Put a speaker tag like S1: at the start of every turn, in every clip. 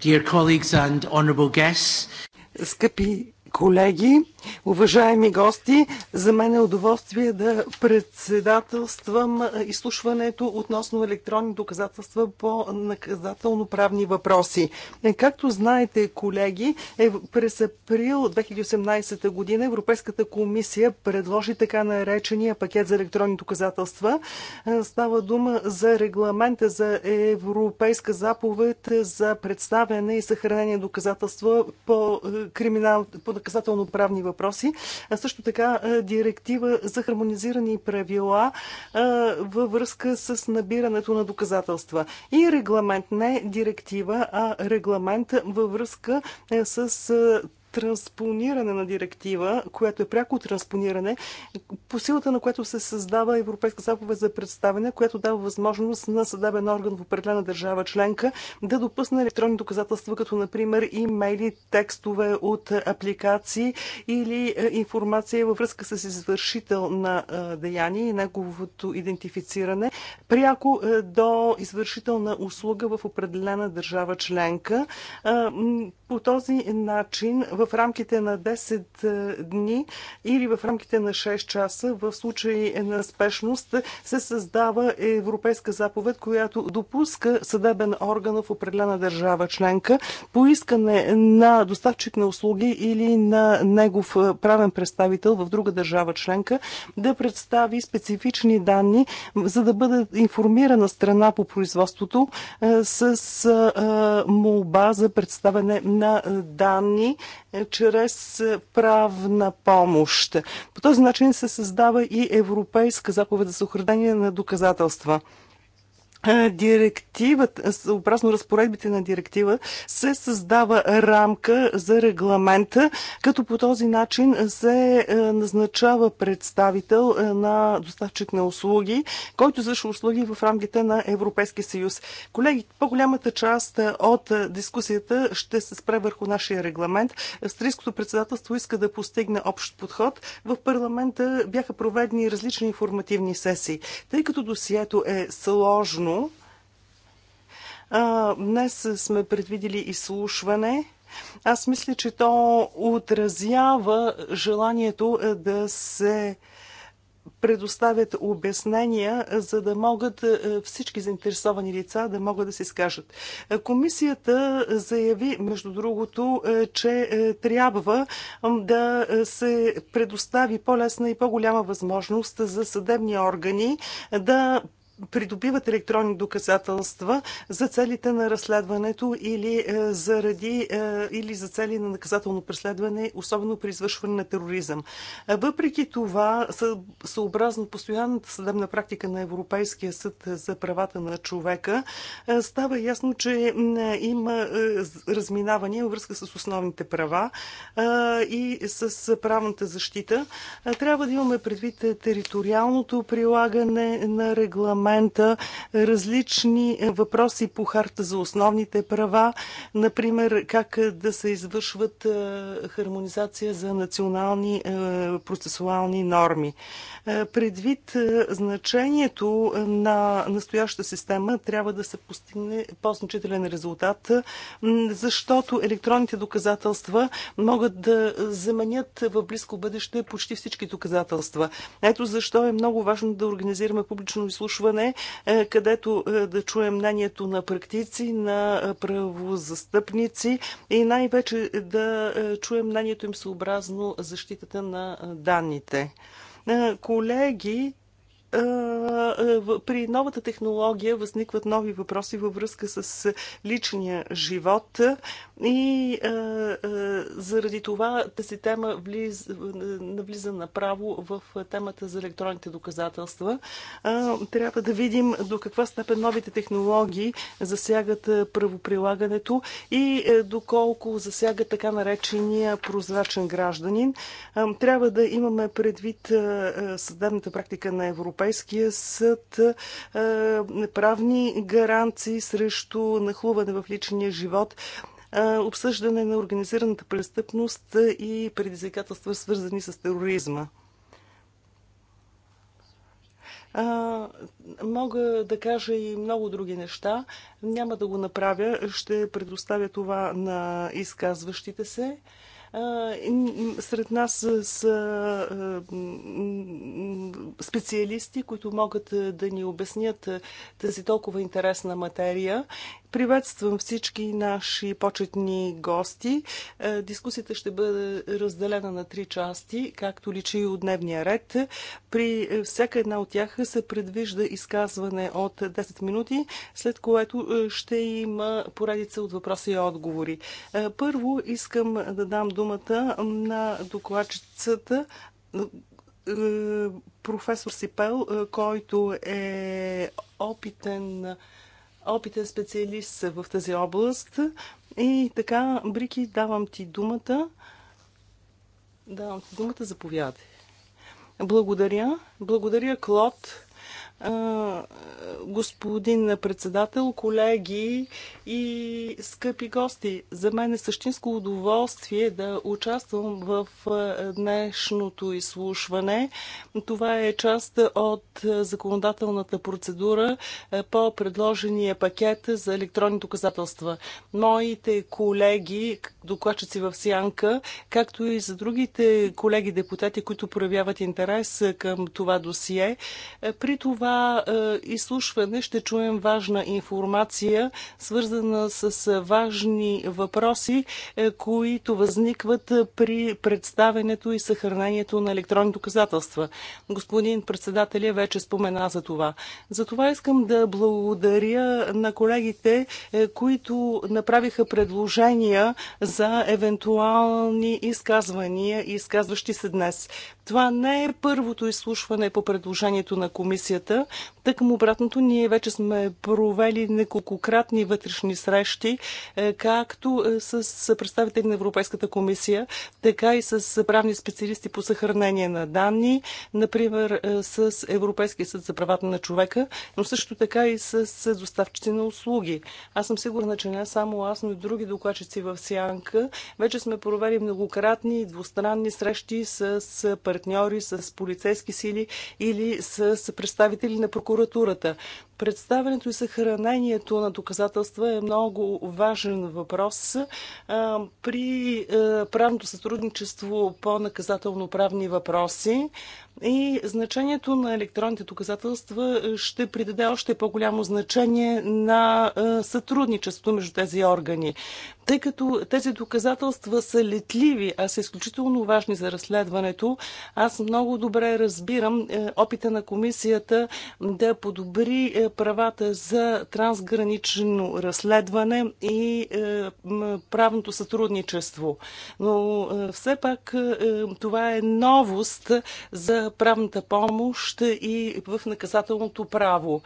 S1: Dear colleagues and honorable guests. Скъпи колеги, Уважаеми гости, за мен е удоволствие да председателствам изслушването относно електронни доказателства по наказателно-правни въпроси. Е, както знаете, колеги, е, през април 2018 година Европейската комисия предложи така наречения пакет за електронни доказателства. Е, става дума за регламента за Европейска заповед за представяне и съхранение доказателства по, криминал, по наказателно-правни въпроси въпроси, а също така директива за хармонизирани правила във връзка с набирането на доказателства. И регламент, не директива, а регламент във връзка с транспониране на директива, която е пряко транспониране, по силата на което се създава Европейска заповед за представяне, която дава възможност на съдебен орган в определена държава членка да допусне електронни доказателства, като например имейли, текстове от апликации или е, информация във връзка с извършител на е, деяние и неговото идентифициране, пряко е, до извършител на услуга в определена държава членка. По този начин в рамките на 10 е, дни или в рамките на 6 часа в случай на спешност се създава европейска заповед, която допуска съдебен орган в определена държава членка по искане на доставчик на услуги или на негов е, правен представител в друга държава членка да представи специфични данни, за да бъде информирана страна по производството е, с молба за представяне на данни чрез правна помощ. По този начин се създава и Европейска заповед за съхранение на доказателства директивата, съобразно разпоредбите на директива, се създава рамка за регламента, като по този начин се назначава представител на доставчик на услуги, който извършва услуги в рамките на Европейския съюз. Колеги, по-голямата част от дискусията ще се спре върху нашия регламент. Австрийското председателство иска да постигне общ подход. В парламента бяха проведени различни информативни сесии. Тъй като досието е сложно, а, Днес сме предвидели изслушване. Аз мисля, че то отразява желанието е, да се предоставят обяснения, за да могат е, всички заинтересовани лица да могат да се изкажат. Е, комисията заяви, между другото, че трябва да се предостави по-лесна и по-голяма възможност за съдебни органи да придобиват електронни доказателства за целите на разследването или, е, заради, е, или за цели на наказателно преследване, особено при извършване на тероризъм. Въпреки това, съобразно постоянната съдебна практика на Европейския съд за правата на човека, е, става ясно, че има разминавания във връзка с основните права и с правната защита. Трябва да имаме предвид териториалното прилагане на регламент момента различни въпроси по харта за основните права, например как да се извършват е, хармонизация за национални е, процесуални норми. Е, предвид значението на настояща система, трябва да се постигне по-значителен резултат, защото електронните доказателства могат да заменят в близко бъдеще почти всички доказателства. Ето защо е много важно да организираме публично изслушване изслушване, е, където е, да чуем мнението на практици, на е, правозастъпници и най-вече да чуем мнението им съобразно защитата на данните. Колеги, при новата технология възникват нови въпроси във връзка с личния живот и заради това тази тема влиз, навлиза направо в темата за електронните доказателства. Трябва да видим до каква степен новите технологии засягат правоприлагането и доколко засягат така наречения прозрачен гражданин. Трябва да имаме предвид съдебната практика на Европа Европейския съд, е, правни гаранции срещу нахлуване в личния живот, е, обсъждане на организираната престъпност и предизвикателства, свързани с тероризма. А, мога да кажа и много други неща. Няма да го направя. Ще предоставя това на изказващите се. Сред нас са специалисти, които могат да ни обяснят тази толкова интересна материя Приветствам всички наши почетни гости. Е, дискусията ще бъде разделена на три части, както личи и от дневния ред. При е, всяка една от тях се предвижда изказване от 10 минути, след което е, ще има поредица от въпроси и отговори. Първо искам да дам думата на докладчицата професор Сипел, който е опитен опитен специалист в тази област. И така, Брики, давам ти думата. Давам ти думата, заповядай. Благодаря. Благодаря, Клод господин председател, колеги и скъпи гости. За мен е същинско удоволствие да участвам в днешното изслушване. Това е част от законодателната процедура по предложения пакет за електронни доказателства. Моите колеги, докладчици в Сянка, както и за другите колеги депутати, които проявяват интерес към това досие, при това това е, изслушване ще чуем важна информация, свързана с важни въпроси, е, които възникват при представенето и съхранението на електронни доказателства. Господин председателя вече спомена за това. За това искам да благодаря на колегите, е, които направиха предложения за евентуални изказвания и изказващи се днес. Това не е първото изслушване по предложението на комисията, Тъкъм обратното, ние вече сме провели неколкократни вътрешни срещи, е, както е, с представители на Европейската комисия, така и с правни специалисти по съхранение на данни, например е, с Европейския съд за правата на човека, но също така и с доставчици на услуги. Аз съм сигурна, че не само аз, но и други докладчици в Сянка. Вече сме провели многократни двустранни срещи с партньори, с полицейски сили или с представители служители на прокуратурата. Представенето и съхранението на доказателства е много важен въпрос при правното сътрудничество по наказателно-правни въпроси и значението на електронните доказателства е, ще придаде още по-голямо значение на е, сътрудничеството между тези органи. Тъй като тези доказателства са летливи, а са изключително важни за разследването, аз много добре разбирам е, опита на комисията да подобри правата за трансгранично разследване и правното сътрудничество. Но все пак това е новост за правната помощ и в наказателното право.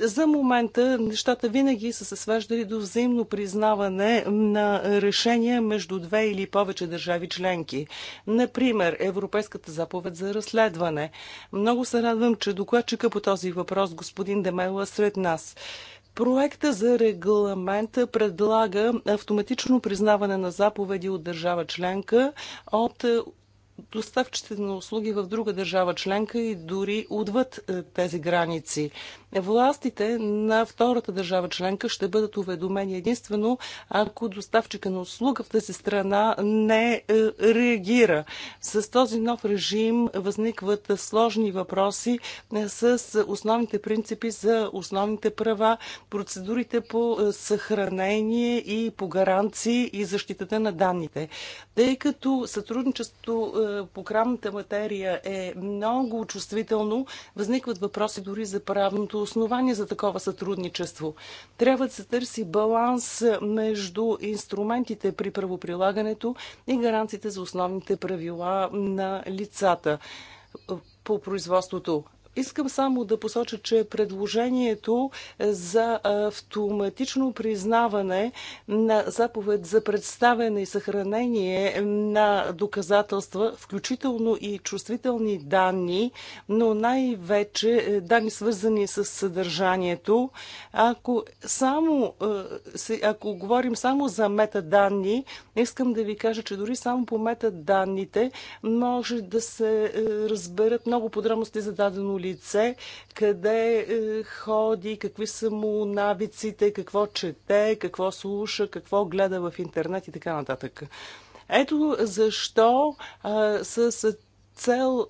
S1: За момента нещата винаги са се свеждали до взаимно признаване на решения между две или повече държави членки. Например, Европейската заповед за разследване. Много се радвам, че докладчика по този въпрос господин Демела сред нас. Проекта за регламент предлага автоматично признаване на заповеди от държава членка от доставчиците на услуги в друга държава членка и дори отвъд е, тези граници. Властите на втората държава членка ще бъдат уведомени единствено, ако доставчика на услуга в тази страна не е, реагира. С този нов режим възникват сложни въпроси е, с основните принципи за основните права, процедурите по е, съхранение и по гаранции и защитата на данните. Тъй като сътрудничеството по крамната материя е много чувствително, възникват въпроси дори за правното основание за такова сътрудничество. Трябва да се търси баланс между инструментите при правоприлагането и гаранциите за основните правила на лицата по производството. Искам само да посоча, че предложението за автоматично признаване на заповед за представяне и съхранение на доказателства, включително и чувствителни данни, но най-вече е, данни свързани с съдържанието, ако, само, е, ако говорим само за метаданни, искам да ви кажа, че дори само по метаданните може да се е, разберат много подробности за дадено лице лице, къде е, ходи, какви са му навиците, какво чете, какво слуша, какво гледа в интернет и така нататък. Ето защо а, с цел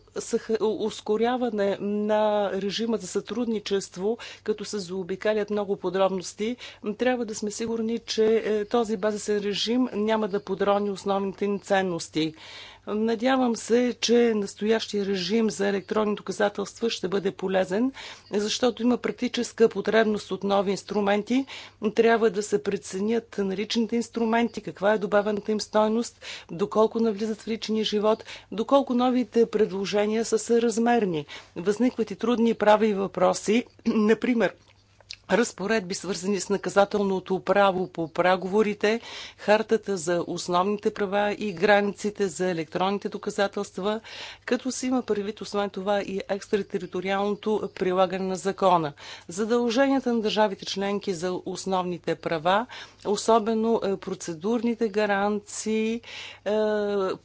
S1: ускоряване на режима за сътрудничество, като се заобикалят много подробности, трябва да сме сигурни, че е, този базисен режим няма да подрони основните ни ценности. Надявам се, че настоящия режим за електронни доказателства ще бъде полезен, защото има практическа потребност от нови инструменти. Трябва да се преценят наличните инструменти, каква е добавената им стойност, доколко навлизат в личния живот, доколко новите предложения са съразмерни. Възникват и трудни прави въпроси, например, разпоредби, свързани с наказателното право по праговорите, хартата за основните права и границите за електронните доказателства, като се има предвид освен това и екстратериториалното прилагане на закона. Задълженията на държавите членки за основните права, особено е, процедурните гаранции, е,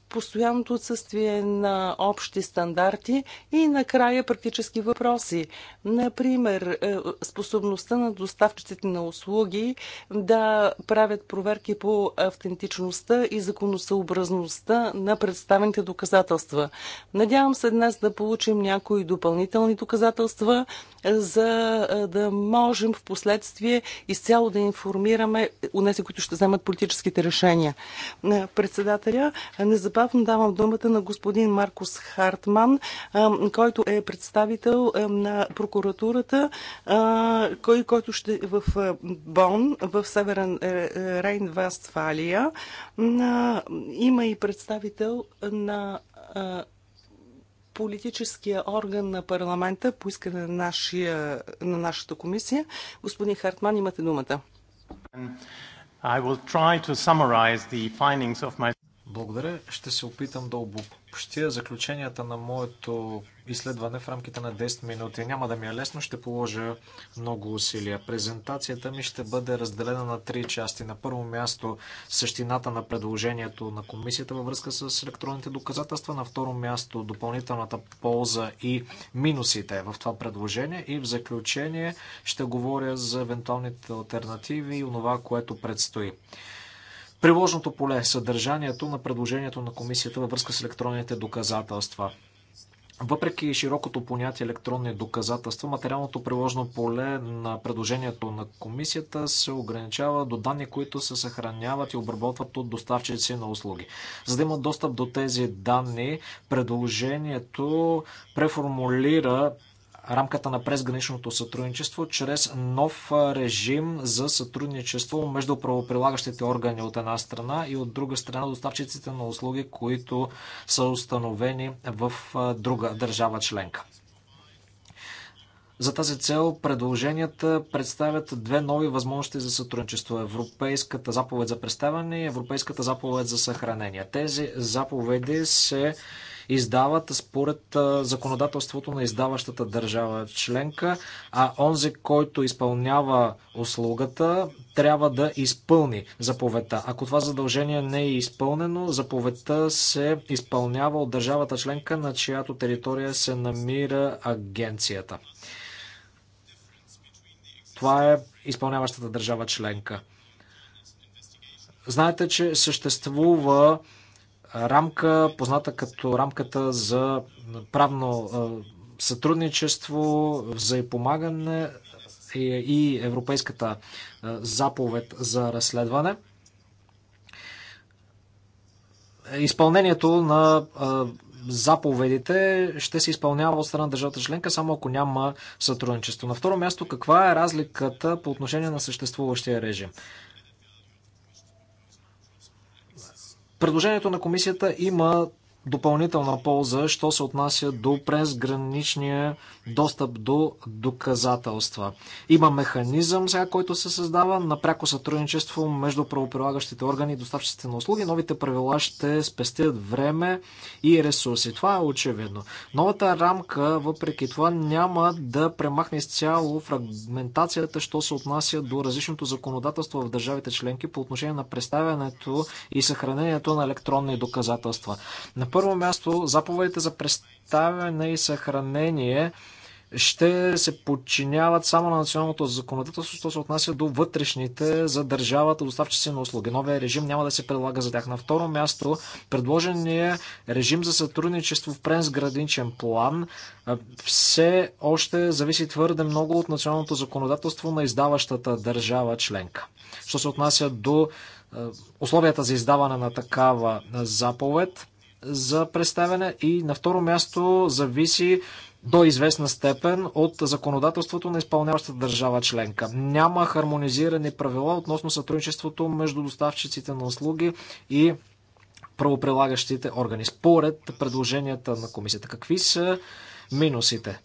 S1: постоянното отсъствие на общи стандарти и накрая практически въпроси. Например, е, способността възможността на доставчиците на услуги да правят проверки по автентичността и законосъобразността на представените доказателства. Надявам се днес да получим някои допълнителни доказателства, за да можем в последствие изцяло да информираме унеси, които ще вземат политическите решения. Председателя, незабавно давам думата на господин Маркус Хартман, който е представител на прокуратурата, кой който ще е в е, Бон, в Северен е, Рейн, Вестфалия. Има и представител на политическия орган на парламента по искане на, нашия, на нашата комисия. Господин Хартман, имате думата. My...
S2: Благодаря. Ще се опитам да обобщя заключенията на моето изследване в рамките на 10 минути. Няма да ми е лесно, ще положа много усилия. Презентацията ми ще бъде разделена на три части. На първо място същината на предложението на комисията във връзка с електронните доказателства. На второ място допълнителната полза и минусите в това предложение. И в заключение ще говоря за евентуалните альтернативи и онова, което предстои приложното поле, съдържанието на предложението на комисията във връзка с електронните доказателства. Въпреки широкото понятие електронни доказателства, материалното приложно поле на предложението на комисията се ограничава до данни, които се съхраняват и обработват от доставчици на услуги. За да имат достъп до тези данни, предложението преформулира рамката на презграничното сътрудничество чрез нов режим за сътрудничество между правоприлагащите органи от една страна и от друга страна доставчиците на услуги, които са установени в друга държава членка. За тази цел предложенията представят две нови възможности за сътрудничество. Европейската заповед за представяне и Европейската заповед за съхранение. Тези заповеди се издават според законодателството на издаващата държава членка, а онзи, който изпълнява услугата, трябва да изпълни заповедта. Ако това задължение не е изпълнено, заповедта се изпълнява от държавата членка, на чиято територия се намира агенцията. Това е изпълняващата държава членка. Знаете, че съществува рамка, позната като рамката за правно сътрудничество, взаимопомагане и Европейската заповед за разследване. Изпълнението на заповедите ще се изпълнява от страна на държавата членка, само ако няма сътрудничество. На второ място, каква е разликата по отношение на съществуващия режим? предложението на комисията има допълнителна полза, що се отнася до презграничния достъп до доказателства. Има механизъм сега, който се създава на пряко сътрудничество между правоприлагащите органи и доставчиците на услуги. Новите правила ще спестят време и ресурси. Това е очевидно. Новата рамка, въпреки това, няма да премахне изцяло фрагментацията, що се отнася до различното законодателство в държавите членки по отношение на представянето и съхранението на електронни доказателства. На първо място, заповедите за представяне и съхранение ще се подчиняват само на националното законодателство, що се отнася до вътрешните за държавата доставчици на услуги. Новия режим няма да се предлага за тях. На второ място, предложения режим за сътрудничество в пренсграничен план все още зависи твърде много от националното законодателство на издаващата държава членка. Що се отнася до условията за издаване на такава заповед, за представяне и на второ място зависи до известна степен от законодателството на изпълняващата държава членка. Няма хармонизирани правила относно сътрудничеството между доставчиците на услуги и правоприлагащите органи. Според предложенията на комисията, какви са минусите?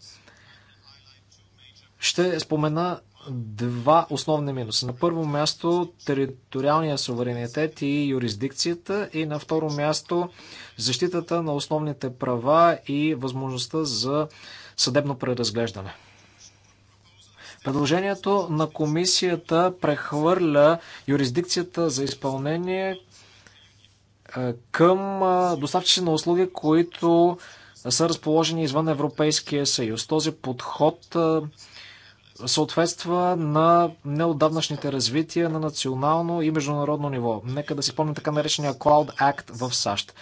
S2: Ще спомена два основни минуса. На първо място териториалния суверенитет и юрисдикцията и на второ място защитата на основните права и възможността за съдебно преразглеждане. Предложението на комисията прехвърля юрисдикцията за изпълнение е, към е, доставчици на услуги, които са разположени извън Европейския съюз. Този подход е, съответства на неодавнашните развития на национално и международно ниво. Нека да си помним така наречения Cloud Act в САЩ.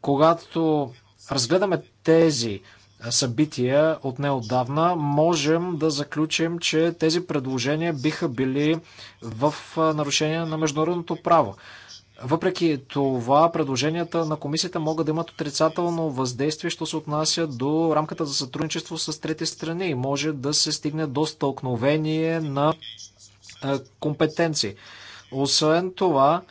S2: Когато разгледаме тези събития от неодавна, можем да заключим, че тези предложения биха били в нарушение на международното право. Въпреки това, предложенията на комисията могат да имат отрицателно въздействие, що се отнася до рамката за сътрудничество с трети страни и може да се стигне до стълкновение на е, компетенции. Освен това,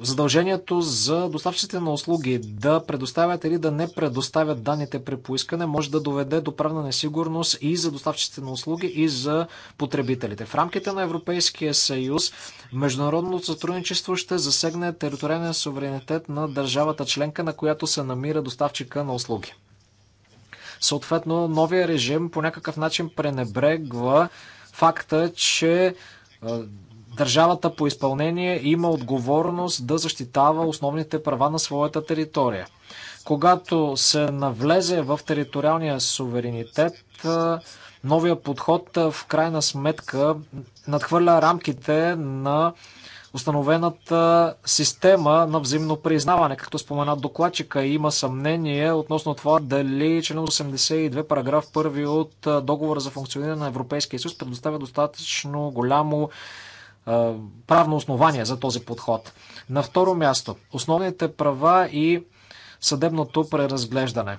S2: задължението за доставчиците на услуги да предоставят или да не предоставят данните при поискане може да доведе до правна несигурност и за доставчиците на услуги, и за потребителите. В рамките на Европейския съюз международното сътрудничество ще засегне териториален суверенитет на държавата членка, на която се намира доставчика на услуги. Съответно, новия режим по някакъв начин пренебрегва факта, че Държавата по изпълнение има отговорност да защитава основните права на своята територия. Когато се навлезе в териториалния суверенитет, новия подход в крайна сметка надхвърля рамките на установената система на взаимно признаване. Както спомена докладчика, има съмнение относно това дали член 82 параграф 1 от договора за функциониране на Европейския съюз предоставя достатъчно голямо правно основание за този подход. На второ място, основните права и съдебното преразглеждане.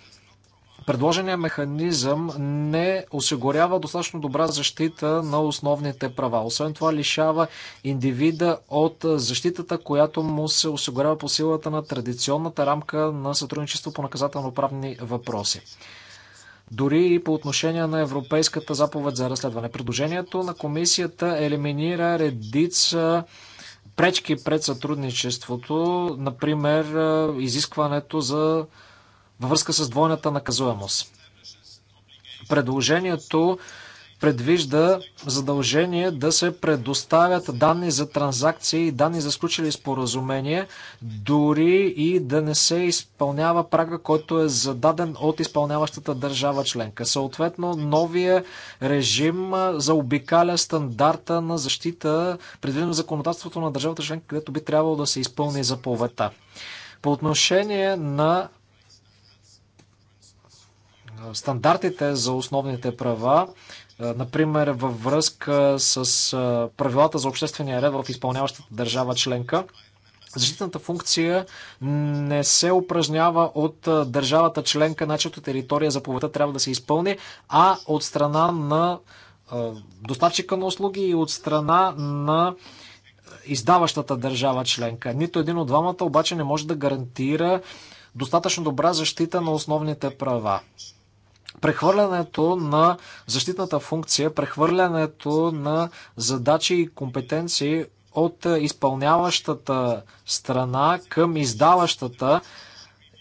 S2: Предложеният механизъм не осигурява достатъчно добра защита на основните права. Освен това, лишава индивида от защитата, която му се осигурява по силата на традиционната рамка на сътрудничество по наказателно-правни въпроси дори и по отношение на Европейската заповед за разследване. Предложението на комисията елиминира редица пречки пред сътрудничеството, например е, изискването за във връзка с двойната наказуемост. Предложението предвижда задължение да се предоставят данни за транзакции и данни за сключили споразумение, дори и да не се изпълнява прага, който е зададен от изпълняващата държава членка. Съответно, новия режим заобикаля стандарта на защита, предвидено законодателството на държавата членка, където би трябвало да се изпълни заповедта. По отношение на стандартите за основните права, например във връзка с правилата за обществения ред в изпълняващата държава членка. Защитната функция не се упражнява от държавата членка, на чиято територия заповедта трябва да се изпълни, а от страна на доставчика на услуги и от страна на издаващата държава членка. Нито един от двамата обаче не може да гарантира достатъчно добра защита на основните права прехвърлянето на защитната функция, прехвърлянето на задачи и компетенции от изпълняващата страна към издаващата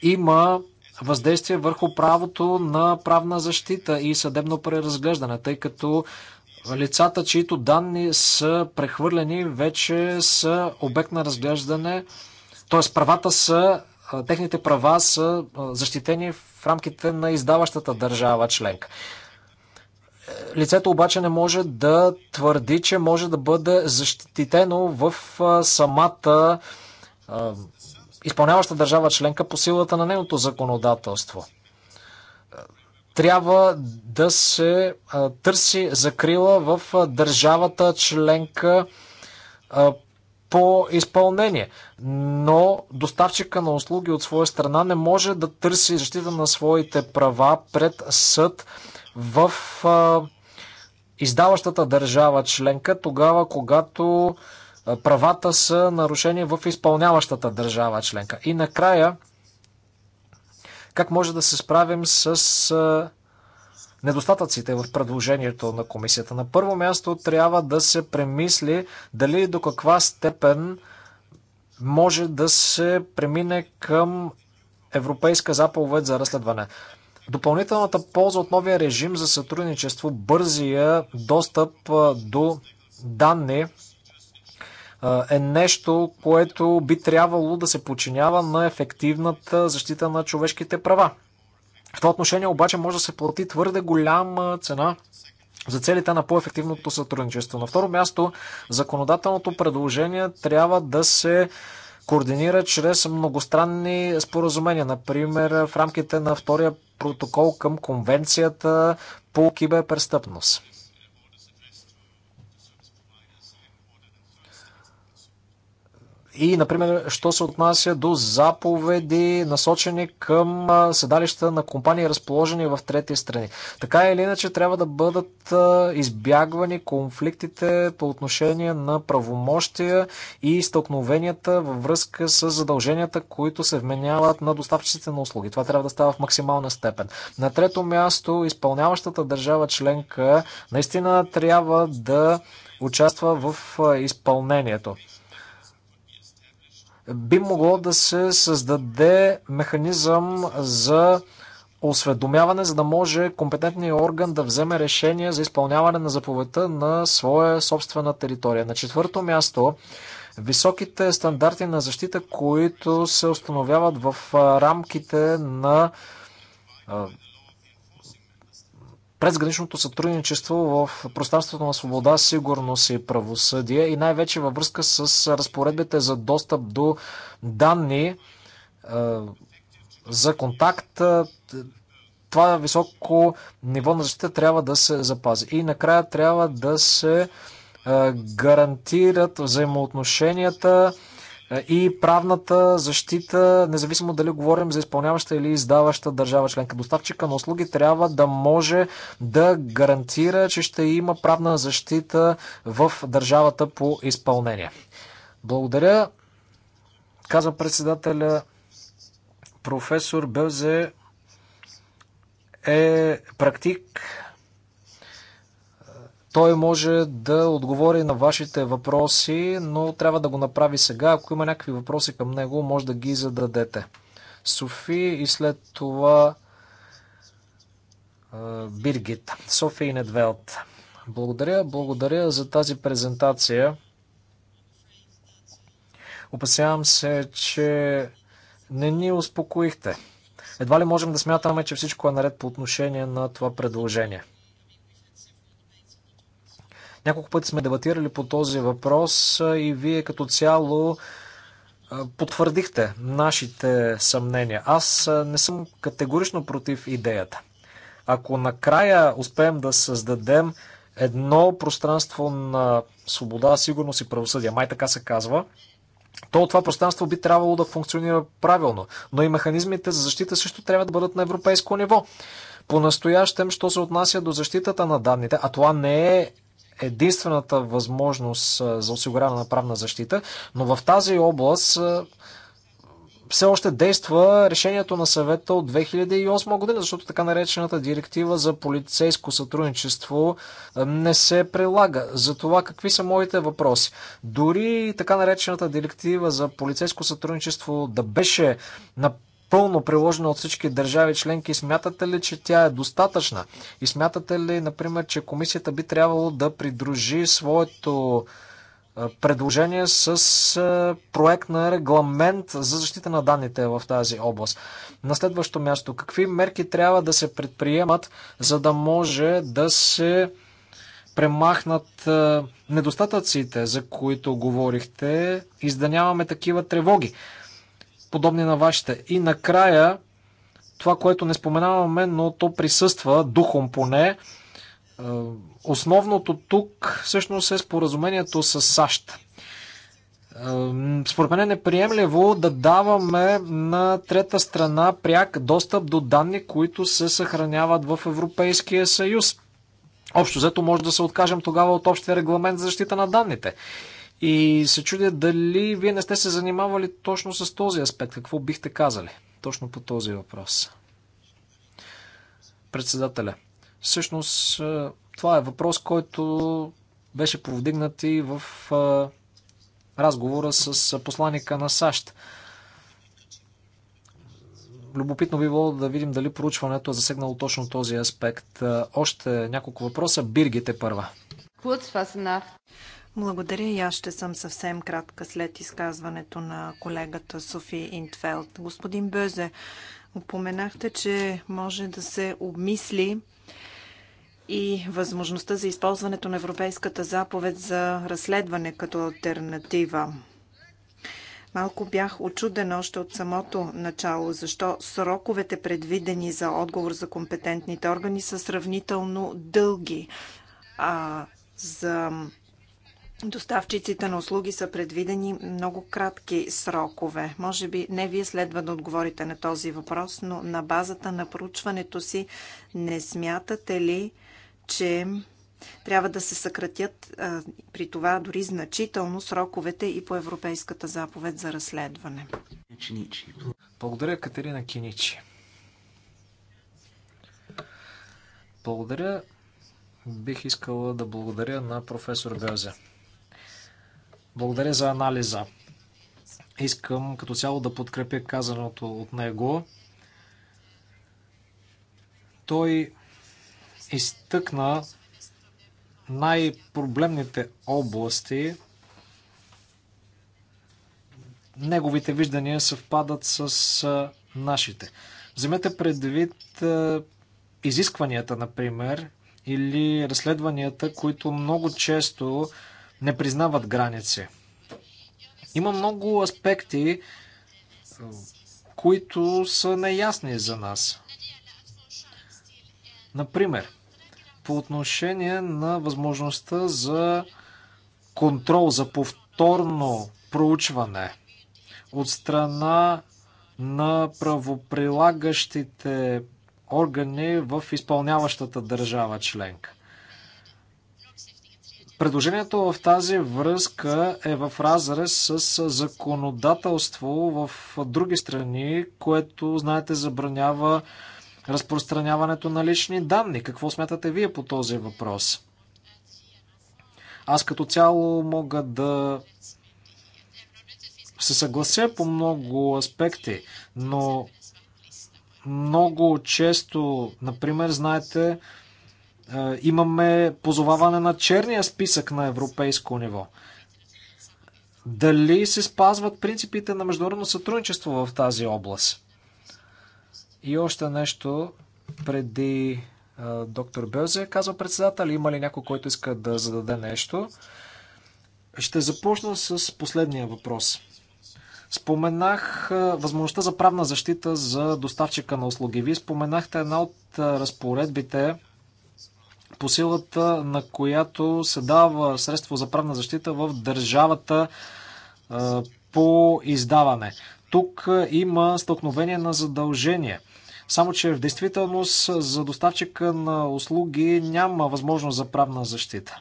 S2: има въздействие върху правото на правна защита и съдебно преразглеждане, тъй като лицата, чието данни са прехвърлени, вече са обект на разглеждане, т.е. правата са техните права са защитени в рамките на издаващата държава членка. Лицето обаче не може да твърди, че може да бъде защитено в самата изпълняваща държава членка по силата на нейното законодателство. Трябва да се търси закрила в държавата членка, по изпълнение. Но доставчика на услуги от своя страна не може да търси защита на своите права пред съд в а, издаващата държава членка, тогава когато правата са нарушени в изпълняващата държава членка. И накрая, как може да се справим с недостатъците в предложението на комисията. На първо място трябва да се премисли дали до каква степен може да се премине към Европейска заповед за разследване. Допълнителната полза от новия режим за сътрудничество, бързия достъп до данни е нещо, което би трябвало да се подчинява на ефективната защита на човешките права. В това отношение обаче може да се плати твърде голяма цена за целите на по-ефективното сътрудничество. На второ място, законодателното предложение трябва да се координира чрез многостранни споразумения, например в рамките на втория протокол към конвенцията по киберпрестъпност. И, например, що се отнася до заповеди, насочени към седалища на компании, разположени в трети страни. Така или иначе, трябва да бъдат избягвани конфликтите по отношение на правомощия и стълкновенията във връзка с задълженията, които се вменяват на доставчиците на услуги. Това трябва да става в максимална степен. На трето място, изпълняващата държава членка наистина трябва да участва в изпълнението би могло да се създаде механизъм за осведомяване, за да може компетентният орган да вземе решение за изпълняване на заповедта на своя собствена територия. На четвърто място, високите стандарти на защита, които се установяват в рамките на презграничното сътрудничество в пространството на свобода, сигурност и правосъдие и най-вече във връзка с разпоредбите за достъп до данни е, за контакт. Е, това високо ниво на защита трябва да се запази. И накрая трябва да се е, гарантират взаимоотношенията е, и правната защита, независимо дали говорим за изпълняваща или издаваща държава членка. Доставчика на услуги трябва да може да гарантира, че ще има правна защита в държавата по изпълнение. Благодаря, казва председателя професор Белзе е практик той може да отговори на вашите въпроси, но трябва да го направи сега. Ако има някакви въпроси към него, може да ги зададете. Софи и след това Биргит. Софи и Недвелт. Благодаря, благодаря за тази презентация. Опасявам се, че не ни успокоихте. Едва ли можем да смятаме, че всичко е наред по отношение на това предложение. Няколко пъти сме дебатирали по този въпрос и вие като цяло потвърдихте нашите съмнения. Аз не съм категорично против идеята. Ако накрая успеем да създадем едно пространство на свобода, сигурност и правосъдие, май така се казва, то това пространство би трябвало да функционира правилно. Но и механизмите за защита също трябва да бъдат на европейско ниво. По-настоящем, що се отнася до защитата на данните, а това не е единствената възможност за осигуряване на правна защита, но в тази област все още действа решението на съвета от 2008 година, защото така наречената директива за полицейско сътрудничество не се прилага. За това какви са моите въпроси? Дори така наречената директива за полицейско сътрудничество да беше на пълно приложена от всички държави членки, смятате ли, че тя е достатъчна? И смятате ли, например, че комисията би трябвало да придружи своето предложение с проект на регламент за защита на данните в тази област. На следващо място, какви мерки трябва да се предприемат, за да може да се премахнат недостатъците, за които говорихте и да нямаме такива тревоги подобни на вашите. И накрая, това, което не споменаваме, но то присъства, духом поне, е, основното тук всъщност е споразумението с САЩ. Е, според мен е неприемливо да даваме на трета страна пряк достъп до данни, които се съхраняват в Европейския съюз. Общо взето може да се откажем тогава от общия регламент за защита на данните. И се чудя дали вие не сте се занимавали точно с този аспект. Какво бихте казали точно по този въпрос? Председателя. Всъщност, е, това е въпрос, който беше повдигнат и в е, разговора с посланника на САЩ. Любопитно би било да видим дали проучването е засегнало точно този аспект. Е, още няколко въпроса. Биргите първа.
S3: Благодаря
S4: и аз ще съм съвсем кратка след изказването на колегата Софи Интфелд. Господин Бъзе, упоменахте, че може да се обмисли и възможността за използването на Европейската заповед за разследване като альтернатива. Малко бях очуден още от самото начало, защо сроковете предвидени за отговор за компетентните органи са сравнително дълги, а за доставчиците на услуги са предвидени много кратки срокове. Може би не вие следва да отговорите на този въпрос, но на базата на проучването си не смятате ли, че трябва да се съкратят а, при това дори значително сроковете и по Европейската заповед за разследване.
S2: Благодаря, Катерина Киничи. Благодаря. Бих искала да благодаря на професор Газе. Благодаря за анализа. Искам като цяло да подкрепя казаното от него. Той изтъкна най-проблемните области. Неговите виждания съвпадат с нашите. Вземете предвид изискванията, например, или разследванията, които много често не признават граници. Има много аспекти, които са неясни за нас. Например, по отношение на възможността за контрол, за повторно проучване от страна на правоприлагащите органи в изпълняващата държава членка. Предложението в тази връзка е в разрез с законодателство в други страни, което, знаете, забранява разпространяването на лични данни. Какво смятате вие по този въпрос? Аз като цяло мога да се съглася по много аспекти, но много често, например, знаете, имаме позоваване на черния списък на европейско ниво. Дали се спазват принципите на международно сътрудничество в тази област? И още нещо преди доктор Белзе, казва председател. Има ли някой, който иска да зададе нещо? Ще започна с последния въпрос. Споменах възможността за правна защита за доставчика на услуги. Вие споменахте една от разпоредбите по силата на която се дава средство за правна защита в държавата по издаване. Тук има стълкновение на задължение. Само, че в действителност за доставчика на услуги няма възможност за правна защита.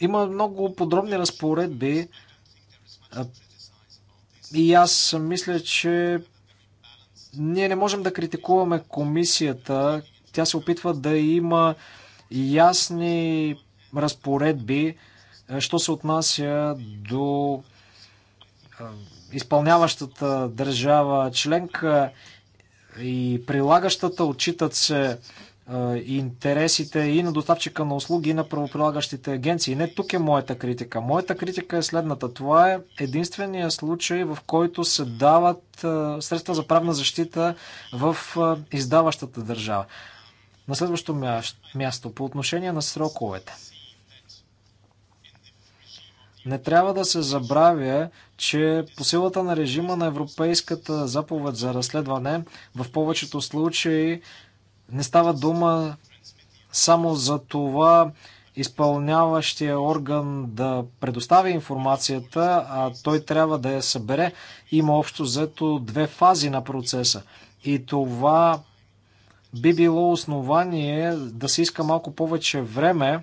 S2: Има много подробни разпоредби и аз мисля, че ние не можем да критикуваме комисията тя се опитва да има ясни разпоредби, е, що се отнася до е, изпълняващата държава членка е, и прилагащата, отчитат се и интересите и на доставчика на услуги, и на правоприлагащите агенции. Не тук е моята критика. Моята критика е следната. Това е единствения случай, в който се дават средства за правна защита в издаващата държава. На следващо място, по отношение на сроковете. Не трябва да се забравя, че по силата на режима на Европейската заповед за разследване, в повечето случаи не става дума само за това изпълняващия орган да предостави информацията, а той трябва да я събере. Има общо взето две фази на процеса. И това би било основание да се иска малко повече време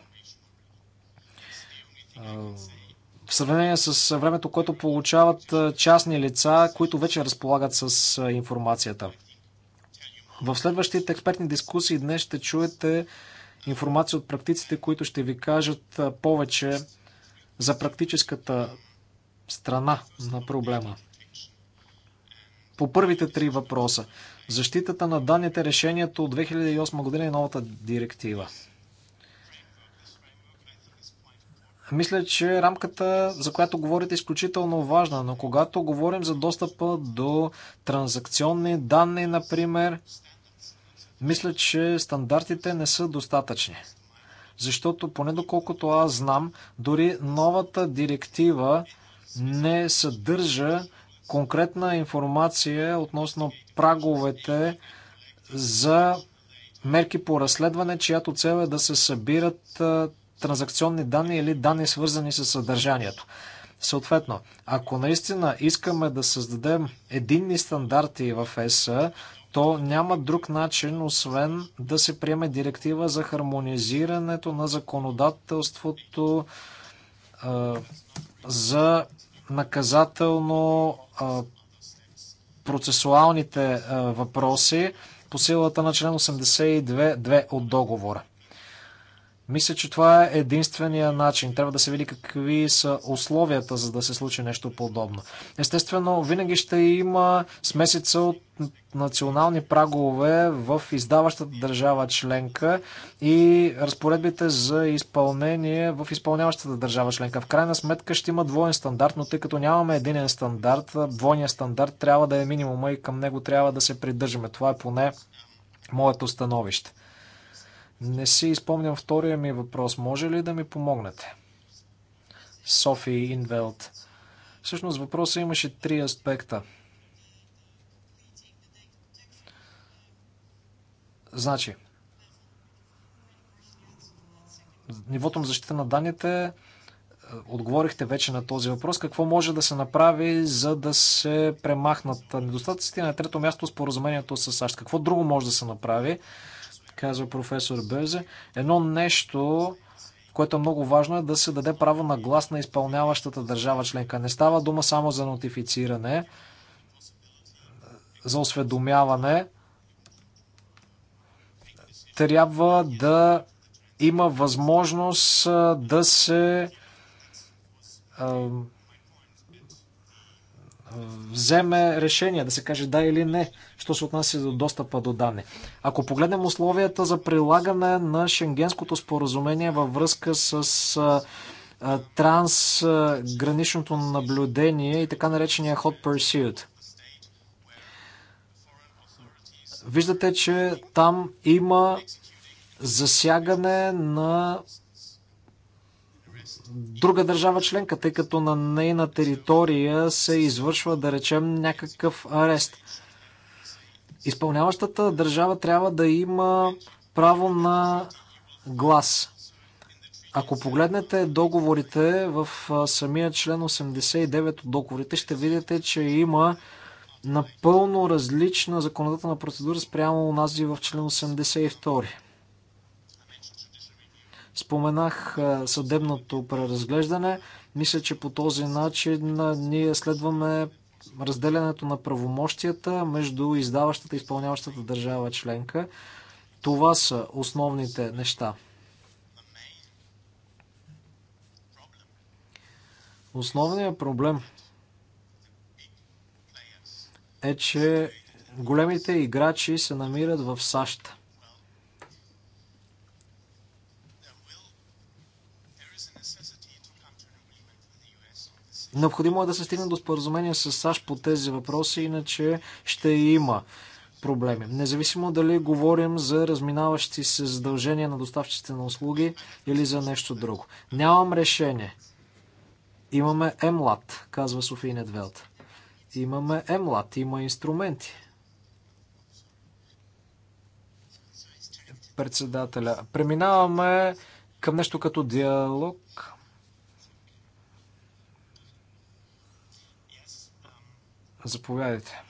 S2: в сравнение с времето, което получават частни лица, които вече разполагат с информацията. В следващите експертни дискусии днес ще чуете информация от практиците, които ще ви кажат повече за практическата страна на проблема. По първите три въпроса защитата на данните, решението от 2008 година и новата директива. Мисля, че рамката, за която говорите, е изключително важна, но когато говорим за достъпа до транзакционни данни, например, мисля, че стандартите не са достатъчни. Защото, поне доколкото аз знам, дори новата директива не съдържа конкретна информация относно праговете за мерки по разследване, чиято цел е да се събират транзакционни данни или данни свързани с съдържанието. Съответно, ако наистина искаме да създадем единни стандарти в ЕС, то няма друг начин, освен да се приеме директива за хармонизирането на законодателството за наказателно процесуалните въпроси по силата на член 82 от договора. Мисля, че това е единствения начин. Трябва да се види какви са условията, за да се случи нещо подобно. Естествено, винаги ще има смесица от национални прагове в издаващата държава членка и разпоредбите за изпълнение в изпълняващата държава членка. В крайна сметка ще има двоен стандарт, но тъй като нямаме единен стандарт, двойният стандарт трябва да е минимума и към него трябва да се придържаме. Това е поне моето становище. Не си изпомням втория ми въпрос. Може ли да ми помогнете? Софи Инвелт. Всъщност въпросът имаше три аспекта. Значи, нивото на защита на данните, е, отговорихте вече на този въпрос. Какво може да се направи, за да се премахнат недостатъците? На трето място споразумението с САЩ. Какво друго може да се направи? казва професор Безе. Едно нещо, което е много важно е да се даде право на глас на изпълняващата държава членка. Не става дума само за нотифициране, за осведомяване. Трябва да има възможност да се вземе решение, да се каже да или не, що се отнася до достъпа до данни. Ако погледнем условията за прилагане на Шенгенското споразумение във връзка с трансграничното наблюдение и така наречения hot pursuit. Виждате, че там има засягане на друга държава членка, тъй като на нейна територия се извършва, да речем, някакъв арест. Изпълняващата държава трябва да има право на глас. Ако погледнете договорите в самия член 89 от договорите, ще видите, че има напълно различна законодателна процедура спрямо у и в член 82. Споменах съдебното преразглеждане. Мисля, че по този начин ние следваме разделянето на правомощията между издаващата и изпълняващата държава членка. Това са основните неща. Основният проблем е, че големите играчи се намират в САЩ. Необходимо е да се стигне до споразумение с САЩ по тези въпроси, иначе ще има проблеми. Независимо дали говорим за разминаващи се задължения на доставчиците на услуги или за нещо друго. Нямам решение. Имаме МЛАТ, казва Софи Недвелт. Имаме МЛАТ, има инструменти. Председателя. Преминаваме към нещо като диалог Заповядайте.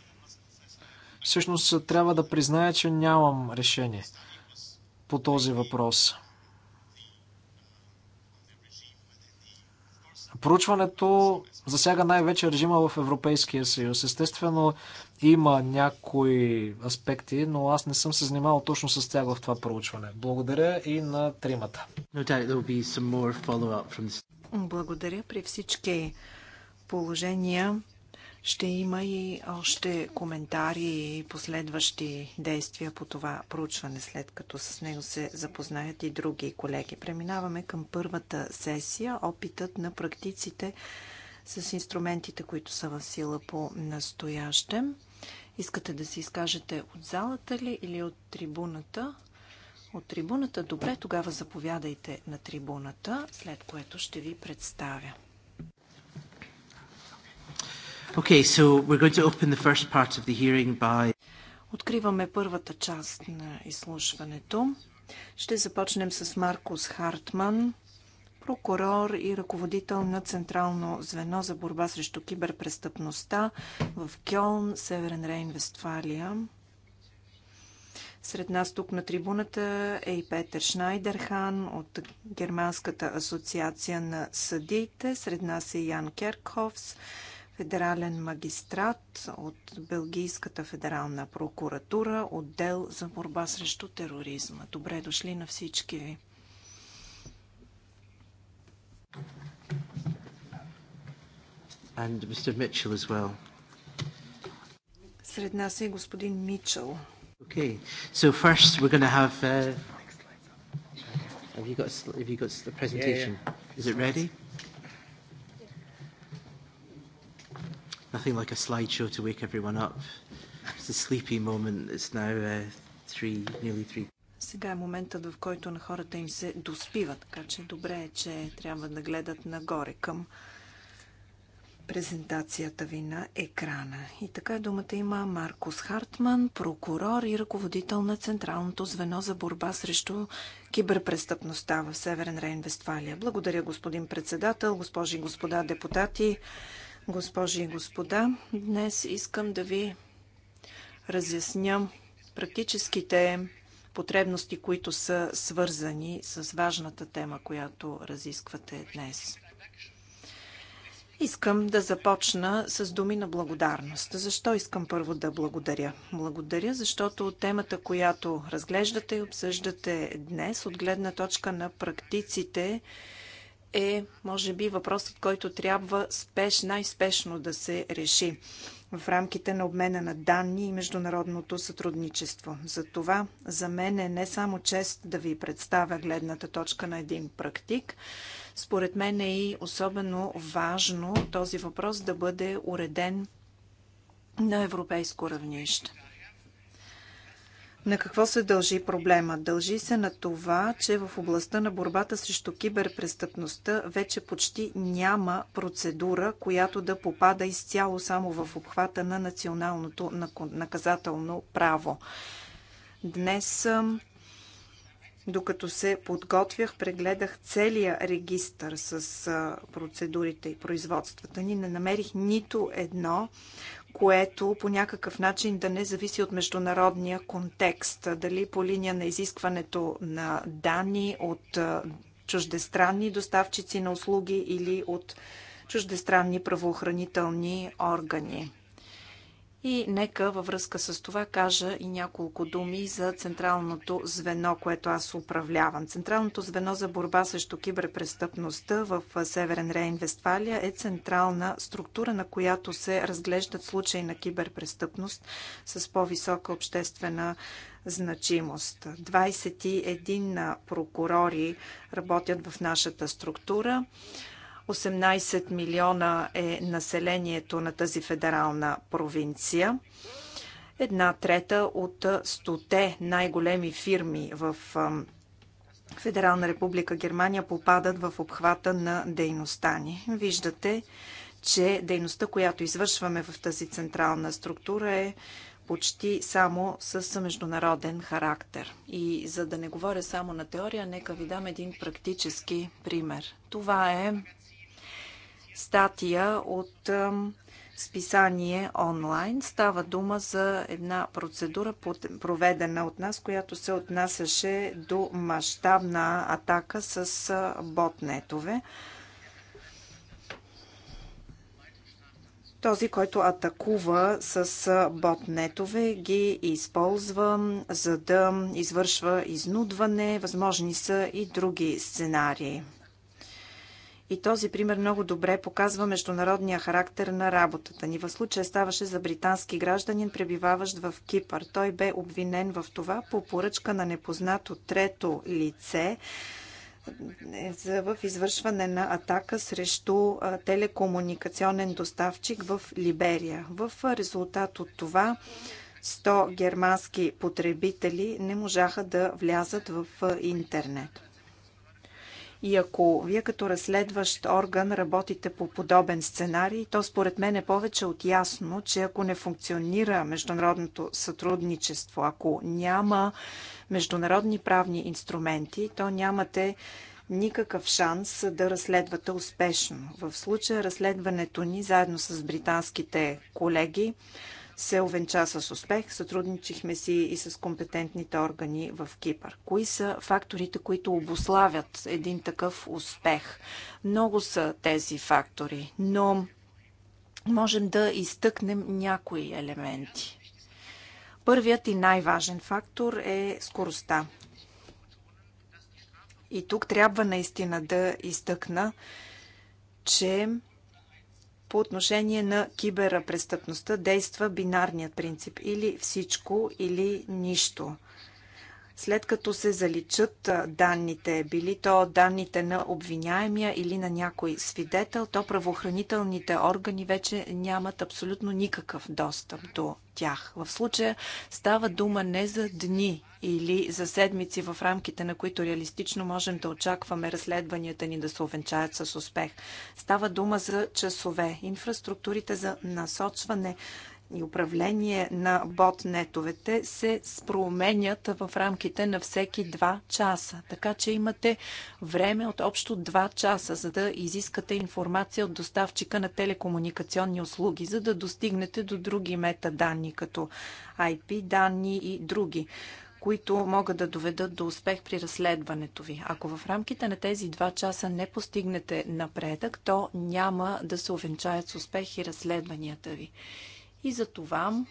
S2: Всъщност трябва да призная, че нямам решение по този въпрос. Проучването засяга най-вече режима в Европейския съюз. Естествено, има някои аспекти, но аз не съм се занимавал точно с тях в това проучване. Благодаря и на тримата.
S4: Благодаря при всички положения. Ще има и още коментари и последващи действия по това проучване, след като с него се запознаят и други колеги. Преминаваме към първата сесия опитът на практиците с инструментите, които са в сила по настоящем. Искате да се изкажете от залата ли или от трибуната? От трибуната. Добре, тогава заповядайте на трибуната, след което ще ви представя. Okay, so we're going
S3: to open the first part of the hearing by...
S4: Откриваме първата част на изслушването. Ще започнем с Маркус Хартман, прокурор и ръководител на Централно звено за борба срещу киберпрестъпността в Кьолн, Северен Рейн, Вестфалия. Сред нас тук на трибуната е и Петър Шнайдерхан от Германската асоциация на съдиите. Сред нас е Ян Керкховс, федерален магистрат от Белгийската федерална прокуратура, отдел за борба срещу тероризма. Добре дошли на всички ви.
S1: And Mr. Mitchell as well.
S4: Сред нас е господин Мичел.
S1: Okay, so first we're going to have. Uh, have you got? Have you got the presentation? Yeah, yeah. Is it ready? Nothing like a slideshow to wake everyone up. It's a sleepy moment. It's now uh, three, nearly three.
S4: Сега е моментът, в който на хората им се доспива, така че добре е, че трябва да гледат нагоре към презентацията ви на екрана. И така думата има Маркус Хартман, прокурор и ръководител на Централното звено за борба срещу киберпрестъпността в Северен Рейн-Вестфалия. Благодаря, господин председател, госпожи и господа депутати. Госпожи и господа, днес искам да ви разясня практическите потребности, които са свързани с важната тема, която разисквате днес. Искам да започна с думи на благодарност. Защо искам първо да благодаря? Благодаря, защото темата, която разглеждате и обсъждате днес, от гледна точка на практиците, е, може би, въпросът, който трябва спеш, най-спешно да се реши в рамките на обмена на данни и международното сътрудничество. Затова за мен е не само чест да ви представя гледната точка на един практик, според мен е и особено важно този въпрос да бъде уреден на европейско равнище. На какво се дължи проблема? Дължи се на това, че в областта на борбата срещу киберпрестъпността вече почти няма процедура, която да попада изцяло само в обхвата на националното наказателно право. Днес докато се подготвях, прегледах целия регистър с процедурите и производствата ни. Не намерих нито едно, което по някакъв начин да не зависи от международния контекст. Дали по линия на изискването на данни от чуждестранни доставчици на услуги или от чуждестранни правоохранителни органи. И нека във връзка с това кажа и няколко думи за централното звено, което аз управлявам. Централното звено за борба срещу киберпрестъпността в Северен Рейн-Вестфалия е централна структура, на която се разглеждат случаи на киберпрестъпност с по-висока обществена значимост. 21 прокурори работят в нашата структура. 18 милиона е населението на тази федерална провинция. Една трета от стоте най-големи фирми в Федерална република Германия попадат в обхвата на дейността ни. Виждате, че дейността, която извършваме в тази централна структура е почти само с международен характер. И за да не говоря само на теория, нека ви дам един практически пример. Това е статия от списание онлайн. Става дума за една процедура, проведена от нас, която се отнасяше до мащабна атака с ботнетове. Този, който атакува с ботнетове, ги използва, за да извършва изнудване. Възможни са и други сценарии. И този пример много добре показва международния характер на работата ни. В случая ставаше за британски гражданин, пребиваващ в Кипър. Той бе обвинен в това по поръчка на непознато трето лице е, в извършване на атака срещу телекомуникационен доставчик в Либерия. В резултат от това 100 германски потребители не можаха да влязат в интернет. И ако вие като разследващ орган работите по подобен сценарий, то според мен е повече от ясно, че ако не функционира международното сътрудничество, ако няма международни правни инструменти, то нямате никакъв шанс да разследвате успешно. В случая разследването ни, заедно с британските колеги, се овенча с успех. Сътрудничихме си и с компетентните органи в Кипър. Кои са факторите, които обославят един такъв успех? Много са тези фактори, но можем да изтъкнем някои елементи. Първият и най-важен фактор е скоростта. И тук трябва наистина да изтъкна, че по отношение на киберпрестъпността действа бинарният принцип или всичко или нищо след като се заличат данните, били то данните на обвиняемия или на някой свидетел, то правоохранителните органи вече нямат абсолютно никакъв достъп до тях. В случая става дума не за дни или за седмици, в рамките на които реалистично можем да очакваме разследванията ни да се увенчаят с успех. Става дума за часове. Инфраструктурите за насочване и управление на ботнетовете се променят в рамките на всеки 2 часа. Така че имате време от общо 2 часа, за да изискате информация от доставчика на телекомуникационни услуги, за да достигнете до други метаданни, като IP данни и други които могат да доведат до успех при разследването ви. Ако в рамките на тези два часа не постигнете напредък, то няма да се увенчаят с успех и разследванията ви. И за това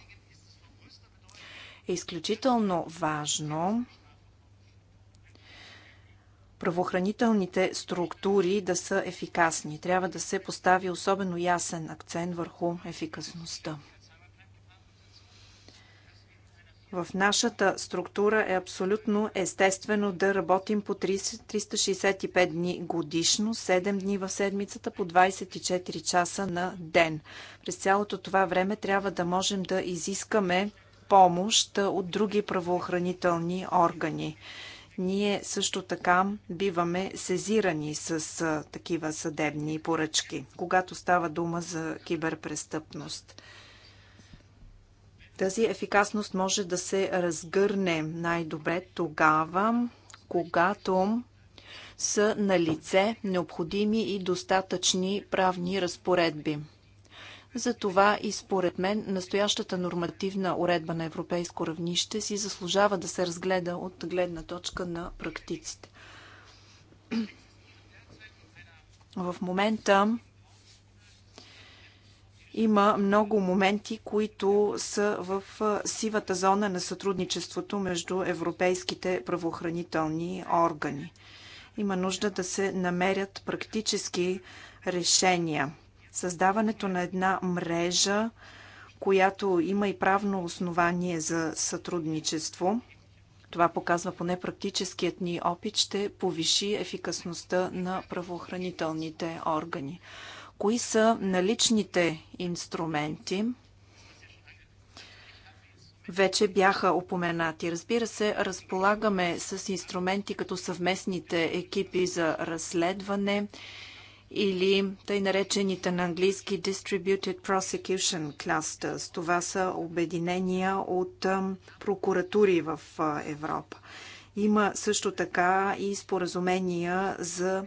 S4: е изключително важно правоохранителните структури да са ефикасни. Трябва да се постави особено ясен акцент върху ефикасността. В нашата структура е абсолютно естествено да работим по 30, 365 дни годишно, 7 дни в седмицата, по 24 часа на ден. През цялото това време трябва да можем да изискаме помощ от други правоохранителни органи. Ние също така биваме сезирани с такива съдебни поръчки, когато става дума за киберпрестъпност. Тази ефикасност може да се разгърне най-добре тогава, когато са на лице необходими и достатъчни правни разпоредби. Затова и според мен настоящата нормативна уредба на европейско равнище си заслужава да се разгледа от гледна точка на практиците. В момента има много моменти, които са в сивата зона на сътрудничеството между европейските правоохранителни органи. Има нужда да се намерят практически решения. Създаването на една мрежа, която има и правно основание за сътрудничество, това показва поне практическият ни опит, ще повиши ефикасността на правоохранителните органи кои са наличните инструменти. Вече бяха упоменати. Разбира се, разполагаме с инструменти като съвместните екипи за разследване или тъй наречените на английски Distributed Prosecution Clusters. Това са обединения от прокуратури в Европа. Има също така и споразумения за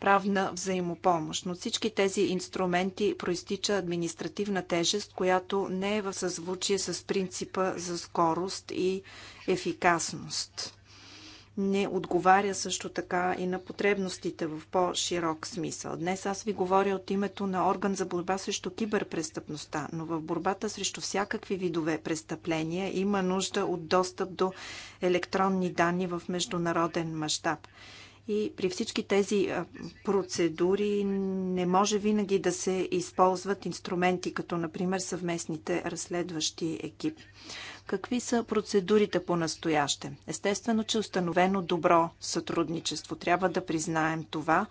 S4: правна взаимопомощ. Но всички тези инструменти проистича административна тежест, която не е в съзвучие с принципа за скорост и ефикасност. Не отговаря също така и на потребностите в по-широк смисъл. Днес аз ви говоря от името на орган за борба срещу киберпрестъпността, но в борбата срещу всякакви видове престъпления има нужда от достъп до електронни данни в международен мащаб. И при всички тези процедури не може винаги да се използват инструменти, като например съвместните разследващи екипи. Какви са процедурите по настояще? Естествено, че е установено добро сътрудничество. Трябва да признаем това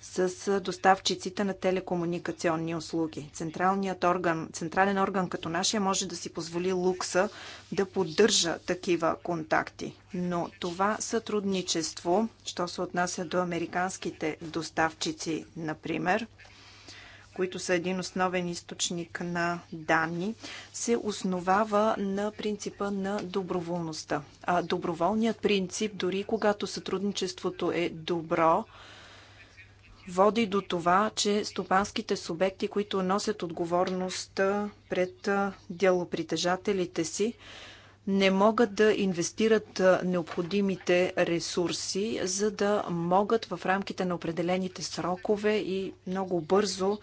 S4: с доставчиците на телекомуникационни услуги. Централният орган, централен орган като нашия може да си позволи лукса да поддържа такива контакти. Но това сътрудничество, що се отнася до американските доставчици, например, които са един основен източник на данни, се основава на принципа на доброволността. А доброволният принцип, дори когато сътрудничеството е добро, води до това, че стопанските субекти, които носят отговорността пред делопритежателите си, не могат да инвестират необходимите ресурси, за да могат в рамките на определените срокове и много бързо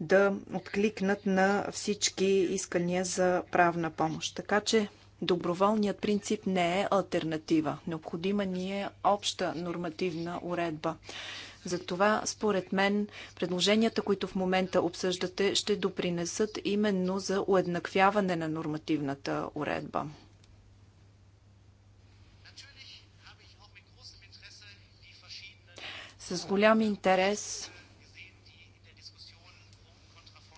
S4: да откликнат на всички искания за правна помощ. Така че доброволният принцип не е альтернатива. Необходима ни е обща нормативна уредба. Затова, според мен, предложенията, които в момента обсъждате, ще допринесат именно за уеднаквяване на нормативната уредба. С голям интерес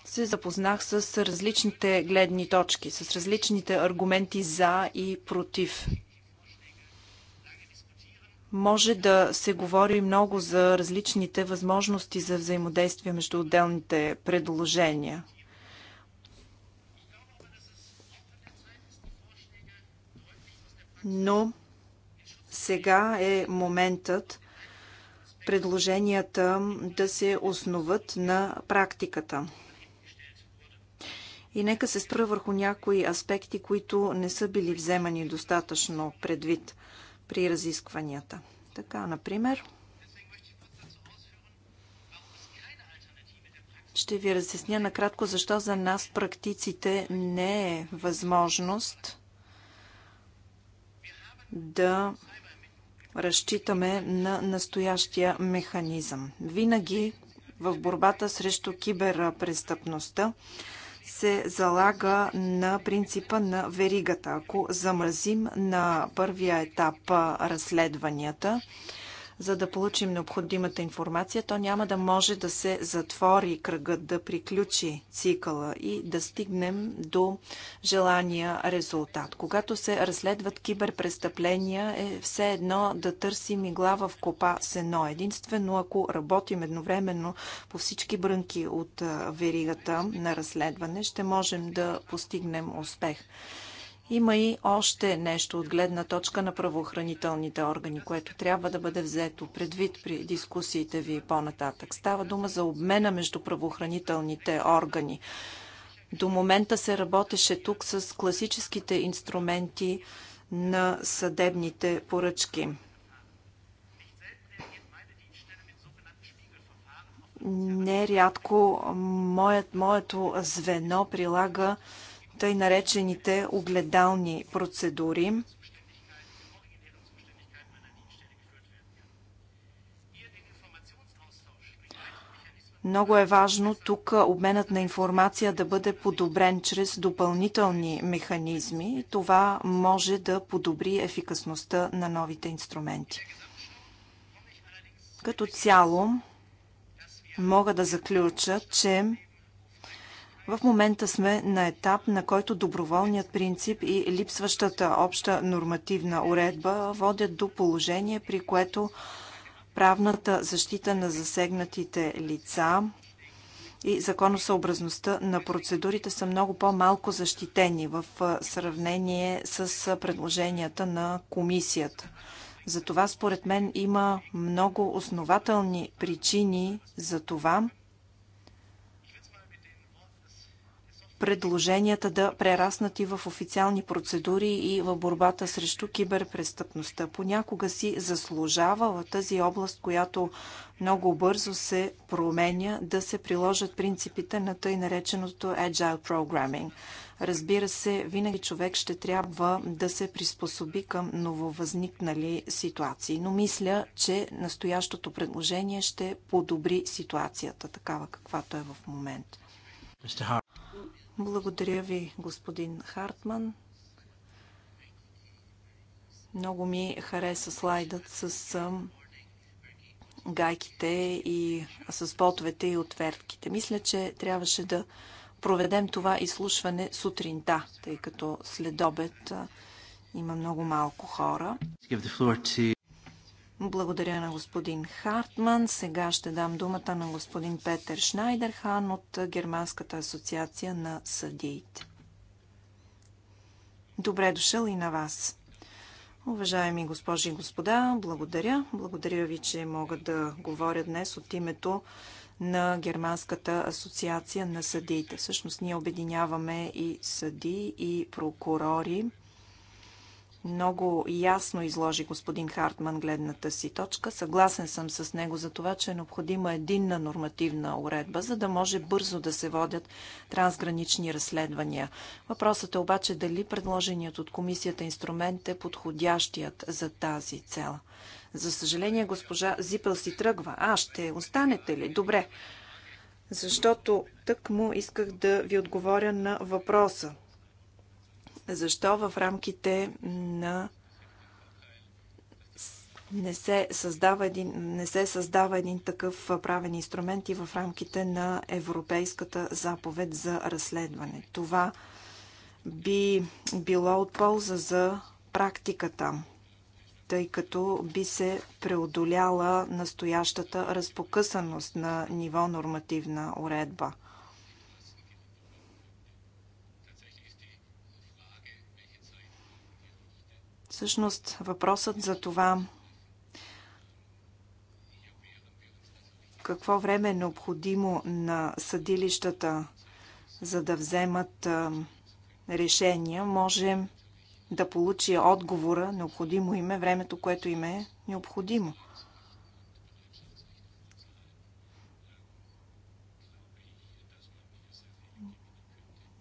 S4: се запознах с различните гледни точки, с различните аргументи за и против може да се говори много за различните възможности за взаимодействие между отделните предложения. Но сега е моментът предложенията да се основат на практиката. И нека се спра върху някои аспекти, които не са били вземани достатъчно предвид – при разискванията. Така, например, ще ви разясня накратко защо за нас практиците не е възможност да разчитаме на настоящия механизъм. Винаги в борбата срещу киберпрестъпността се залага на принципа на веригата. Ако замразим на първия етап разследванията, за да получим необходимата информация, то няма да може да се затвори кръгът, да приключи цикъла и да стигнем до желания резултат. Когато се разследват киберпрестъпления, е все едно да търсим игла в копа сено. Единствено, ако работим едновременно по всички брънки от веригата на разследване, ще можем да постигнем успех. Има и още нещо от гледна точка на правоохранителните органи, което трябва да бъде взето предвид при дискусиите ви по-нататък. Става дума за обмена между правоохранителните органи. До момента се работеше тук с класическите инструменти на съдебните поръчки. Нерядко моят, моето звено прилага тъй наречените огледални процедури. Много е важно тук обменът на информация да бъде подобрен чрез допълнителни механизми. Това може да подобри ефикасността на новите инструменти. Като цяло мога да заключа, че в момента сме на етап, на който доброволният принцип и липсващата обща нормативна уредба водят до положение, при което правната защита на засегнатите лица и законосъобразността на процедурите са много по-малко защитени в сравнение с предложенията на комисията. Затова, според мен, има много основателни причини за това предложенията да прераснат и в официални процедури и в борбата срещу киберпрестъпността. Понякога си заслужава в тази област, която много бързо се променя, да се приложат принципите на тъй нареченото Agile Programming. Разбира се, винаги човек ще трябва да се приспособи към нововъзникнали ситуации, но мисля, че настоящото предложение ще подобри ситуацията, такава каквато е в момента. Благодаря ви, господин Хартман. Много ми хареса слайдът с гайките и с ботовете и отвертките. Мисля, че трябваше да проведем това изслушване сутринта, тъй като след обед има много малко хора. Благодаря на господин Хартман. Сега ще дам думата на господин Петър Шнайдерхан от Германската асоциация на съдиите. Добре дошъл и на вас. Уважаеми госпожи и господа, благодаря. Благодаря ви, че мога да говоря днес от името на Германската асоциация на съдиите. Всъщност ние обединяваме и съди, и прокурори. Много ясно изложи господин Хартман гледната си точка. Съгласен съм с него за това, че е необходима единна нормативна уредба, за да може бързо да се водят трансгранични разследвания. Въпросът е обаче дали предложеният от комисията инструмент е подходящият за тази цел. За съжаление, госпожа Зипел си тръгва. А, ще останете ли? Добре. Защото тък му исках да ви отговоря на въпроса защо в рамките на не се, създава един, не се създава един такъв правен инструмент и в рамките на Европейската заповед за разследване. Това би било от полза за практиката, тъй като би се преодоляла настоящата разпокъсаност на ниво нормативна уредба – Всъщност въпросът за това какво време е необходимо на съдилищата, за да вземат решения, може да получи отговора, необходимо им е времето, което им е необходимо.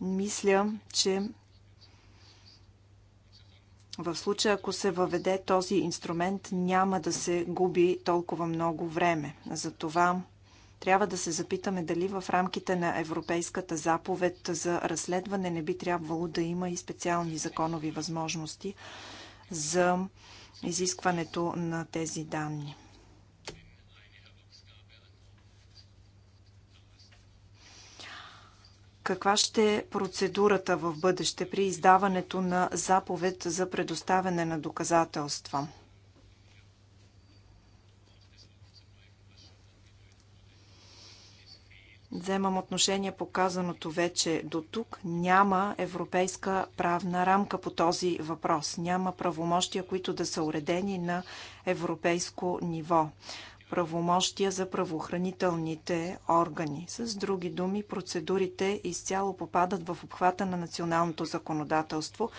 S4: Мисля, че в случая, ако се въведе този инструмент, няма да се губи толкова много време. Затова трябва да се запитаме дали в рамките на Европейската заповед за разследване не би трябвало да има и специални законови възможности за изискването на тези данни. каква ще е процедурата в бъдеще при издаването на заповед за предоставяне на доказателства? Вземам отношение по казаното вече до тук. Няма европейска правна рамка по този въпрос. Няма правомощия, които да са уредени на европейско ниво правомощия за правоохранителните органи. С други думи, процедурите изцяло попадат в обхвата на националното законодателство.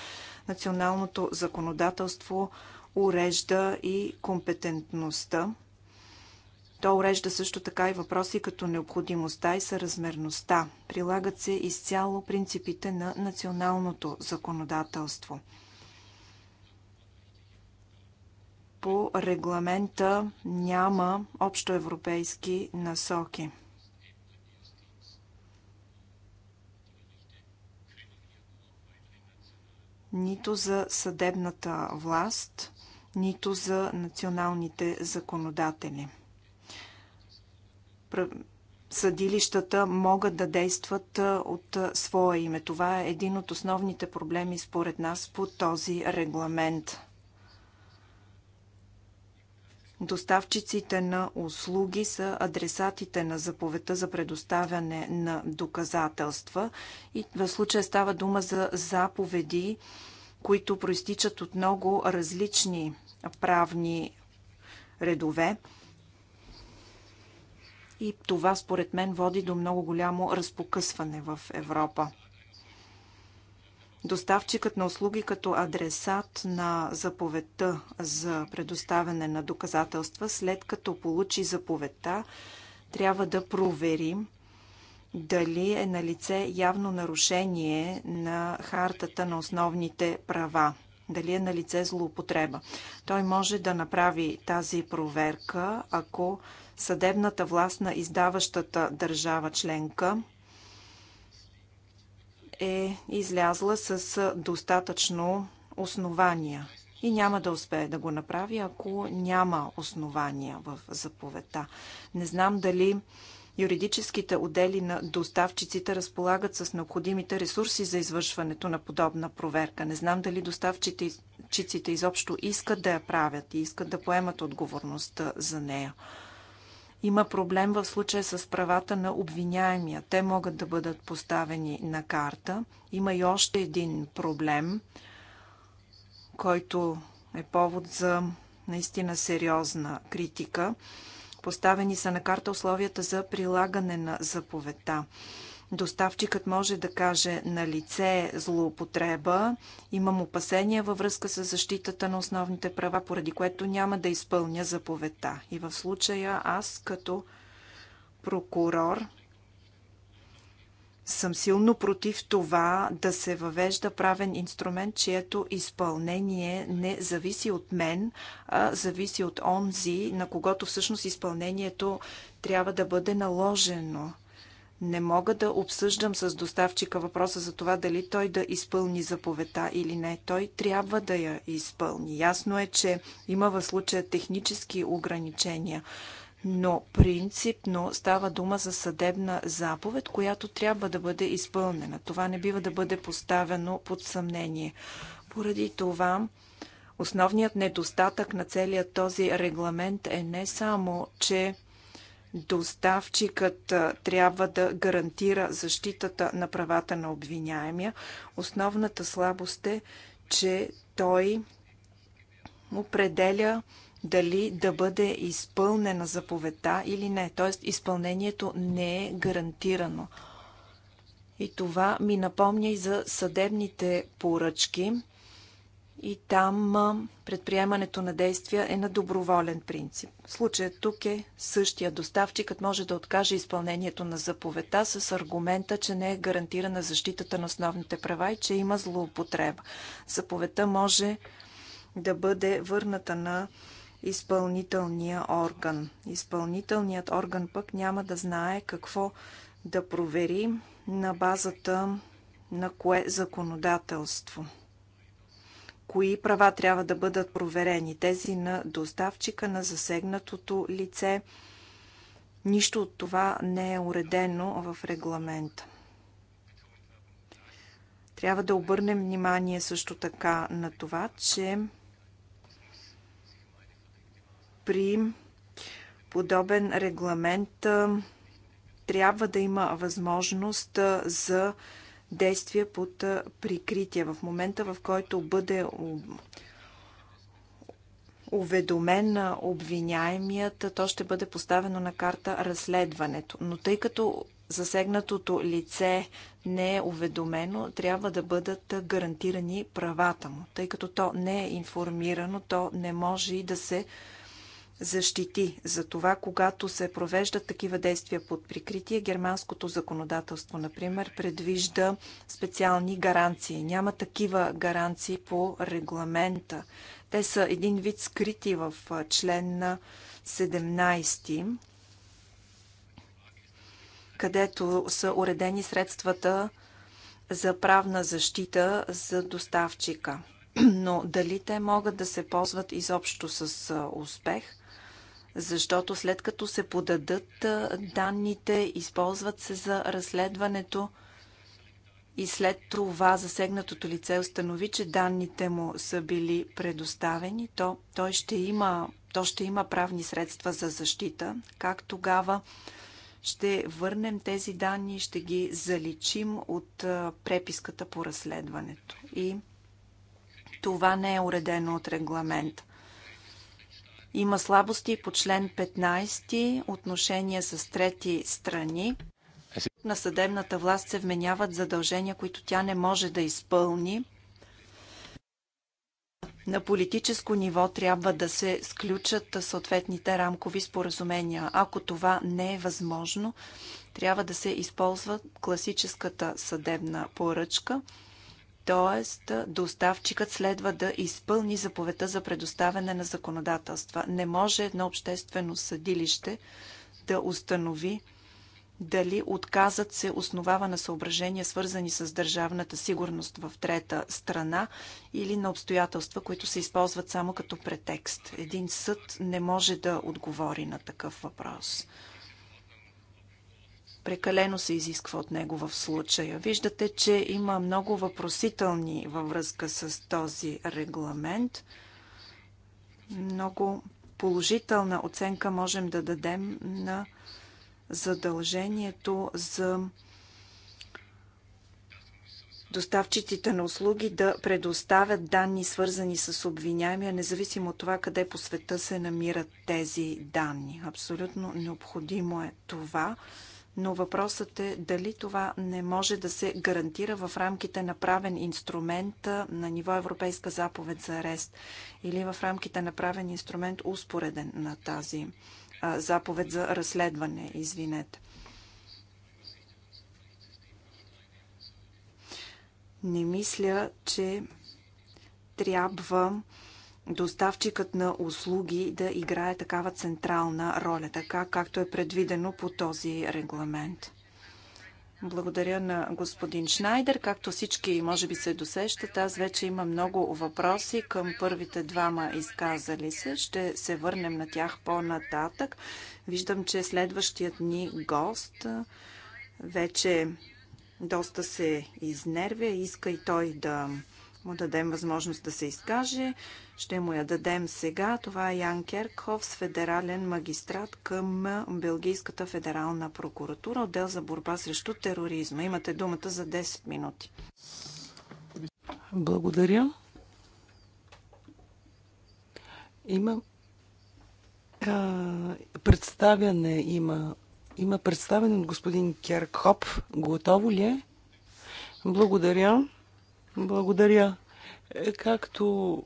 S4: Националното законодателство урежда и компетентността. То урежда също така и въпроси като необходимостта и съразмерността. Прилагат се изцяло принципите на националното законодателство. по регламента няма общоевропейски насоки. Нито за съдебната власт, нито за националните законодатели. Съдилищата могат да действат от своя име. Това е един от основните проблеми според нас по този регламент. Доставчиците на услуги са адресатите на заповедта за предоставяне на доказателства и в случая става дума за заповеди, които проистичат от много различни правни редове. И това, според мен, води до много голямо разпокъсване в Европа. Доставчикът на услуги като адресат на заповедта за предоставяне на доказателства, след като получи заповедта, трябва да провери дали е на лице явно нарушение на хартата на основните права, дали е на лице злоупотреба. Той може да направи тази проверка, ако съдебната власт на издаващата държава членка е излязла с достатъчно основания. И няма да успее да го направи, ако няма основания в заповедта. Не знам дали юридическите отдели на доставчиците разполагат с необходимите ресурси за извършването на подобна проверка. Не знам дали доставчиците изобщо искат да я правят и искат да поемат отговорността за нея. Има проблем в случая с правата на обвиняемия. Те могат да бъдат поставени на карта. Има и още един проблем, който е повод за наистина сериозна критика. Поставени са на карта условията за прилагане на заповедта. Доставчикът може да каже на лице е злоупотреба. Имам опасения във връзка с защитата на основните права, поради което няма да изпълня заповедта. И в случая аз като прокурор съм силно против това да се въвежда правен инструмент, чието изпълнение не зависи от мен, а зависи от онзи, на когото всъщност изпълнението трябва да бъде наложено – не мога да обсъждам с доставчика въпроса за това дали той да изпълни заповедта или не. Той трябва да я изпълни. Ясно е, че има в случая технически ограничения но принципно става дума за съдебна заповед, която трябва да бъде изпълнена. Това не бива да бъде поставено под съмнение. Поради това, основният недостатък на целият този регламент е не само, че Доставчикът трябва да гарантира защитата на правата на обвиняемия. Основната слабост е, че той определя дали да бъде изпълнена заповедта или не. Тоест, изпълнението не е гарантирано. И това ми напомня и за съдебните поръчки и там предприемането на действия е на доброволен принцип. Случаят тук е същия. Доставчикът може да откаже изпълнението на заповедта с аргумента, че не е гарантирана защитата на основните права и че има злоупотреба. Заповедта може да бъде върната на изпълнителния орган. Изпълнителният орган пък няма да знае какво да провери на базата на кое законодателство кои права трябва да бъдат проверени. Тези на доставчика, на засегнатото лице. Нищо от това не е уредено в регламента. Трябва да обърнем внимание също така на това, че при подобен регламент трябва да има възможност за действия под прикритие. В момента, в който бъде уведомен на обвиняемият, то ще бъде поставено на карта разследването. Но тъй като засегнатото лице не е уведомено, трябва да бъдат гарантирани правата му. Тъй като то не е информирано, то не може и да се защити за това, когато се провеждат такива действия под прикритие. Германското законодателство, например, предвижда специални гаранции. Няма такива гаранции по регламента. Те са един вид скрити в член на 17, където са уредени средствата за правна защита за доставчика но дали те могат да се ползват изобщо с успех, защото след като се подадат данните, използват се за разследването и след това засегнатото лице установи, че данните му са били предоставени, то, той ще има, то ще има правни средства за защита. Как тогава ще върнем тези данни и ще ги заличим от преписката по разследването. И това не е уредено от регламента. Има слабости по член 15, отношения с трети страни. На съдебната власт се вменяват задължения, които тя не може да изпълни. На политическо ниво трябва да се сключат съответните рамкови споразумения. Ако това не е възможно, трябва да се използва класическата съдебна поръчка – Тоест, доставчикът следва да изпълни заповедта за предоставяне на законодателства. Не може едно обществено съдилище да установи дали отказът се основава на съображения, свързани с държавната сигурност в трета страна или на обстоятелства, които се използват само като претекст. Един съд не може да отговори на такъв въпрос. Прекалено се изисква от него в случая. Виждате, че има много въпросителни във връзка с този регламент. Много положителна оценка можем да дадем на задължението за доставчиците на услуги да предоставят данни, свързани с обвиняемия, независимо от това къде по света се намират тези данни. Абсолютно необходимо е това но въпросът е дали това не може да се гарантира в рамките на правен инструмент на ниво Европейска заповед за арест или в рамките на правен инструмент успореден на тази а, заповед за разследване, извинете. Не мисля, че трябва доставчикът на услуги да играе такава централна роля, така както е предвидено по този регламент. Благодаря на господин Шнайдер. Както всички може би се досещат, аз вече има много въпроси към първите двама изказали се. Ще се върнем на тях по-нататък. Виждам, че следващият ни гост вече доста се изнервя. Иска и той да му дадем възможност да се изкаже. Ще му я дадем сега. Това е Ян Керкхов, федерален магистрат към Белгийската федерална прокуратура, отдел за борба срещу тероризма. Имате думата за 10 минути.
S1: Благодаря. Има а, представяне има. Има представен от господин Керкхоп. Готово ли е? Благодаря. Благодаря. Е, както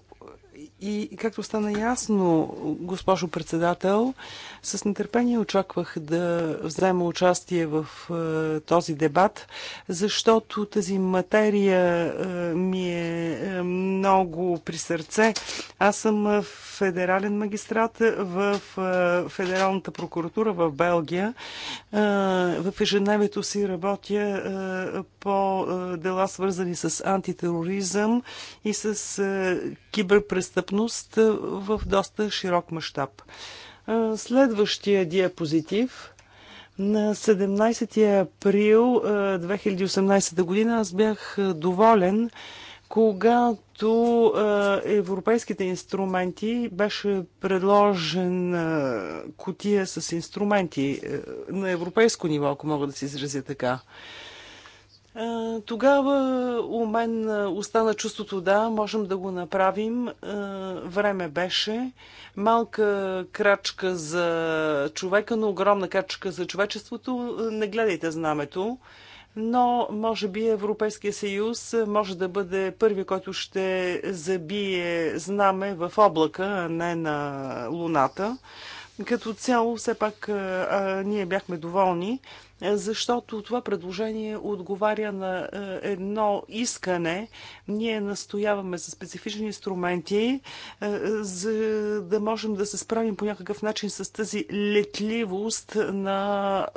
S1: и както стана ясно, госпожо председател, с нетърпение очаквах да взема участие в е, този дебат, защото тази материя е, ми е, е много при сърце. Аз съм федерален магистрат в е, Федералната прокуратура в Белгия. Е, в ежедневието си работя е, по дела свързани с антитероризъм и с киберпрестъпност престъпност в доста широк мащаб. Следващия диапозитив. На 17 април 2018 година аз бях доволен, когато европейските инструменти беше предложен кутия с инструменти на европейско ниво, ако мога да се изразя така. Е, тогава у мен е, остана чувството да, можем да го направим. Е, време беше. Малка крачка за човека, но огромна крачка за човечеството. Не гледайте знамето но може би Европейския съюз може да бъде първи, който ще забие знаме в облака, а не на Луната. Като цяло, все пак ние бяхме доволни, защото това предложение отговаря на едно искане. Ние настояваме за специфични инструменти, за да можем да се справим по някакъв начин с тази летливост на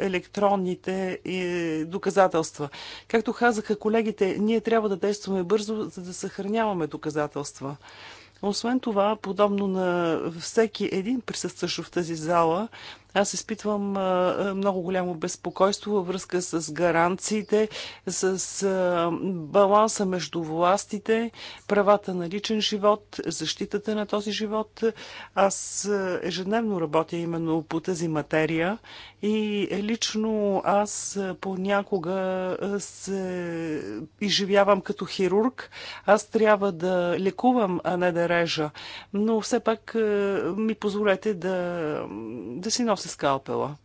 S1: електронните е, доказателства. Както казаха колегите, ние трябва да действаме бързо, за да съхраняваме доказателства. Освен това, подобно на всеки един присъстващ в тази зала, аз изпитвам много голямо безпокойство във връзка с гаранциите, с баланса между властите, правата на личен живот, защитата на този живот. Аз ежедневно работя именно по тази материя и лично аз понякога се изживявам като хирург. Аз трябва да лекувам, а не да режа. Но все пак ми позволете да, да си нося носи скалпела.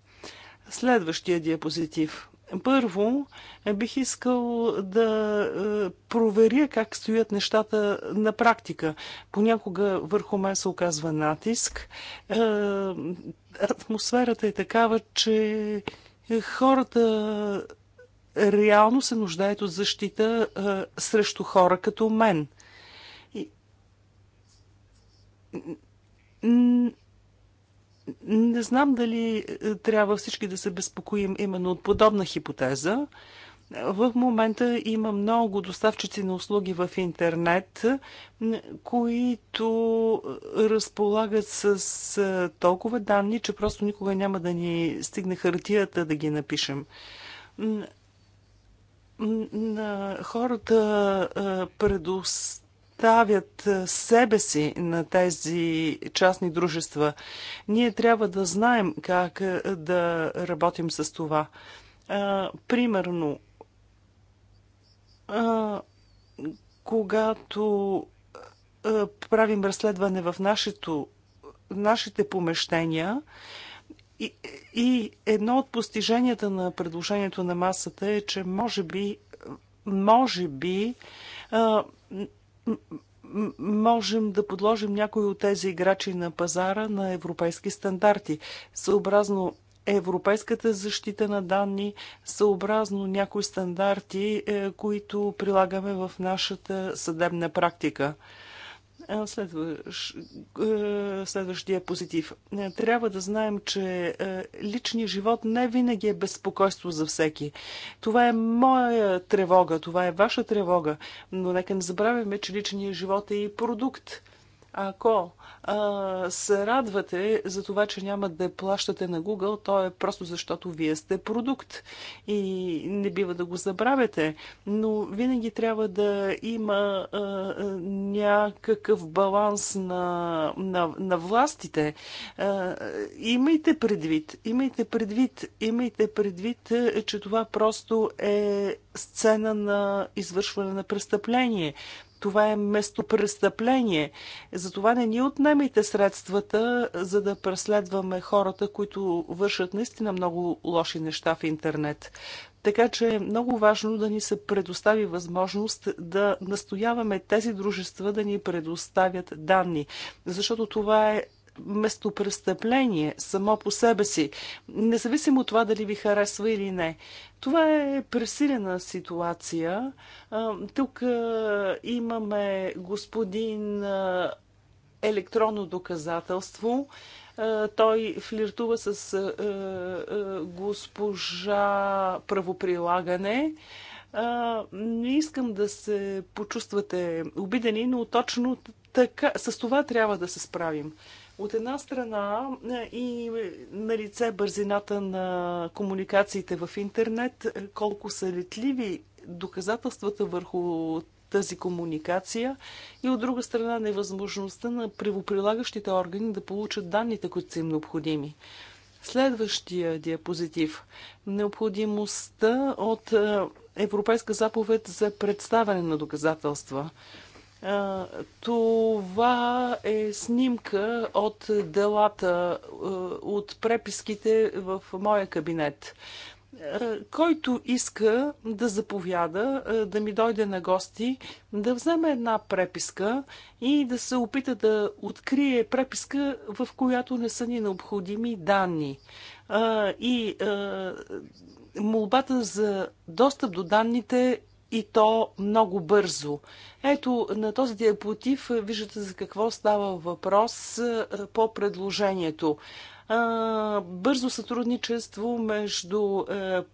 S1: Следващия диапозитив. Първо, бих искал да е, проверя как стоят нещата на практика. Понякога върху мен се оказва натиск. Е, атмосферата е такава, че хората реално се нуждаят от защита е, срещу хора като мен не знам дали е, трябва всички да се безпокоим именно от подобна хипотеза. В момента има много доставчици на услуги в интернет, е, които е, разполагат с толкова данни, че просто никога няма да ни стигне хартията да ги напишем на хората предоставят представят е, себе си на тези частни дружества. Ние трябва да знаем как е, да работим с това. А, е, примерно, а, когато а, правим разследване в нашето, нашите помещения, и, и едно от постиженията на предложението на масата е, че може би, може би, а, можем да подложим някои от тези играчи на пазара на европейски стандарти, съобразно европейската защита на данни, съобразно някои стандарти, е, които прилагаме в нашата съдебна практика. Следващ, следващ диапозитив. Е, трябва да знаем, че е, личният живот не винаги е безпокойство за всеки. Това е моя тревога, това е ваша тревога, но нека не забравяме, че личният живот е и продукт. Ако а, се радвате за това, че няма да плащате на Google, то е просто защото вие сте продукт и не бива да го забравяте. Но винаги трябва да има а, някакъв баланс на, на, на властите. А, имайте предвид, имайте предвид, имайте предвид, че това просто е сцена на извършване на престъпление. Това е местопрестъпление. Затова не ни отнемите средствата, за да преследваме хората, които вършат наистина много лоши неща в интернет. Така че е много важно да ни се предостави възможност да настояваме тези дружества да ни предоставят данни, защото това е местопрестъпление само по себе си, независимо от това дали ви харесва или не. Това е пресилена ситуация. Тук имаме господин електронно доказателство. Той флиртува с госпожа правоприлагане. Не искам да се почувствате обидени, но точно така, с това трябва да се справим. От една страна е, и е, на лице бързината на комуникациите в интернет, е, колко са летливи доказателствата върху тази комуникация и от друга страна невъзможността на правоприлагащите органи да получат данните, които са им необходими. Следващия диапозитив. Необходимостта от Европейска заповед за представяне на доказателства. Това е снимка от делата, от преписките в моя кабинет. Който иска да заповяда, да ми дойде на гости, да вземе една преписка и да се опита да открие преписка, в която не са ни необходими данни. И молбата за достъп до данните и то много бързо. Ето на този диапотив виждате за какво става въпрос по предложението бързо сътрудничество между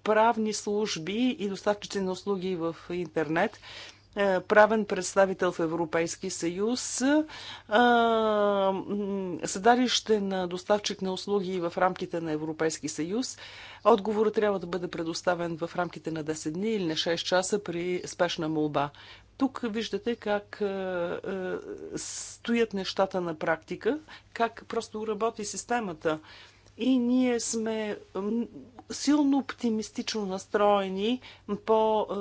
S1: правни служби и доставчици на услуги в интернет. Е, правен представител в Европейски съюз, е, съдалище на доставчик на услуги в рамките на Европейски съюз. Отговорът трябва да бъде предоставен в рамките на 10 дни или на 6 часа при спешна молба. Тук виждате как е, стоят нещата на практика, как просто работи системата и ние сме силно оптимистично настроени по е,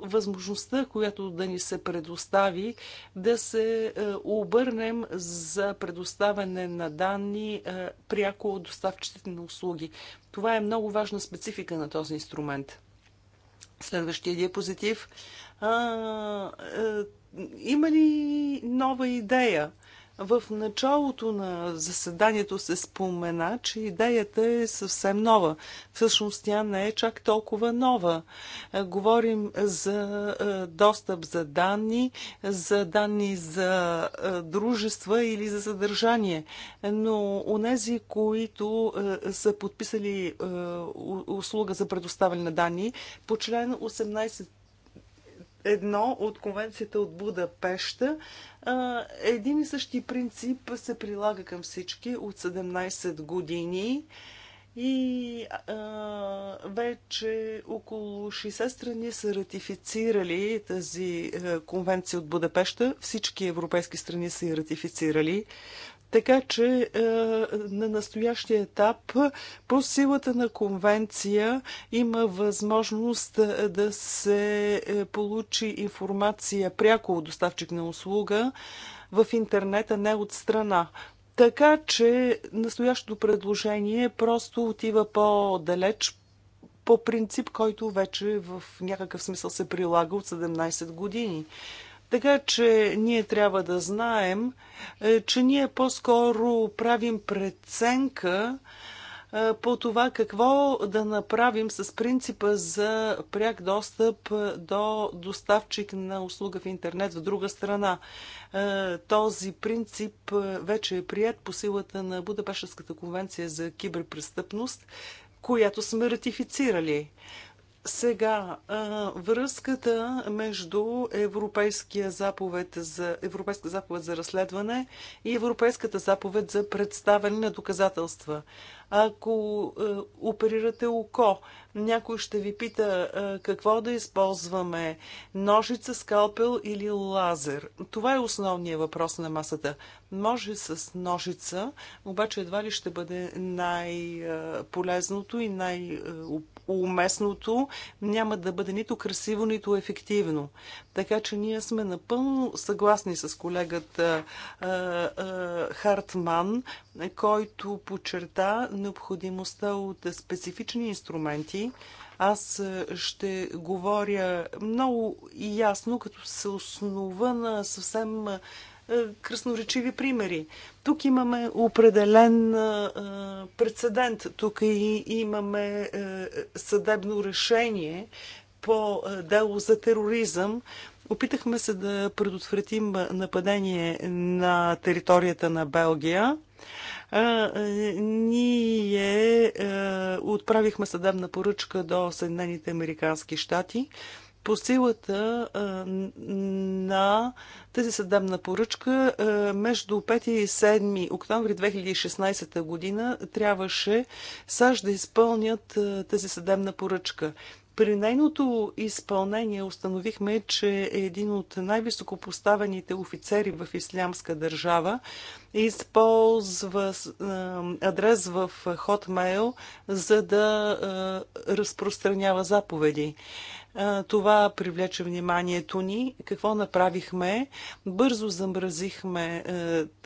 S1: възможността, която да ни се предостави, да се е, обърнем за предоставяне на данни е, пряко от доставчиците на услуги. Това е много важна специфика на този инструмент. Следващия диапозитив. А, е, има ли нова идея? В началото на заседанието се спомена, че идеята е съвсем нова. Всъщност тя не е чак толкова нова. Е, говорим за е, достъп за данни, за данни за е, дружества или за съдържание. Но нези, които са подписали услуга за предоставяне на данни по член 18 едно от конвенцията от Будапешта. Един и същи принцип се прилага към всички от 17 години и а, вече около 60 страни са ратифицирали тази а, е, конвенция от Будапешта. Всички европейски страни са я ратифицирали. Така че е, на настоящия етап по силата на конвенция има възможност е, да се е, получи информация пряко от доставчик на услуга в интернета, не от страна. Така че настоящото предложение просто отива по-далеч по принцип, който вече в някакъв смисъл се прилага от 17 години. Така че ние трябва да знаем, е, че ние по-скоро правим преценка е, по това какво да направим с принципа за пряк достъп е, до доставчик на услуга в интернет в друга страна. Този принцип вече е прият по силата на Будапешеската конвенция за киберпрестъпност, която сме ратифицирали. Сега, връзката между Европейския заповед за, Европейска заповед за разследване и Европейската заповед за представяне на доказателства ако е, оперирате око. Някой ще ви пита е, какво да използваме ножица, скалпел или лазер. Това е основният въпрос на масата. Може с ножица, обаче едва ли ще бъде най-полезното и най-уместното. Няма да бъде нито красиво, нито ефективно. Така че ние сме напълно съгласни с колегата е, Хартман който подчерта необходимостта от специфични инструменти. Аз е, ще говоря много и ясно, като се основа на съвсем е, кръсноречиви примери. Тук имаме определен е, прецедент, тук и имаме съдебно решение по дело за тероризъм, Опитахме се да предотвратим нападение на територията на Белгия. А, е, ние а, е, отправихме съдебна поръчка до Съединените Американски щати. По силата а, е, на тази съдебна поръчка а, между 5 и 7 октомври 2016 година трябваше САЩ да изпълнят а, тази съдебна поръчка. При нейното изпълнение установихме, че е един от най-високопоставените офицери в Ислямска държава използва е, адрес в Hotmail, за да е, разпространява заповеди. Това привлече вниманието ни. Какво направихме? Бързо замразихме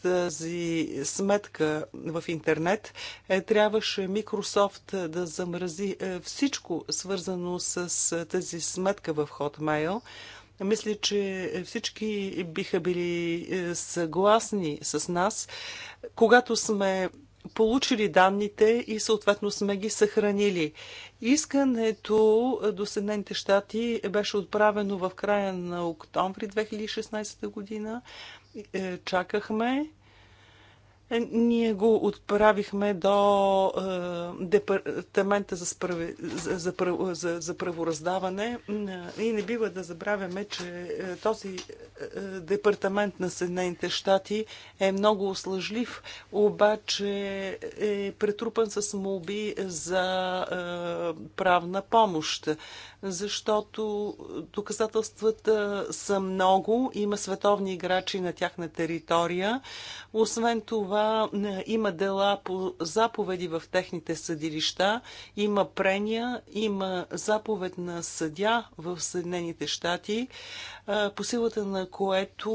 S1: тази сметка в интернет. Е, трябваше Microsoft да замрази всичко свързано с тази сметка в Hotmail. Мисля, че всички биха били съгласни с нас. Когато сме получили данните и съответно сме ги съхранили. Искането до Съединените щати беше отправено в края на октомври 2016 година. Е, чакахме е, ние го отправихме до е, Департамента за, справи, за, за, за правораздаване е, и не бива да забравяме, че този департамент на Съединените щати е много услъжлив, обаче е претрупан с молби за правна помощ защото доказателствата са много. Има световни играчи на тяхна територия. Освен това, има дела по заповеди в техните съдилища, има прения, има заповед на съдя в Съединените щати, по силата на което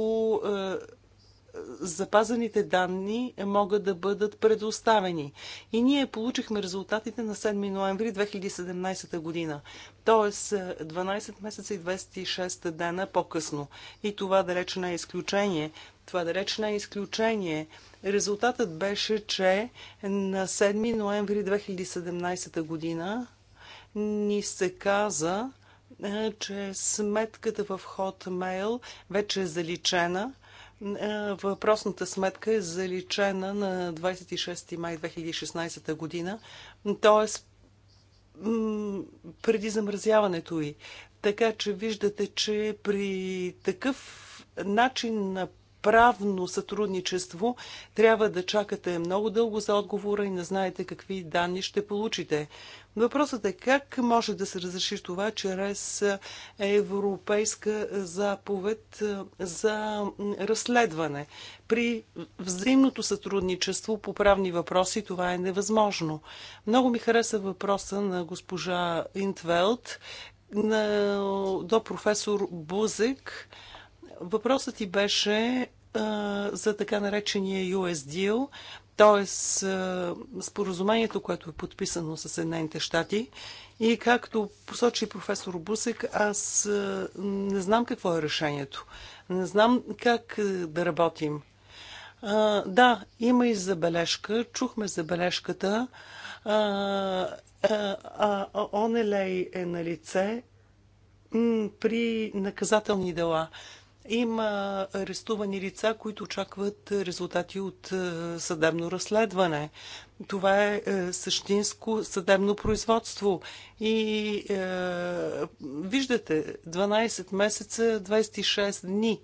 S1: запазените данни могат да бъдат предоставени. И ние получихме резултатите на 7 ноември 2017 година, т.е. 12 месеца и 26 дена по-късно. И това да реч не е изключение. Това да реч не е изключение. Резултатът беше, че на 7 ноември 2017 година ни се каза, е, че сметката в Hotmail вече е заличена – е, въпросната сметка е заличена на 26 май 2016 година, т.е. преди замразяването й. Така че виждате, че при такъв начин на правно сътрудничество трябва да чакате много дълго за отговора и не знаете какви данни ще получите. Въпросът е как може да се разреши това чрез европейска заповед за разследване. При взаимното сътрудничество по правни въпроси това е невъзможно. Много ми хареса въпроса на госпожа Интвелт на, до професор Бузик. Въпросът ти беше за така наречения US Deal. Тоест, споразумението, което е подписано с Съединените щати и както посочи професор Бусек, аз не знам какво е решението. Не знам как да работим. да, има и забележка. Чухме забележката. а, онелей е на лице при наказателни дела. Има арестувани лица, които очакват резултати от е, съдебно разследване. Това е, е същинско съдебно производство. И е, виждате, 12 месеца, 26 дни.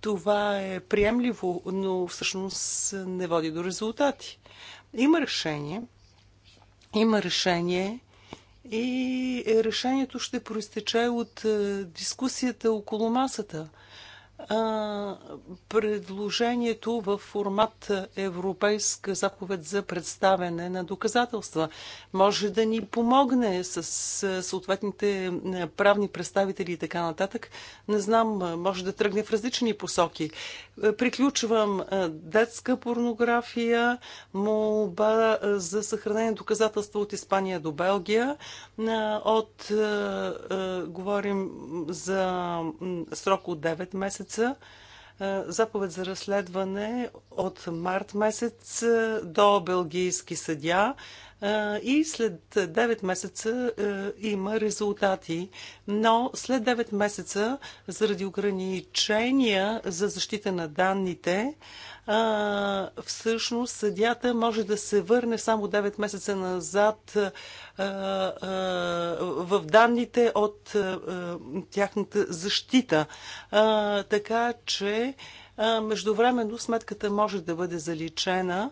S1: Това е приемливо, но всъщност не води до резултати. Има решение. Има решение. И решението ще проистече от е, дискусията около масата – предложението в формат Европейска заповед за представяне на доказателства. Може да ни помогне с съответните правни представители и така нататък. Не знам, може да тръгне в различни посоки. Приключвам детска порнография, молба за съхранение на доказателства от Испания до Белгия. От, говорим за срок от 9 месеца месеца заповед за разследване от март месец до белгийски съдя и след 9 месеца има резултати. Но след 9 месеца, заради ограничения за защита на данните, всъщност съдята може да се върне само 9 месеца назад в данните от тяхната защита. така че междувременно сметката може да бъде заличена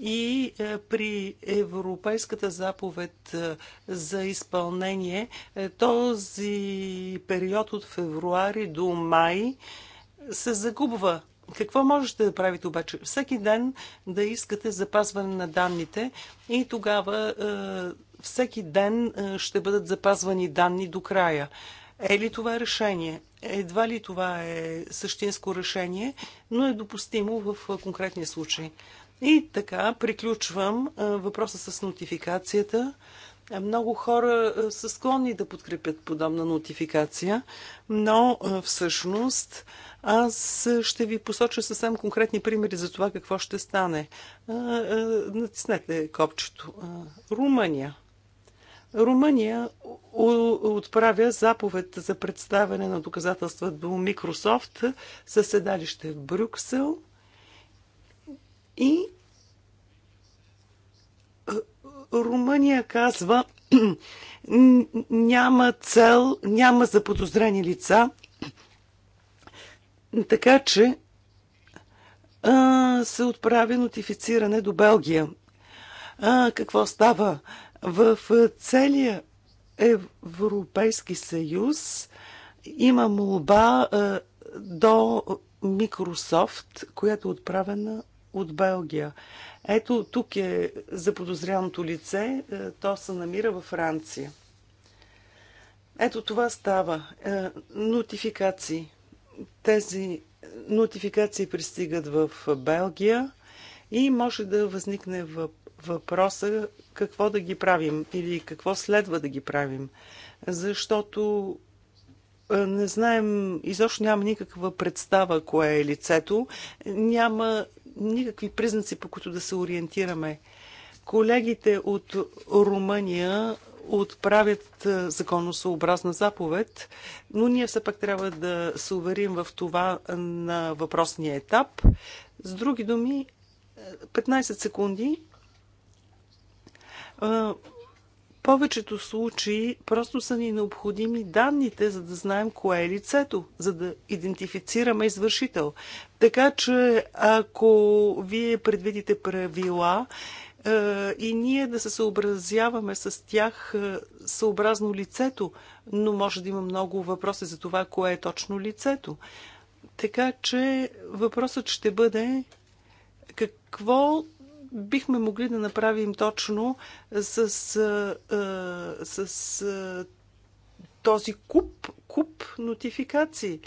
S1: и е, при Европейската заповед е, за изпълнение е, този период от февруари до май се загубва. Какво можете да правите обаче? Всеки ден да искате запазване на данните и тогава всеки ден ще бъдат запазвани данни до края. Е ли това решение? Едва ли това е същинско решение, но е допустимо в конкретния случай. И така, приключвам въпроса с нотификацията. Много хора са склонни да подкрепят подобна нотификация, но всъщност аз ще ви посоча съвсем конкретни примери за това какво ще стане. Натиснете копчето. Румъния. Румъния отправя заповед за представяне на доказателства до Microsoft със седалище в Брюксел – и е, Румъния казва, няма цел, няма заподозрени лица. Така че а, е, се отправя нотифициране до Белгия. А, е, какво става? В целия Европейски съюз има молба а, до Microsoft, която е отправена от Белгия. Ето тук е заподозряното лице, е, то се намира във Франция. Ето това става. Е, нотификации. Тези нотификации пристигат в Белгия и може да възникне въпроса какво да ги правим или какво следва да ги правим. Защото е, не знаем, изобщо няма никаква представа кое е лицето, няма никакви признаци, по които да се ориентираме. Колегите от Румъния отправят е, законосъобразна заповед, но ние все пак трябва да се уверим в това на въпросния етап. С други думи, 15 е, секунди е, повечето случаи просто са ни необходими данните, за да знаем кое е лицето, за да идентифицираме извършител. Така че, ако вие предвидите правила, е, и ние да се съобразяваме с тях е, съобразно лицето, но може да има много въпроси за това, кое е точно лицето. Така че въпросът ще бъде какво бихме могли да направим точно с, с, а, този куп, куп нотификации.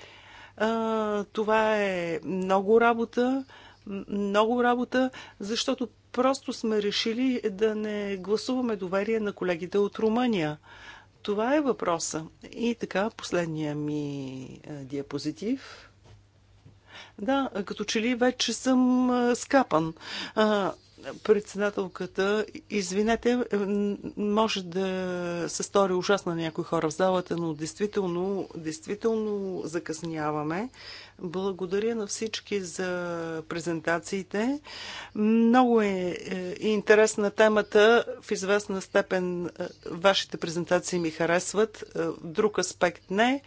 S1: Това е много работа, много работа, защото просто сме решили да не гласуваме доверие на колегите от Румъния. Това е въпроса. И така, последния ми диапозитив. Да, като че ли вече съм скапан. Председателката, извинете, може да се стори ужасно на някои хора в залата, но действително, действително закъсняваме. Благодаря на всички за презентациите. Много е, е интересна темата. В известна степен е, вашите презентации ми харесват, е, друг аспект не.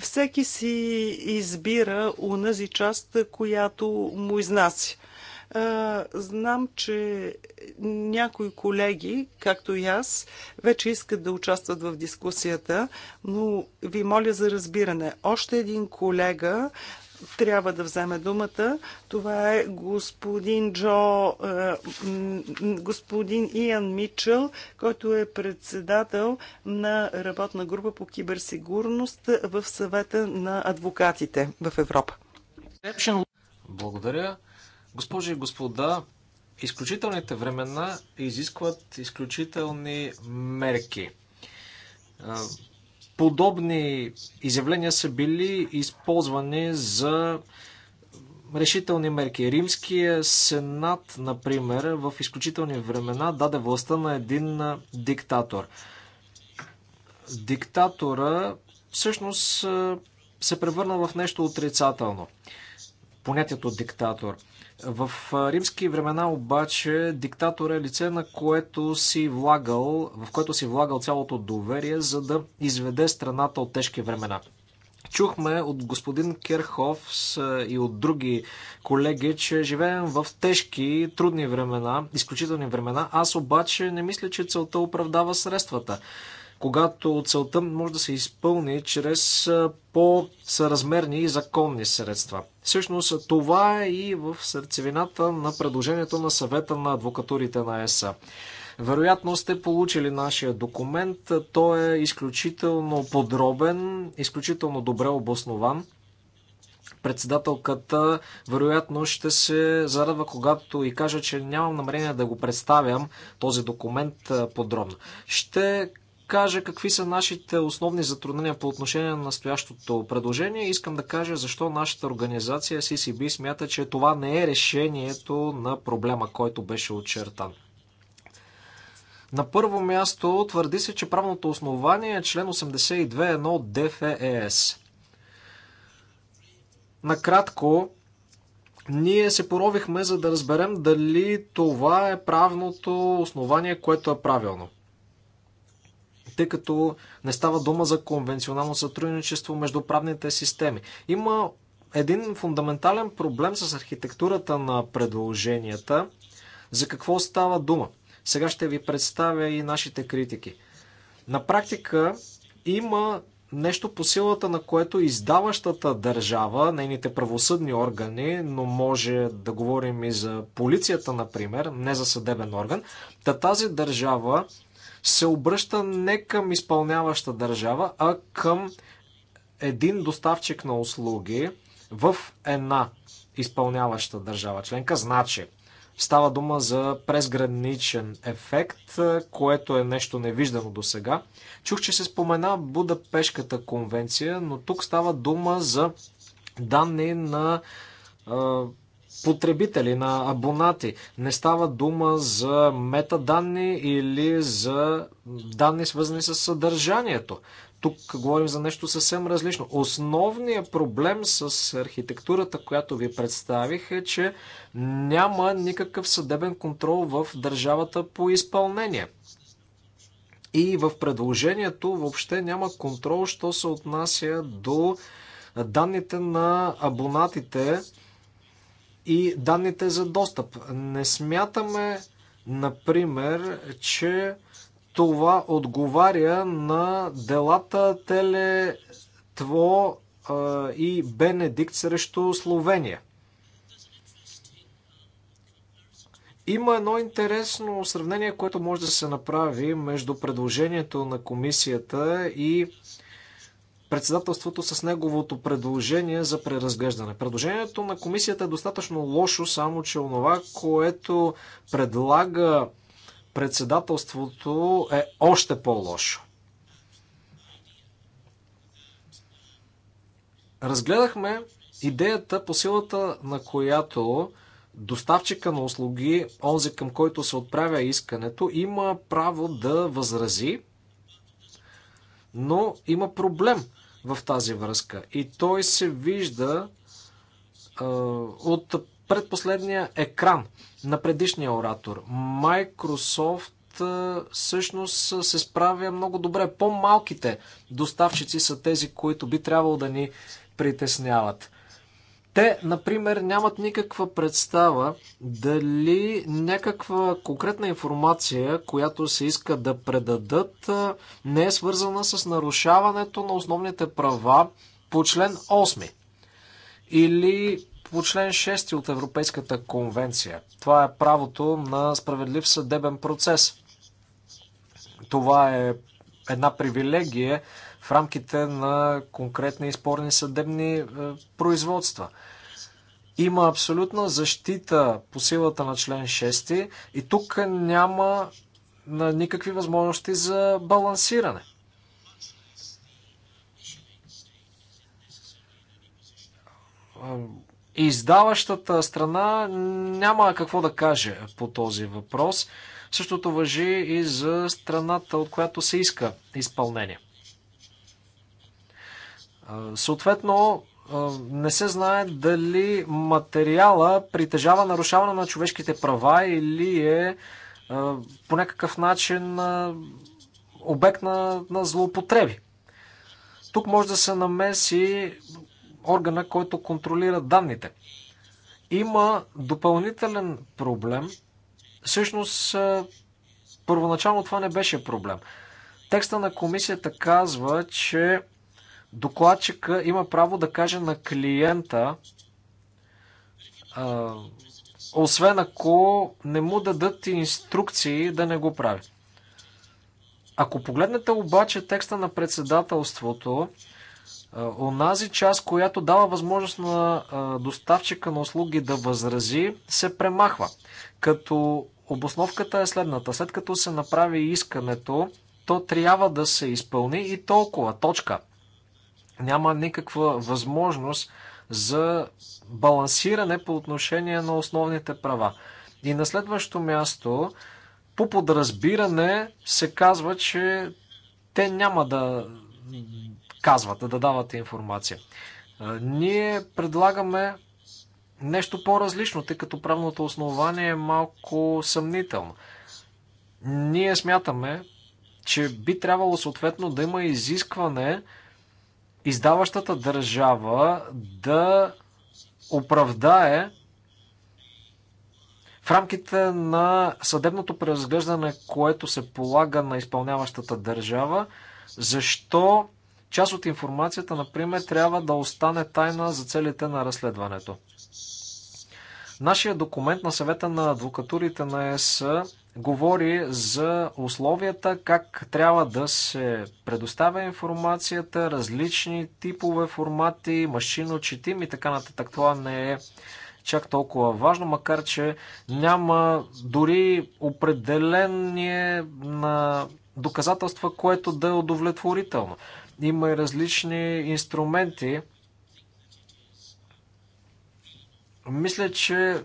S1: Всеки си избира унази част, която му изнася. Знам, че някои колеги, както и аз, вече искат да участват в дискусията, но ви моля за разбиране. Още един колега трябва да вземе думата. Това е господин Джо, господин Иан Мичел, който е председател на работна група по киберсигурност в съвета на адвокатите в Европа.
S2: Благодаря. Госпожи и господа, изключителните времена изискват изключителни мерки. Подобни изявления са били използвани за решителни мерки. Римския сенат, например, в изключителни времена даде властта на един диктатор. Диктатора всъщност се превърна в нещо отрицателно. Понятието диктатор – в римски времена обаче диктатор е лице, на което си влагал, в което си влагал цялото доверие, за да изведе страната от тежки времена. Чухме от господин Керхов и от други колеги, че живеем в тежки, трудни времена, изключителни времена. Аз обаче не мисля, че целта оправдава средствата когато целта може да се изпълни чрез по-съразмерни и законни средства. Всъщност това е и в сърцевината на предложението на съвета на адвокатурите на ЕСА. Вероятно сте получили нашия документ. Той е изключително подробен, изключително добре обоснован председателката вероятно ще се зарадва, когато и кажа, че нямам намерение да го представям този документ подробно. Ще кажа какви са нашите основни затруднения по отношение на настоящото предложение. Искам да кажа защо нашата организация CCB смята, че това не е решението на проблема, който беше очертан. На първо място твърди се, че правното основание е член 82.1 от ДФЕС. Накратко, ние се поровихме за да разберем дали това е правното основание, което е правилно тъй като не става дума за конвенционално сътрудничество между правните системи. Има един фундаментален проблем с архитектурата на предложенията. За какво става дума? Сега ще ви представя и нашите критики. На практика има нещо по силата на което издаващата държава, нейните правосъдни органи, но може да говорим и за полицията, например, не за съдебен орган, та тази държава се обръща не към изпълняваща държава, а към един доставчик на услуги в една изпълняваща държава членка. Значи, става дума за презграничен ефект, е, което е нещо невиждано до сега. Чух, че се спомена Будапешката конвенция, но тук става дума за данни на е, потребители, на абонати. Не става дума за метаданни или за данни свързани с съдържанието. Тук говорим за нещо съвсем различно. Основният проблем с архитектурата, която ви представих е, че няма никакъв съдебен контрол в държавата по изпълнение. И в предложението въобще няма контрол, що се отнася до данните на абонатите, и данните за достъп. Не смятаме, например, че това отговаря на делата Телетво и Бенедикт срещу Словения. Има едно интересно сравнение, което може да се направи между предложението на комисията и председателството с неговото предложение за преразглеждане. Предложението на комисията е достатъчно лошо, само че онова, което предлага председателството е още по-лошо. Разгледахме идеята по силата на която доставчика на услуги, онзи към който се отправя искането, има право да възрази, но има проблем в тази връзка. И той се вижда от предпоследния екран на предишния оратор. Microsoft всъщност се справя много добре. По-малките доставчици са тези, които би трябвало да ни притесняват. Те, например, нямат никаква представа дали някаква конкретна информация, която се иска да предадат, не е свързана с нарушаването на основните права по член 8 или по член 6 от Европейската конвенция. Това е правото на справедлив съдебен процес. Това е една привилегия, в рамките на конкретни и спорни съдебни е, производства. Има абсолютна защита по силата на член 6 и тук няма никакви възможности за балансиране. Е, издаващата страна няма какво да каже по този въпрос. Същото въжи и за страната, от която се иска изпълнение. Съответно, не се знае дали материала притежава нарушаване на човешките права или е по някакъв начин обект на, на злоупотреби. Тук може да се намеси органа, който контролира данните. Има допълнителен проблем. Всъщност, първоначално това не беше проблем. Текста на комисията казва, че докладчика има право да каже на клиента, а, освен ако не му дадат инструкции да не го прави. Ако погледнете обаче текста на председателството, онази част, която дава възможност на доставчика на услуги да възрази, се премахва. Като обосновката е следната. След като се направи искането, то трябва да се изпълни и толкова. Точка няма никаква възможност за балансиране по отношение на основните права. И на следващо място, по подразбиране се казва, че те няма да казват, да дават информация. Ние предлагаме нещо по-различно, тъй като правното основание е малко съмнително. Ние смятаме, че би трябвало съответно да има изискване издаващата държава да оправдае в рамките на съдебното преразглеждане, което се полага на изпълняващата държава, защо част от информацията, например, трябва да остане тайна за целите на разследването. Нашия документ на съвета на адвокатурите на ЕС говори за условията, как трябва да се предоставя информацията, различни типове формати, машино четим и така нататък. Това не е чак толкова важно, макар че няма дори определение на доказателства, което да е удовлетворително. Има и различни инструменти. Мисля, че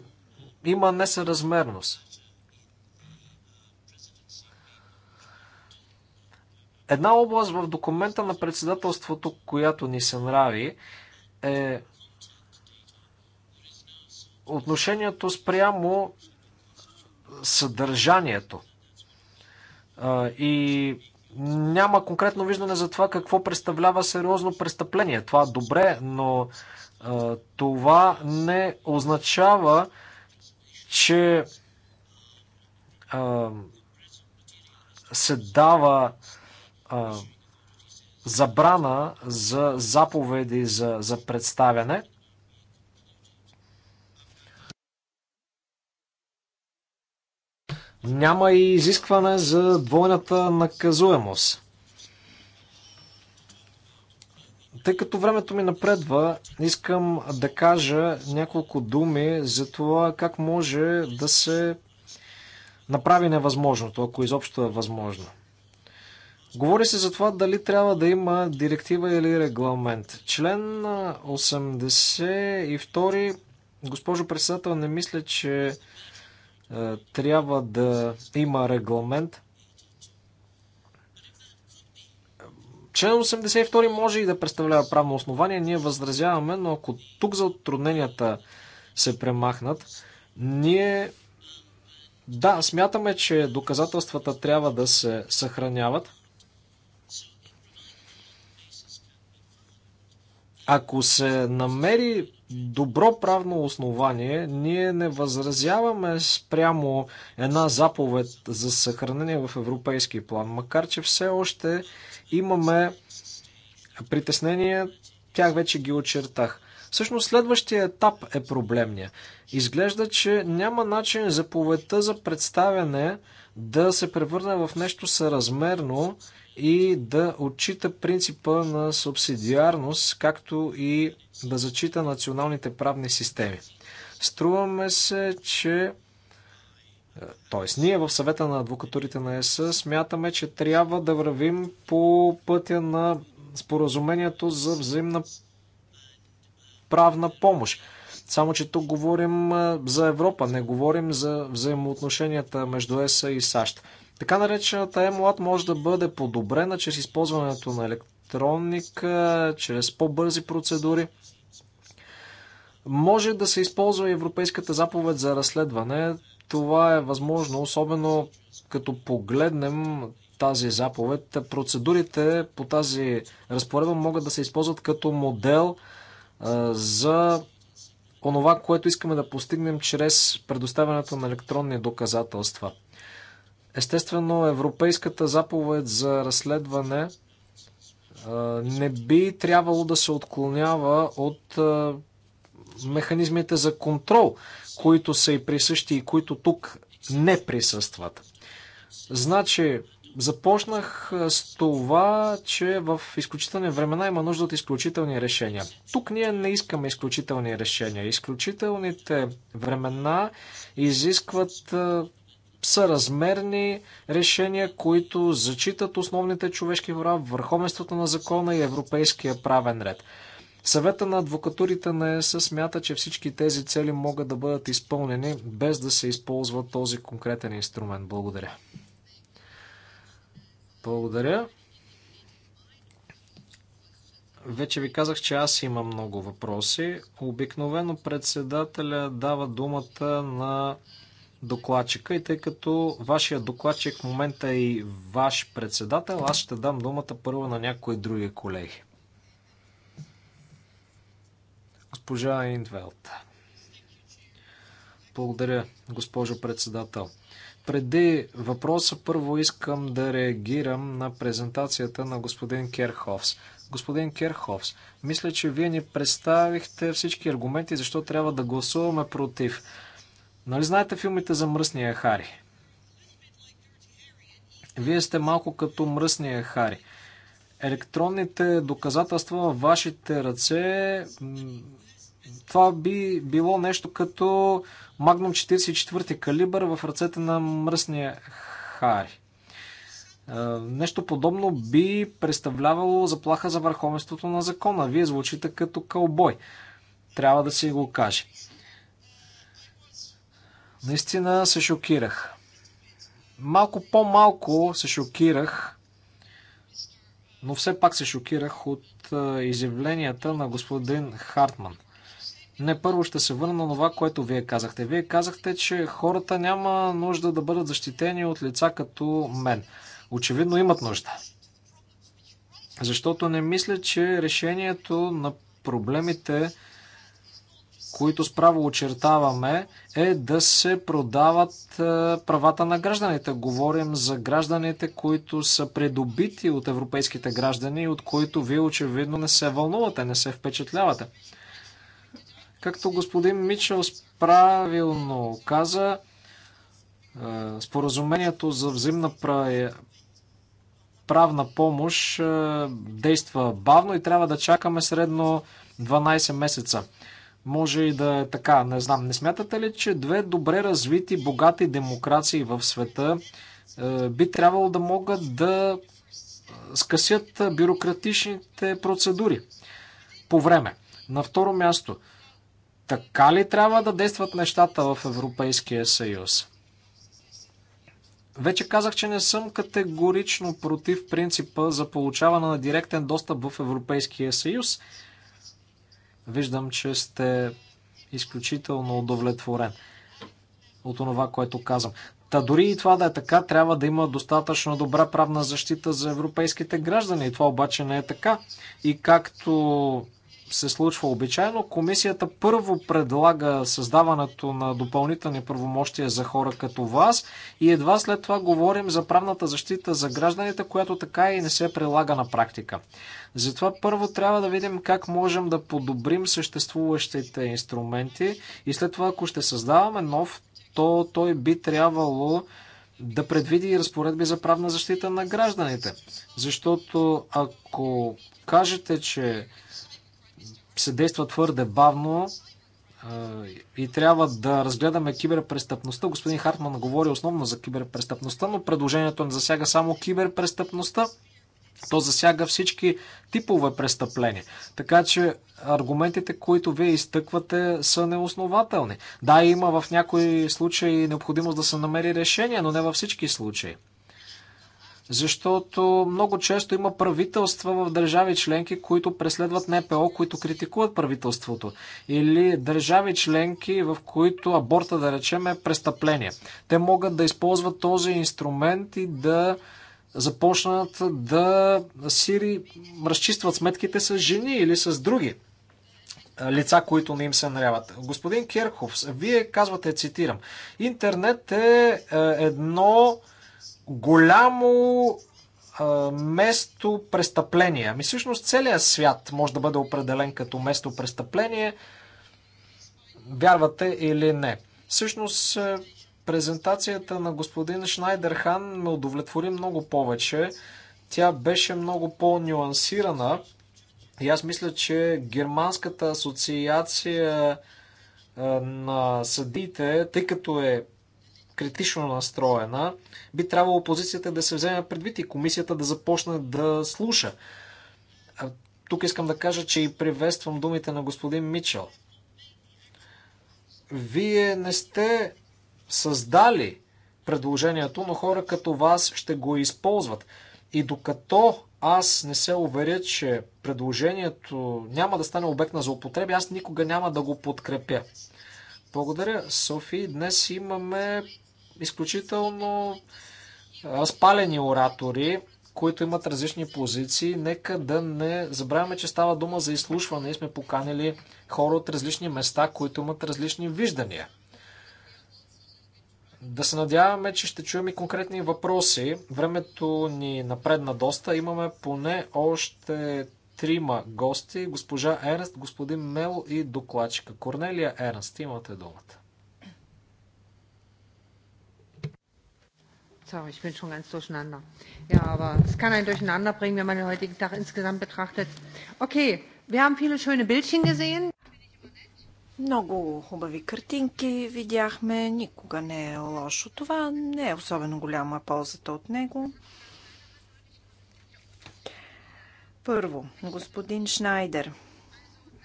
S2: има несъразмерност. Една област в документа на председателството, която ни се нрави, е отношението спрямо съдържанието. И няма конкретно виждане за това какво представлява сериозно престъпление. Това добре, но това не означава, че се дава а, забрана за заповеди за, за представяне. Няма и изискване за двойната наказуемост. Тъй като времето ми напредва, искам да кажа няколко думи за това как може да се направи невъзможното, ако изобщо е възможно. Говори се за това дали трябва да има директива или регламент. Член 82, госпожо председател, не мисля, че е, трябва да има регламент. Член 82 може и да представлява правно основание, ние възразяваме, но ако тук за затрудненията се премахнат, ние да, смятаме, че доказателствата трябва да се съхраняват. Ако се намери добро правно основание, ние не възразяваме спрямо една заповед за съхранение в европейски план, макар че все още имаме притеснения, тях вече ги очертах. Всъщност следващия етап е проблемния. Изглежда, че няма начин заповедта за представяне да се превърне в нещо съразмерно и да отчита принципа на субсидиарност, както и да зачита националните правни системи. Струваме се, че е, т.е. ние в съвета на адвокатурите на ЕС смятаме, че трябва да вървим по пътя на споразумението за взаимна правна помощ. Само, че тук говорим е, за Европа, не говорим за взаимоотношенията между ЕС и САЩ. Така наречената EMLAT може да бъде подобрена чрез използването на електроника, чрез по-бързи процедури. Може да се използва Европейската заповед за разследване. Това е възможно, особено като погледнем тази заповед. Процедурите по тази разпоредба могат да се използват като модел за онова, което искаме да постигнем чрез предоставянето на електронни доказателства. Естествено, Европейската заповед за разследване не би трябвало да се отклонява от механизмите за контрол, които са и присъщи и които тук не присъстват. Значи, започнах с това, че в изключителни времена има нужда от изключителни решения. Тук ние не искаме изключителни решения. Изключителните времена изискват съразмерни решения, които зачитат основните човешки права, върховенството на закона и европейския правен ред. Съвета на адвокатурите на ЕС смята, че всички тези цели могат да бъдат изпълнени без да се използва този конкретен инструмент. Благодаря. Благодаря. Вече ви казах, че аз имам много въпроси. Обикновено председателя дава думата на докладчика и тъй като вашия докладчик в момента е и ваш председател, аз ще дам думата първо на някои други колеги. Госпожа Индвелт. Благодаря, госпожо председател. Преди въпроса, първо искам да реагирам на презентацията на господин Керховс. Господин Керховс, мисля, че вие ни представихте всички аргументи, защо трябва да гласуваме против. Нали знаете филмите за мръсния Хари? Вие сте малко като мръсния Хари. Електронните доказателства във вашите ръце, това би било нещо като Magnum 44 калибър в ръцете на мръсния Хари. Е, нещо подобно би представлявало заплаха за върховенството на закона. Вие звучите като кълбой. Трябва да си го каже. Наистина се шокирах. Малко по-малко се шокирах, но все пак се шокирах от изявленията на господин Хартман. Не, първо ще се върна на това, което вие казахте. Вие казахте, че хората няма нужда да бъдат защитени от лица като мен. Очевидно имат нужда. Защото не мисля, че решението на проблемите които справо очертаваме, е да се продават е, правата на гражданите. Говорим за гражданите, които са придобити от европейските граждани, от които вие очевидно не се вълнувате, не се впечатлявате. Както господин Мичел правилно каза, е, споразумението за взаимна правна помощ е, действа бавно и трябва да чакаме средно 12 месеца. Може и да е така, не знам. Не смятате ли, че две добре развити, богати демокрации в света е, би трябвало да могат да е, скъсят бюрократичните процедури по време? На второ място, така ли трябва да действат нещата в Европейския съюз? Вече казах, че не съм категорично против принципа за получаване на директен достъп в Европейския съюз. Виждам, че сте изключително удовлетворен от това, което казвам. Та дори и това да е така, трябва да има достатъчно добра правна защита за европейските граждани. И това обаче не е така. И както се случва обичайно. Комисията първо предлага създаването на допълнителни правомощия за хора като вас и едва след това говорим за правната защита за гражданите, която така и не се прилага на практика. Затова първо трябва да видим как можем да подобрим съществуващите инструменти и след това, ако ще създаваме нов, то той би трябвало да предвиди и разпоредби за правна защита на гражданите. Защото ако кажете, че се действа твърде бавно и трябва да разгледаме киберпрестъпността. Господин Хартман говори основно за киберпрестъпността, но предложението не засяга само киберпрестъпността. То засяга всички типове престъпления. Така че аргументите, които вие изтъквате, са неоснователни. Да, има в някои случаи необходимост да се намери решение, но не във всички случаи защото много често има правителства в държави членки, които преследват НПО, които критикуват правителството. Или държави членки, в които аборта, да речем, е престъпление. Те могат да използват този инструмент и да започнат да сири разчистват сметките с жени или с други лица, които не им се наряват. Господин Керхов, вие казвате, цитирам, интернет е, е едно голямо место престъпление. Ами всъщност целият свят може да бъде определен като место престъпление, вярвате или не. Всъщност е, презентацията на господин Шнайдерхан ме удовлетвори много повече. Тя беше много по-нюансирана и аз мисля, че Германската асоциация е, на съдиите, тъй като е критично настроена, би трябвало опозицията да се вземе предвид и комисията да започне да слуша. А, тук искам да кажа, че и приветствам думите на господин Мичел. Вие не сте създали предложението, но хора като вас ще го използват. И докато аз не се уверя, че предложението няма да стане обект на злоупотреби, аз никога няма да го подкрепя. Благодаря, Софи. Днес имаме изключително разпалени оратори, които имат различни позиции. Нека да не забравяме, че става дума за изслушване и сме поканили хора от различни места, които имат различни виждания. Да се надяваме, че ще чуем и конкретни въпроси. Времето ни напредна доста. Имаме поне още трима гости. Госпожа Ернст, господин Мел и докладчика. Корнелия Ернст, имате
S3: думата. Sorry, ich bin schon ganz durcheinander. Ja, aber es kann einen durcheinander bringen, wenn man den heutigen Tag insgesamt betrachtet.
S4: Okay, wir haben viele schöne Bildchen gesehen. Много хубави картинки видяхме. Никога не е лошо. Това не е особено голяма ползата от него. Първо, господин Шнайдер.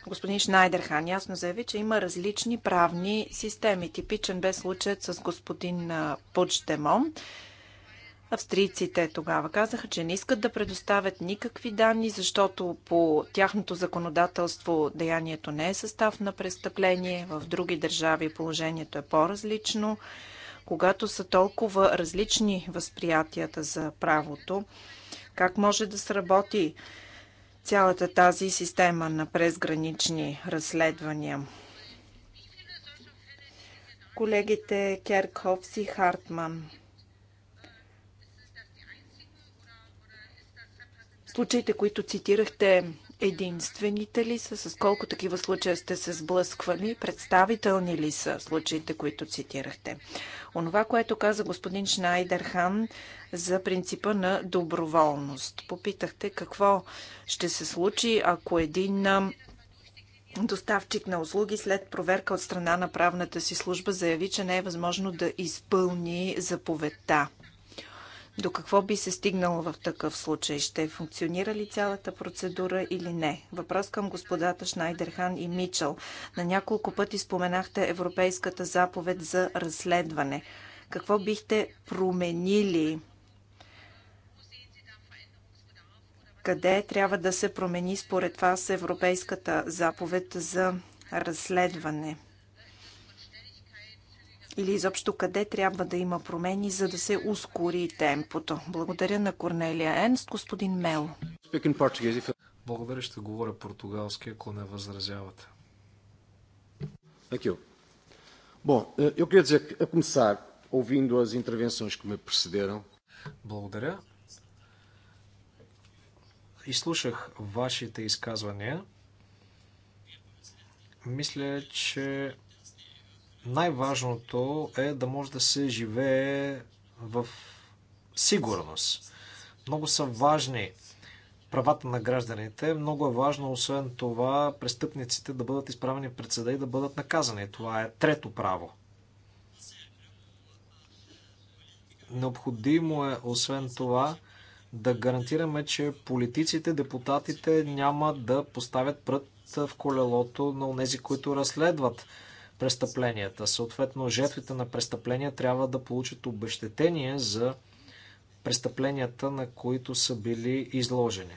S4: Господин Шнайдер Хан ясно заяви, че има различни правни системи. Типичен бе случаят с господин Почтемон. Австрийците тогава казаха, че не искат да предоставят никакви данни, защото по тяхното законодателство деянието не е състав на престъпление. В други държави положението е по-различно. Когато са толкова различни възприятията за правото, как може да сработи цялата тази система на презгранични разследвания? Колегите Керкхофс и Хартман – Случаите, които цитирахте, единствените ли са? С колко такива случая сте се сблъсквали? Представителни ли са случаите, които цитирахте? Онова, което каза господин Шнайдерхан за принципа на доброволност. Попитахте какво ще се случи, ако един доставчик на услуги след проверка от страна на правната си служба заяви, че не е възможно да изпълни заповедта. До какво би се стигнало в такъв случай? Ще функционира ли цялата процедура или не? Въпрос към господата Шнайдерхан и Мичел. На няколко пъти споменахте Европейската заповед за разследване. Какво бихте променили? Къде трябва да се промени според вас Европейската заповед за разследване? или изобщо къде трябва да има промени, за да се ускори темпото. Благодаря на Корнелия Енст, господин Мел.
S2: Благодаря, ще говоря португалски, ако не възразявате. Aqui. Bom, eu queria dizer que, a começar, ouvindo as intervenções que me precederam. Благодаря. Изслушах вашите изказвания. Мисля, че най-важното е да може да се живее в сигурност. Много са важни правата на гражданите. Много е важно, освен това, престъпниците да бъдат изправени пред съда и да бъдат наказани. Това е трето право. Необходимо е, освен това, да гарантираме, че политиците, депутатите няма да поставят прът в колелото на тези, които разследват престъпленията. Съответно, жертвите на престъпления трябва да получат обещетение за престъпленията, на които са били изложени.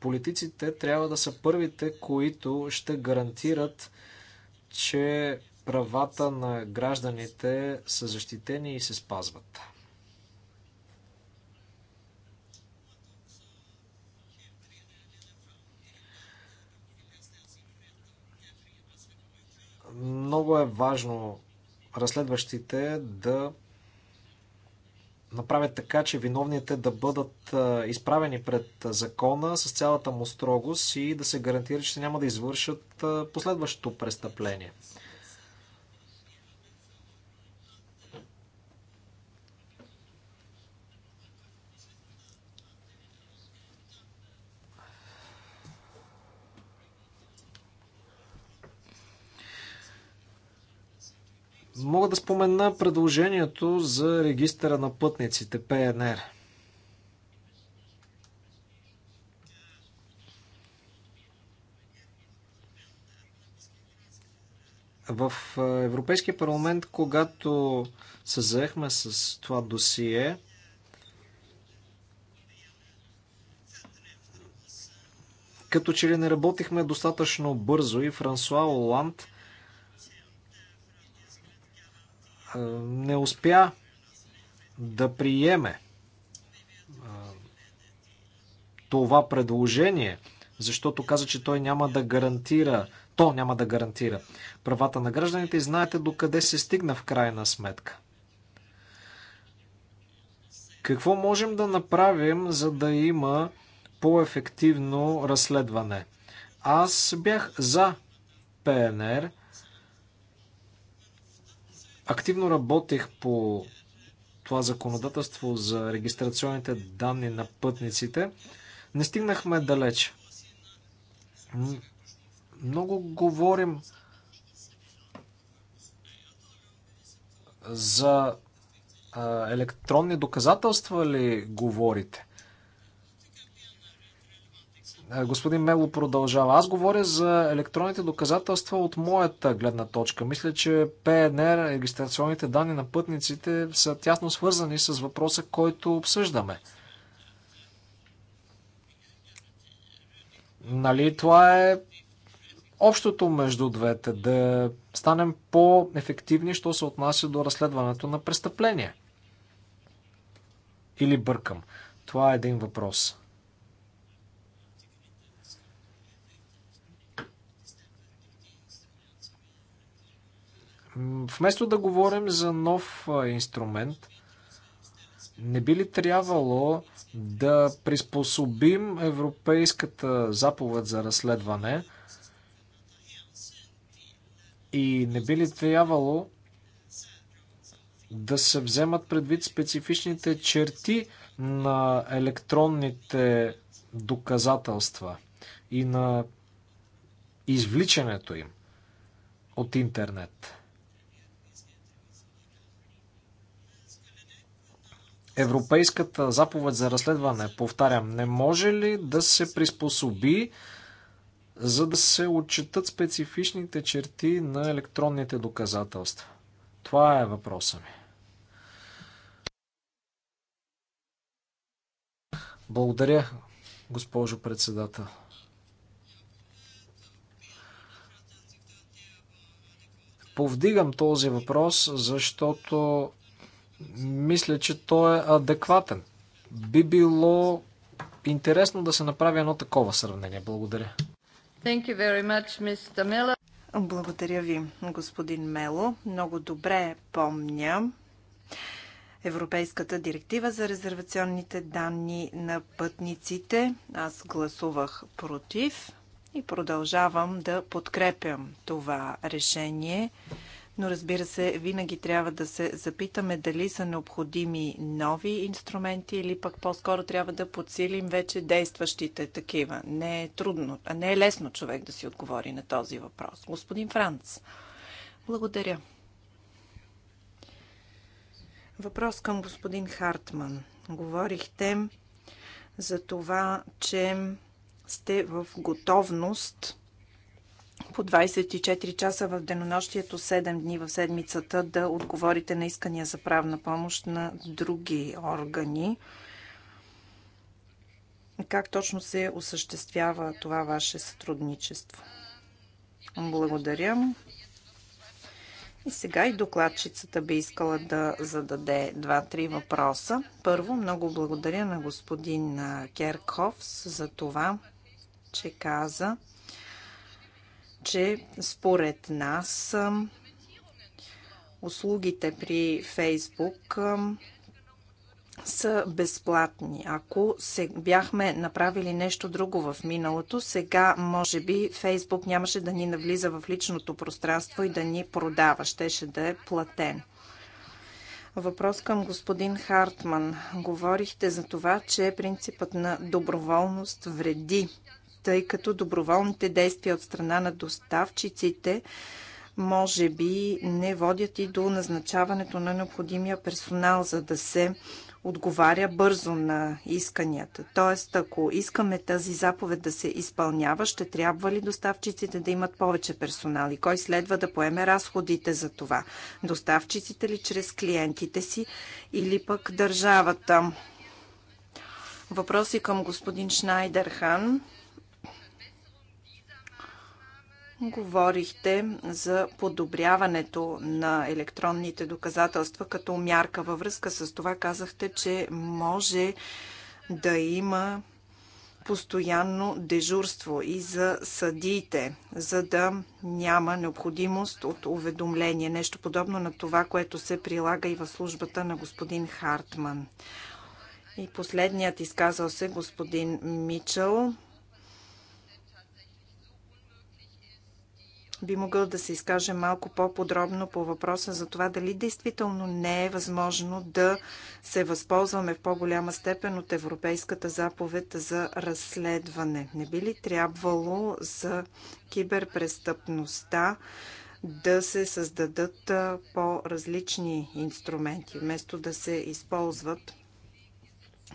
S2: Политиците трябва да са първите, които ще гарантират, че правата на гражданите са защитени и се спазват. Много е важно разследващите да направят така, че виновните да бъдат изправени пред закона с цялата му строгост и да се гарантира, че няма да извършат последващото престъпление. Мога да спомена предложението за регистъра на пътниците, ПНР. В Европейския парламент, когато се заехме с това досие, като че ли не работихме достатъчно бързо и Франсуа Оланд – не успя да приеме това предложение, защото каза, че той няма да гарантира, то няма да гарантира правата на гражданите и знаете докъде се стигна в крайна сметка. Какво можем да направим, за да има по-ефективно разследване? Аз бях за ПНР, Активно работех по това законодателство за регистрационните данни на пътниците. Не стигнахме далеч. Много говорим за електронни доказателства ли говорите? Е, господин Мело продължава. Аз говоря за електронните доказателства от моята гледна точка. Мисля, че ПНР, регистрационните данни на пътниците са тясно свързани с въпроса, който обсъждаме. Нали, това е общото между двете, да станем по-ефективни, що се отнася до разследването на престъпления. Или бъркам? Това е един въпрос. Вместо да говорим за нов инструмент, не би ли трябвало да приспособим Европейската заповед за разследване и не би ли трябвало да се вземат предвид специфичните черти на електронните доказателства и на извличането им от интернет. Европейската заповед за разследване, повтарям, не може ли да се приспособи, за да се отчитат специфичните черти на електронните доказателства? Това е въпроса ми. Благодаря, госпожо председател. Повдигам този въпрос, защото мисля, че той е адекватен. Би било интересно да се направи едно такова сравнение. Благодаря.
S3: Thank you very much, Mr. Miller. Благодаря ви,
S4: господин Мело. Много добре помня Европейската директива за резервационните данни на пътниците. Аз гласувах против и продължавам да подкрепям това решение. Но разбира се, винаги трябва да се запитаме дали са необходими нови инструменти или пък по-скоро трябва да подсилим вече действащите такива. Не е трудно, а не е лесно човек да си отговори на този въпрос. Господин Франц, благодаря. Въпрос към господин Хартман. Говорихте за това, че сте в готовност по 24 часа в денонощието 7 дни в седмицата да отговорите на искания за правна помощ на други органи. Как точно се осъществява това ваше сътрудничество? Благодаря. И сега и докладчицата би искала да зададе два-три въпроса. Първо, много благодаря на господин Керкхофс за това, че каза, че според нас услугите при Фейсбук са безплатни. Ако се бяхме направили нещо друго в миналото, сега може би Фейсбук нямаше да ни навлиза в личното пространство и да ни продава. Щеше да е платен. Въпрос към господин Хартман. Говорихте за това, че принципът на доброволност вреди тъй като доброволните действия от страна на доставчиците може би не водят и до назначаването на необходимия персонал, за да се отговаря бързо на исканията. Тоест, ако искаме тази заповед да се изпълнява, ще трябва ли доставчиците да имат повече персонал и кой следва да поеме разходите за това? Доставчиците ли чрез клиентите си или пък държавата? Въпроси към господин Шнайдерхан говорихте за подобряването на електронните доказателства като мярка. Във връзка с това казахте, че може да има постоянно дежурство и за съдиите, за да няма необходимост от уведомление. Нещо подобно на това, което се прилага и в службата на господин Хартман. И последният изказал се господин Мичел. би могъл да се изкаже малко по-подробно по въпроса за това дали действително не е възможно да се възползваме в по-голяма степен от Европейската заповед за разследване. Не би ли трябвало за киберпрестъпността да се създадат по-различни инструменти, вместо да се използват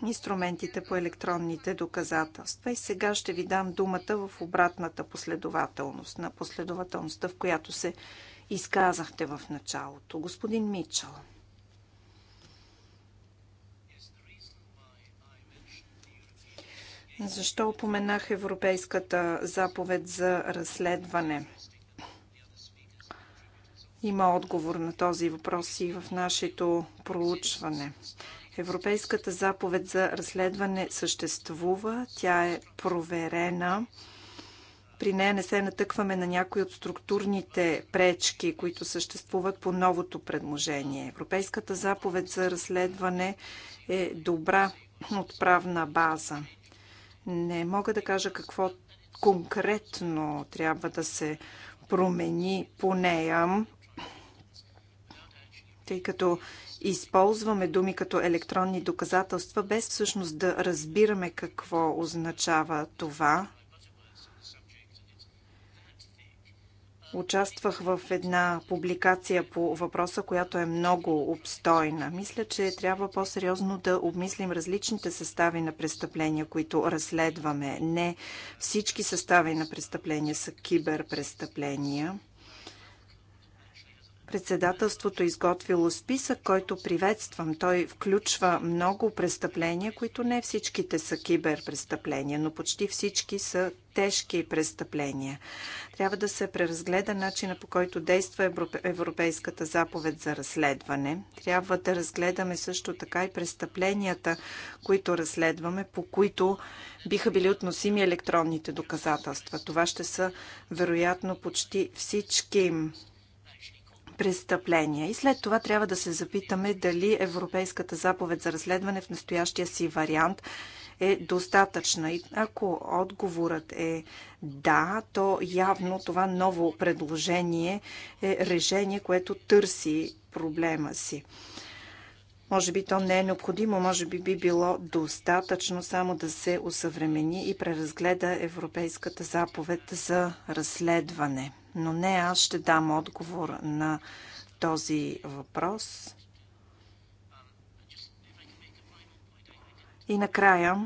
S4: инструментите по електронните доказателства. И сега ще ви дам думата в обратната последователност, на последователността, в която се изказахте в началото. Господин Мичел. Защо упоменах Европейската заповед за разследване? Има отговор на този въпрос и в нашето проучване. Европейската заповед за разследване съществува, тя е проверена. При нея не се натъкваме на някои от структурните пречки, които съществуват по новото предложение. Европейската заповед за разследване е добра отправна база. Не мога да кажа какво конкретно трябва да се промени по нея тъй като използваме думи като електронни доказателства, без всъщност да разбираме какво означава това. Участвах в една публикация по въпроса, която е много обстойна. Мисля, че трябва по-сериозно да обмислим различните състави на престъпления, които разследваме. Не всички състави на престъпления са киберпрестъпления. Председателството е изготвило списък, който приветствам. Той включва много престъпления, които не всичките са киберпрестъпления, но почти всички са тежки престъпления. Трябва да се преразгледа начина по който действа Европейската заповед за разследване. Трябва да разгледаме също така и престъпленията, които разследваме, по които биха били относими електронните доказателства. Това ще са вероятно почти всички престъпления. И след това трябва да се запитаме дали Европейската заповед за разследване в настоящия си вариант е достатъчна. И ако отговорът е да, то явно това ново предложение е решение, което търси проблема си. Може би то не е необходимо, може би би било достатъчно само да се усъвремени и преразгледа Европейската заповед за разследване. Но не аз ще дам отговор на този въпрос. И накрая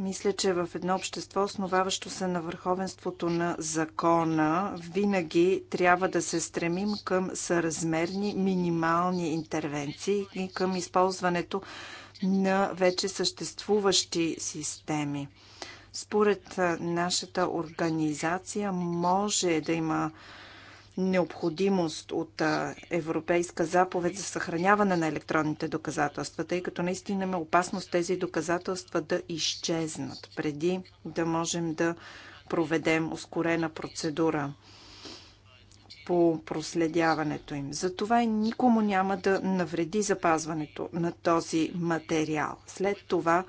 S4: Мисля, че в едно общество, основаващо се на върховенството на закона, винаги трябва да се стремим към съразмерни минимални интервенции и към използването на вече съществуващи системи. Според нашата организация може да има необходимост от европейска заповед за съхраняване на електронните доказателства, тъй като наистина има опасност тези доказателства да изчезнат преди да можем да проведем ускорена процедура по проследяването им. Затова никому няма да навреди запазването на този материал. След това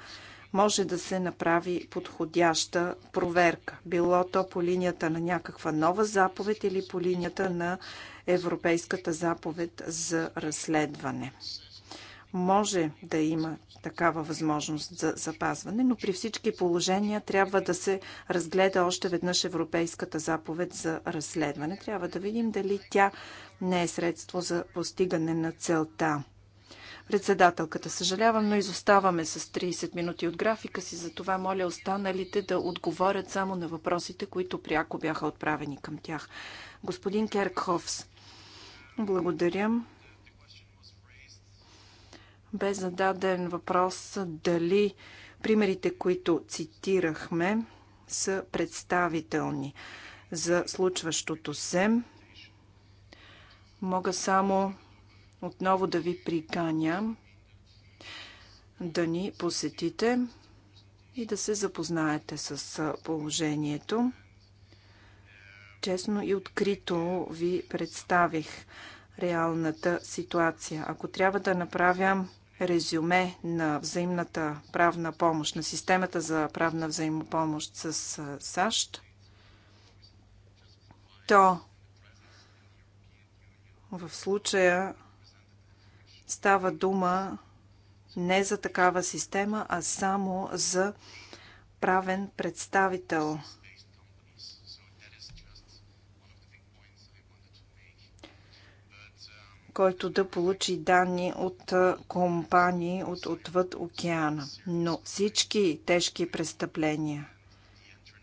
S4: може да се направи подходяща проверка. Било то по линията на някаква нова заповед или по линията на Европейската заповед за разследване. Може да има такава възможност за запазване, но при всички положения трябва да се разгледа още веднъж Европейската заповед за разследване. Трябва да видим дали тя не е средство за постигане на целта. Председателката, съжалявам, но изоставаме с 30 минути от графика си, затова моля останалите да отговорят само на въпросите, които пряко бяха отправени към тях. Господин Керкховс, благодаря. Бе зададен въпрос дали примерите, които цитирахме, са представителни за случващото се. Мога само отново да ви приканя да ни посетите и да се запознаете с положението. Честно и открито ви представих реалната ситуация. Ако трябва да направя резюме на взаимната правна помощ, на системата за правна взаимопомощ с САЩ, то в случая Става дума не за такава система, а само за правен представител. който да получи данни от компании от отвъд океана. Но всички тежки престъпления,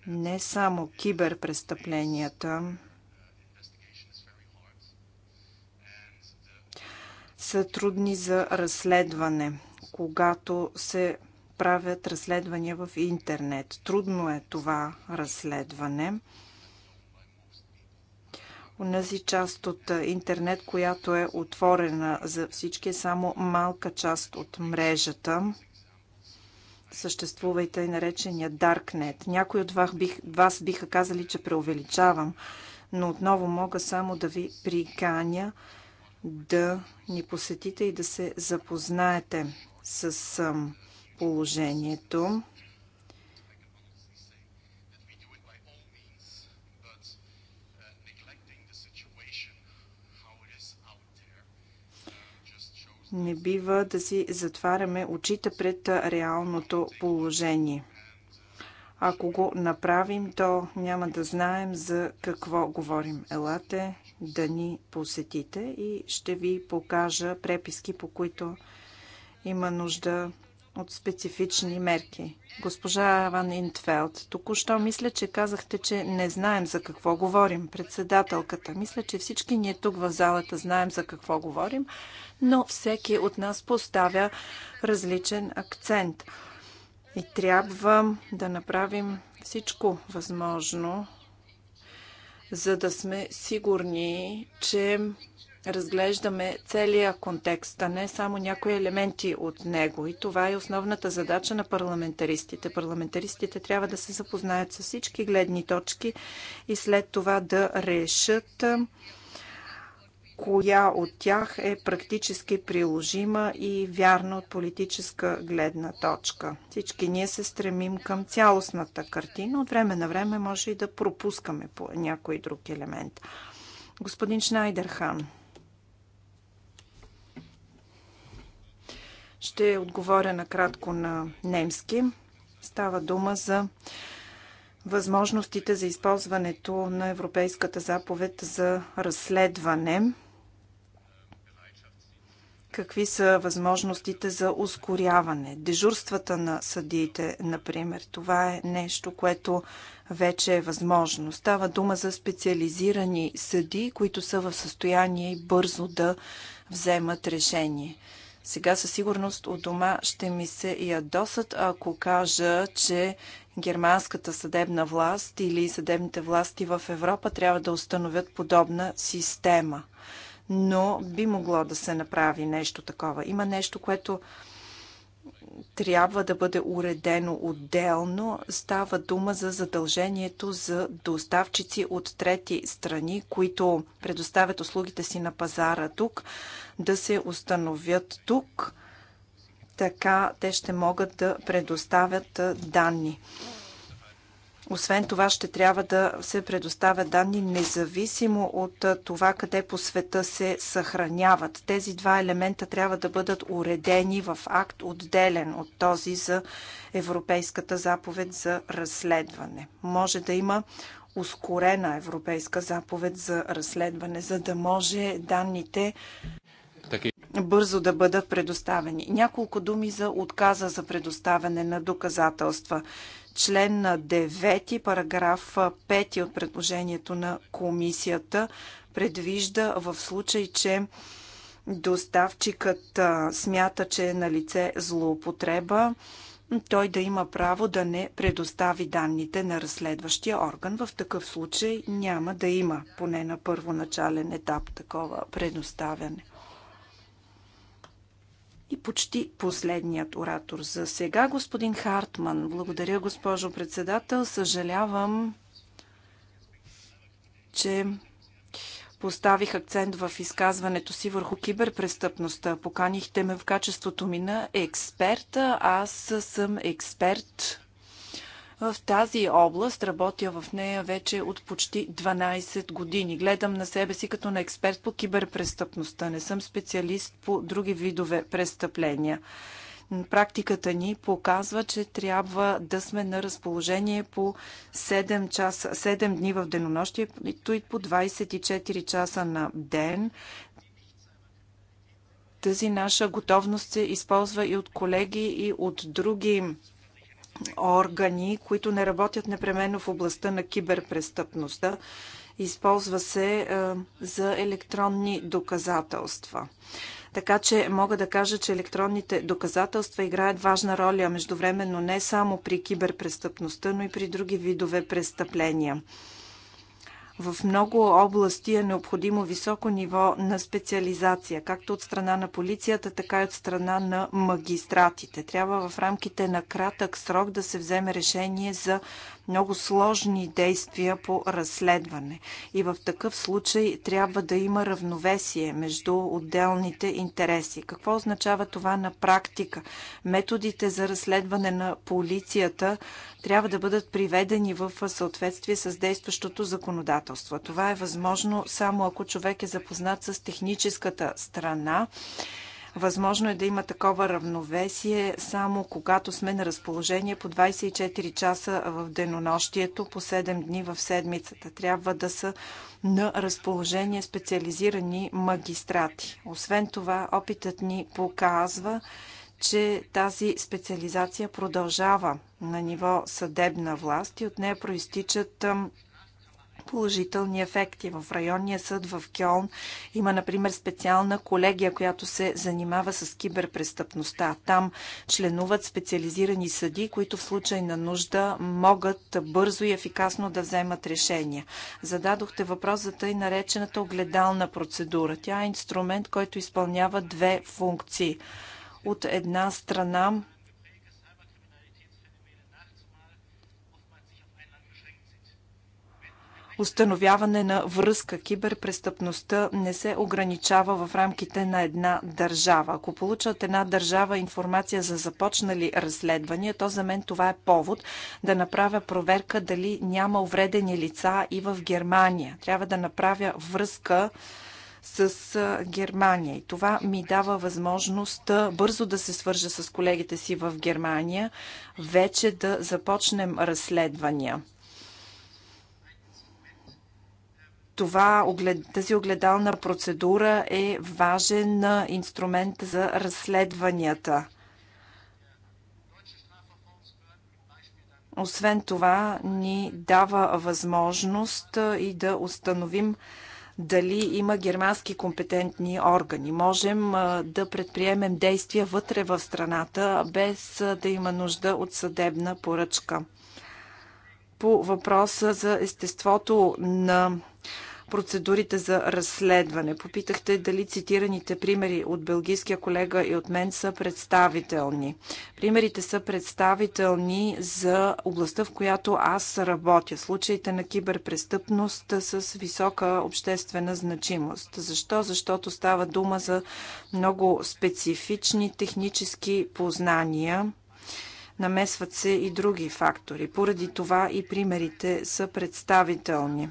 S4: не само киберпрестъпленията, са трудни за разследване, когато се правят разследвания в интернет. Трудно е това разследване. Унази част от интернет, която е отворена за всички, е само малка част от мрежата. Съществува и тъй наречения Darknet. Някои от вас, бих, вас биха казали, че преувеличавам, но отново мога само да ви приканя да ни посетите и да се запознаете с положението. Не бива да си затваряме очите пред реалното положение. Ако го направим, то няма да знаем за какво говорим. Елате, да ни посетите и ще ви покажа преписки, по които има нужда от специфични мерки. Госпожа Ван Интфелд, току-що мисля, че казахте, че не знаем за какво говорим. Председателката, мисля, че всички ние тук в залата знаем за какво говорим, но всеки от нас поставя различен акцент. И трябва да направим всичко възможно, за да сме сигурни, че разглеждаме целия контекст, а не само някои елементи от него. И това е основната задача на парламентаристите. Парламентаристите трябва да се запознаят с всички гледни точки и след това да решат коя от тях е практически приложима и вярна от политическа гледна точка. Всички ние се стремим към цялостната картина. От време на време може и да пропускаме по някой друг елемент. Господин Шнайдерхан. Ще отговоря накратко на немски. Става дума за възможностите за използването на Европейската заповед за разследване – какви са възможностите за ускоряване. Дежурствата на съдиите, например, това е нещо, което вече е възможно. Става дума за специализирани съди, които са в състояние бързо да вземат решение. Сега със сигурност от дома ще ми се ядосат, ако кажа, че германската съдебна власт или съдебните власти в Европа трябва да установят подобна система – но би могло да се направи нещо такова. Има нещо, което трябва да бъде уредено отделно. Става дума за задължението за доставчици от трети страни, които предоставят услугите си на пазара тук, да се установят тук. Така те ще могат да предоставят данни освен това ще трябва да се предоставят данни независимо от това къде по света се съхраняват. Тези два елемента трябва да бъдат уредени в акт отделен от този за Европейската заповед за разследване. Може да има ускорена Европейска заповед за разследване, за да може данните бързо да бъдат предоставени. Няколко думи за отказа за предоставяне на доказателства член 9, параграф 5 от предложението на комисията предвижда в случай, че доставчикът смята, че е на лице злоупотреба, той да има право да не предостави данните на разследващия орган. В такъв случай няма да има, поне на първоначален етап, такова предоставяне. И почти последният оратор за сега, господин Хартман. Благодаря, госпожо председател. Съжалявам, че поставих акцент в изказването си върху киберпрестъпността. Поканихте ме в качеството ми на експерта. Аз съм експерт в тази област работя в нея вече от почти 12 години. Гледам на себе си като на експерт по киберпрестъпността. Не съм специалист по други видове престъпления практиката ни показва, че трябва да сме на разположение по 7, часа, 7 дни в денонощието и по 24 часа на ден. Тази наша готовност се използва и от колеги, и от други органи, които не работят непременно в областта на киберпрестъпността. Използва се е, за електронни доказателства. Така че мога да кажа, че електронните доказателства играят важна роля междувременно не само при киберпрестъпността, но и при други видове престъпления. В много области е необходимо високо ниво на специализация, както от страна на полицията, така и от страна на магистратите. Трябва в рамките на кратък срок да се вземе решение за много сложни действия по разследване. И в такъв случай трябва да има равновесие между отделните интереси. Какво означава това на практика? Методите за разследване на полицията трябва да бъдат приведени в съответствие с действащото законодателство. Това е възможно само ако човек е запознат с техническата страна Възможно е да има такова равновесие само когато сме на разположение по 24 часа в денонощието, по 7 дни в седмицата. Трябва да са на разположение специализирани магистрати. Освен това, опитът ни показва, че тази специализация продължава на ниво съдебна власт и от нея проистичат положителни ефекти. В районния съд в Кьолн има, например, специална колегия, която се занимава с киберпрестъпността. Там членуват специализирани съди, които в случай на нужда могат бързо и ефикасно да вземат решения. Зададохте въпрос за тъй наречената огледална процедура. Тя е инструмент, който изпълнява две функции. От една страна установяване на връзка. Киберпрестъпността не се ограничава в рамките на една държава. Ако получа от една държава информация за започнали разследвания, то за мен това е повод да направя проверка дали няма увредени лица и в Германия. Трябва да направя връзка с Германия. И това ми дава възможност бързо да се свържа с колегите си в Германия, вече да започнем разследвания. това, тази огледална процедура е важен инструмент за разследванията. Освен това, ни дава възможност и да установим дали има германски компетентни органи. Можем да предприемем действия вътре в страната, без да има нужда от съдебна поръчка. По въпроса за естеството на процедурите за разследване. Попитахте дали цитираните примери от белгийския колега и от мен са представителни. Примерите са представителни за областта, в която аз работя. Случаите на киберпрестъпност с висока обществена значимост. Защо? Защото става дума за много специфични технически познания намесват се и други фактори. Поради това и примерите са представителни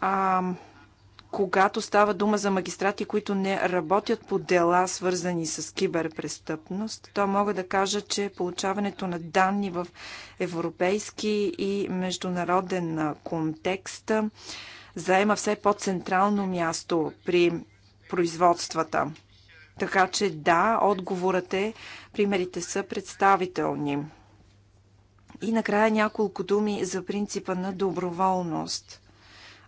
S4: а, когато става дума за магистрати, които не работят по дела, свързани с киберпрестъпност, то мога да кажа, че получаването на данни в европейски и международен контекст заема все по-централно място при производствата. Така че да, отговорът е, примерите са представителни. И накрая няколко думи за принципа на доброволност –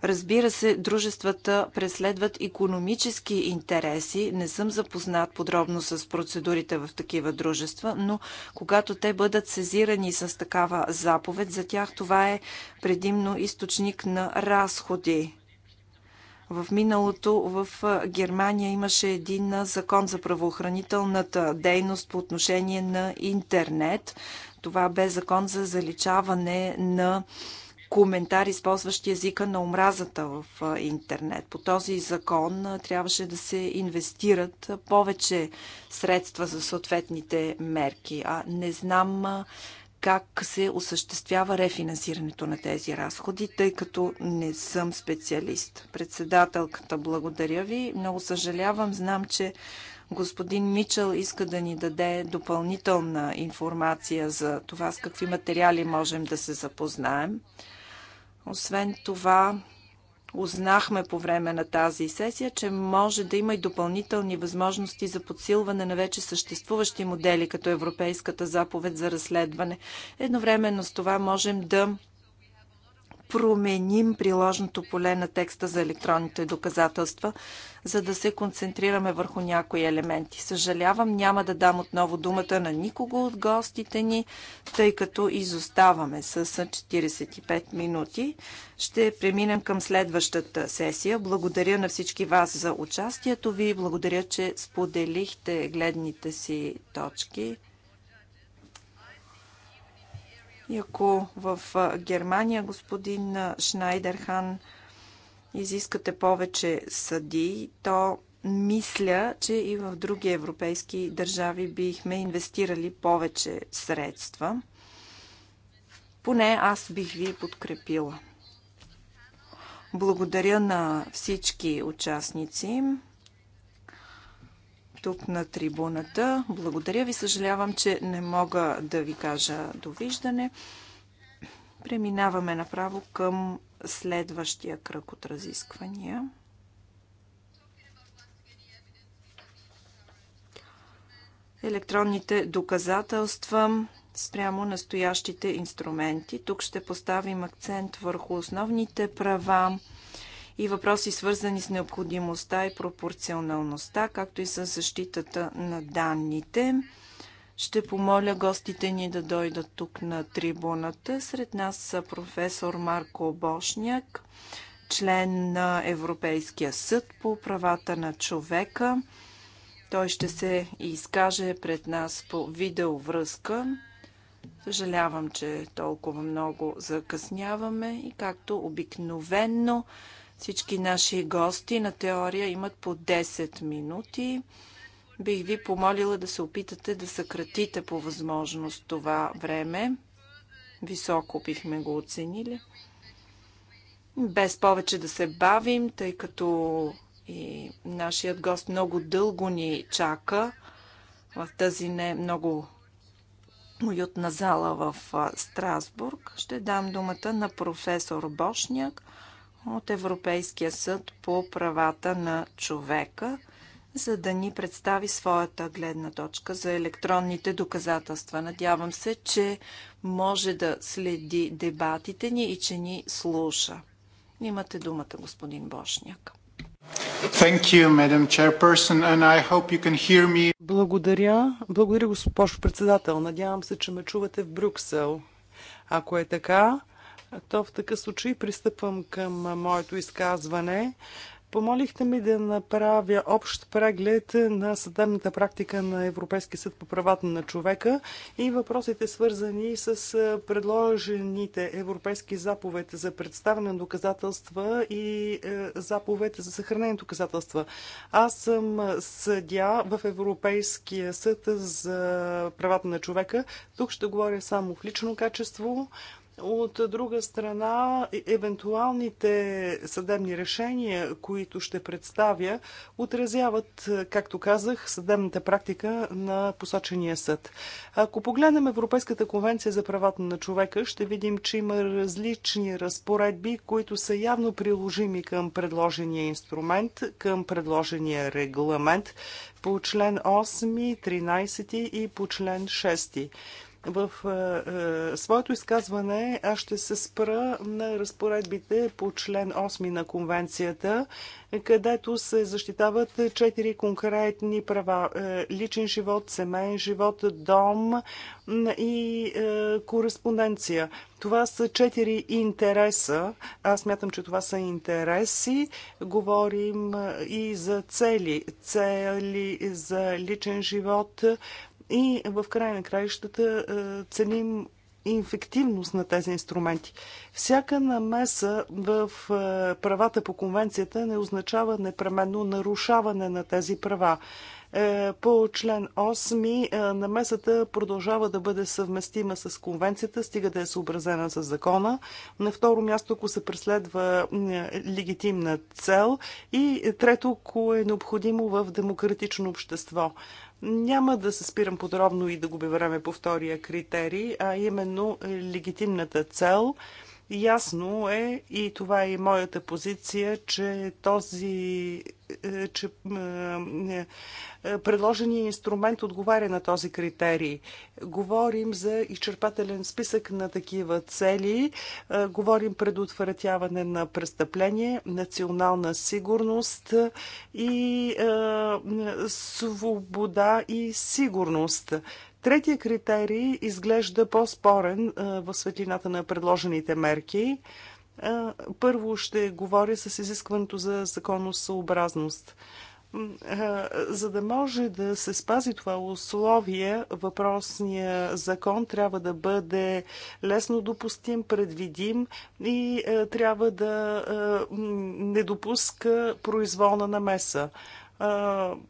S4: Разбира се, дружествата преследват економически интереси. Не съм запознат подробно с процедурите в такива дружества, но когато те бъдат сезирани с такава заповед, за тях това е предимно източник на разходи. В миналото в Германия имаше един закон за правоохранителната дейност по отношение на интернет. Това бе закон за заличаване на коментар, използващи езика на омразата в интернет. По този закон трябваше да се инвестират повече средства за съответните мерки. А не знам как се осъществява рефинансирането на тези разходи, тъй като не съм специалист. Председателката, благодаря ви. Много съжалявам. Знам, че Господин Мичел иска да ни даде допълнителна информация за това с какви материали можем да се запознаем. Освен това, узнахме по време на тази сесия, че може да има и допълнителни възможности за подсилване на вече съществуващи модели, като Европейската заповед за разследване. Едновременно с това можем да променим приложното поле на текста за електронните доказателства, за да се концентрираме върху някои елементи. Съжалявам, няма да дам отново думата на никого от гостите ни, тъй като изоставаме с 45 минути. Ще преминем към следващата сесия. Благодаря на всички вас за участието ви. Благодаря, че споделихте гледните си точки. И ако в Германия господин Шнайдерхан изискате повече съди, то мисля, че и в други европейски държави бихме инвестирали повече средства. Поне аз бих ви подкрепила. Благодаря на всички участници тук на трибуната. Благодаря ви. Съжалявам, че не мога да ви кажа довиждане. Преминаваме направо към следващия кръг от разисквания. електронните доказателства спрямо настоящите инструменти. Тук ще поставим акцент върху основните права, и въпроси свързани с необходимостта и пропорционалността, както и с защитата на данните. Ще помоля гостите ни да дойдат тук на трибуната. Сред нас са професор Марко Бошняк, член на Европейския съд по правата на човека. Той ще се изкаже пред нас по видеовръзка. Съжалявам, че толкова много закъсняваме и както обикновенно всички наши гости на теория имат по 10 минути. Бих ви помолила да се опитате да съкратите по възможност това време. Високо бихме го оценили. Без повече да се бавим, тъй като и нашият гост много дълго ни чака в тази не много уютна зала в Страсбург. Ще дам думата на професор Бошняк, от Европейския съд по правата на човека, за да ни представи своята гледна точка за електронните доказателства. Надявам се, че може да следи дебатите ни и че ни слуша. Имате думата, господин Бошняк.
S1: You, Благодаря. Благодаря, госпожо председател. Надявам се, че ме чувате в Брюксел. Ако е така, то в такъв случай пристъпвам към моето изказване. Помолихте ми да направя общ преглед на съдебната практика на Европейския съд по правата на човека и въпросите свързани с предложените европейски заповед за представяне на доказателства и е, заповед за съхранение на доказателства. Аз съм съдя в Европейския съд за правата на човека. Тук ще говоря само в лично качество. От друга страна, е- евентуалните съдебни решения, които ще представя, отразяват, както казах, съдебната практика на посочения съд. Ако погледнем Европейската конвенция за правата на човека, ще видим, че има различни разпоредби, които са явно приложими към предложения инструмент, към предложения регламент по член 8, 13 и по член 6. В е, е, своето изказване аз ще се спра на разпоредбите по член 8 на конвенцията, където се защитават четири конкретни права е, личен живот, семейен живот, дом и е, кореспонденция. Това са четири интереса. Аз мятам, че това са интереси. Говорим е, и за цели. Цели за личен живот, и в край на краищата е, и инфективност на тези инструменти. Всяка намеса в е, правата по конвенцията не означава непременно нарушаване на тези права. Е, по член 8 намесата продължава да бъде съвместима с конвенцията, стига да е съобразена с закона. На второ място, ако се преследва легитимна цел. И трето, ако е необходимо в демократично общество. Няма да се спирам подробно и да губя време по втория критерий, а именно легитимната цел – Ясно е, и това е и моята позиция, че този е, че е, е, предложения инструмент отговаря на този критерий. Говорим за изчерпателен списък на такива цели, говорим предотвратяване на престъпление, национална сигурност и свобода и сигурност. Третия критерий изглежда по-спорен в светлината на предложените мерки. Първо ще говоря с изискването за законосъобразност. За да може да се спази това условие, въпросния закон трябва да бъде лесно допустим, предвидим и трябва да не допуска произволна намеса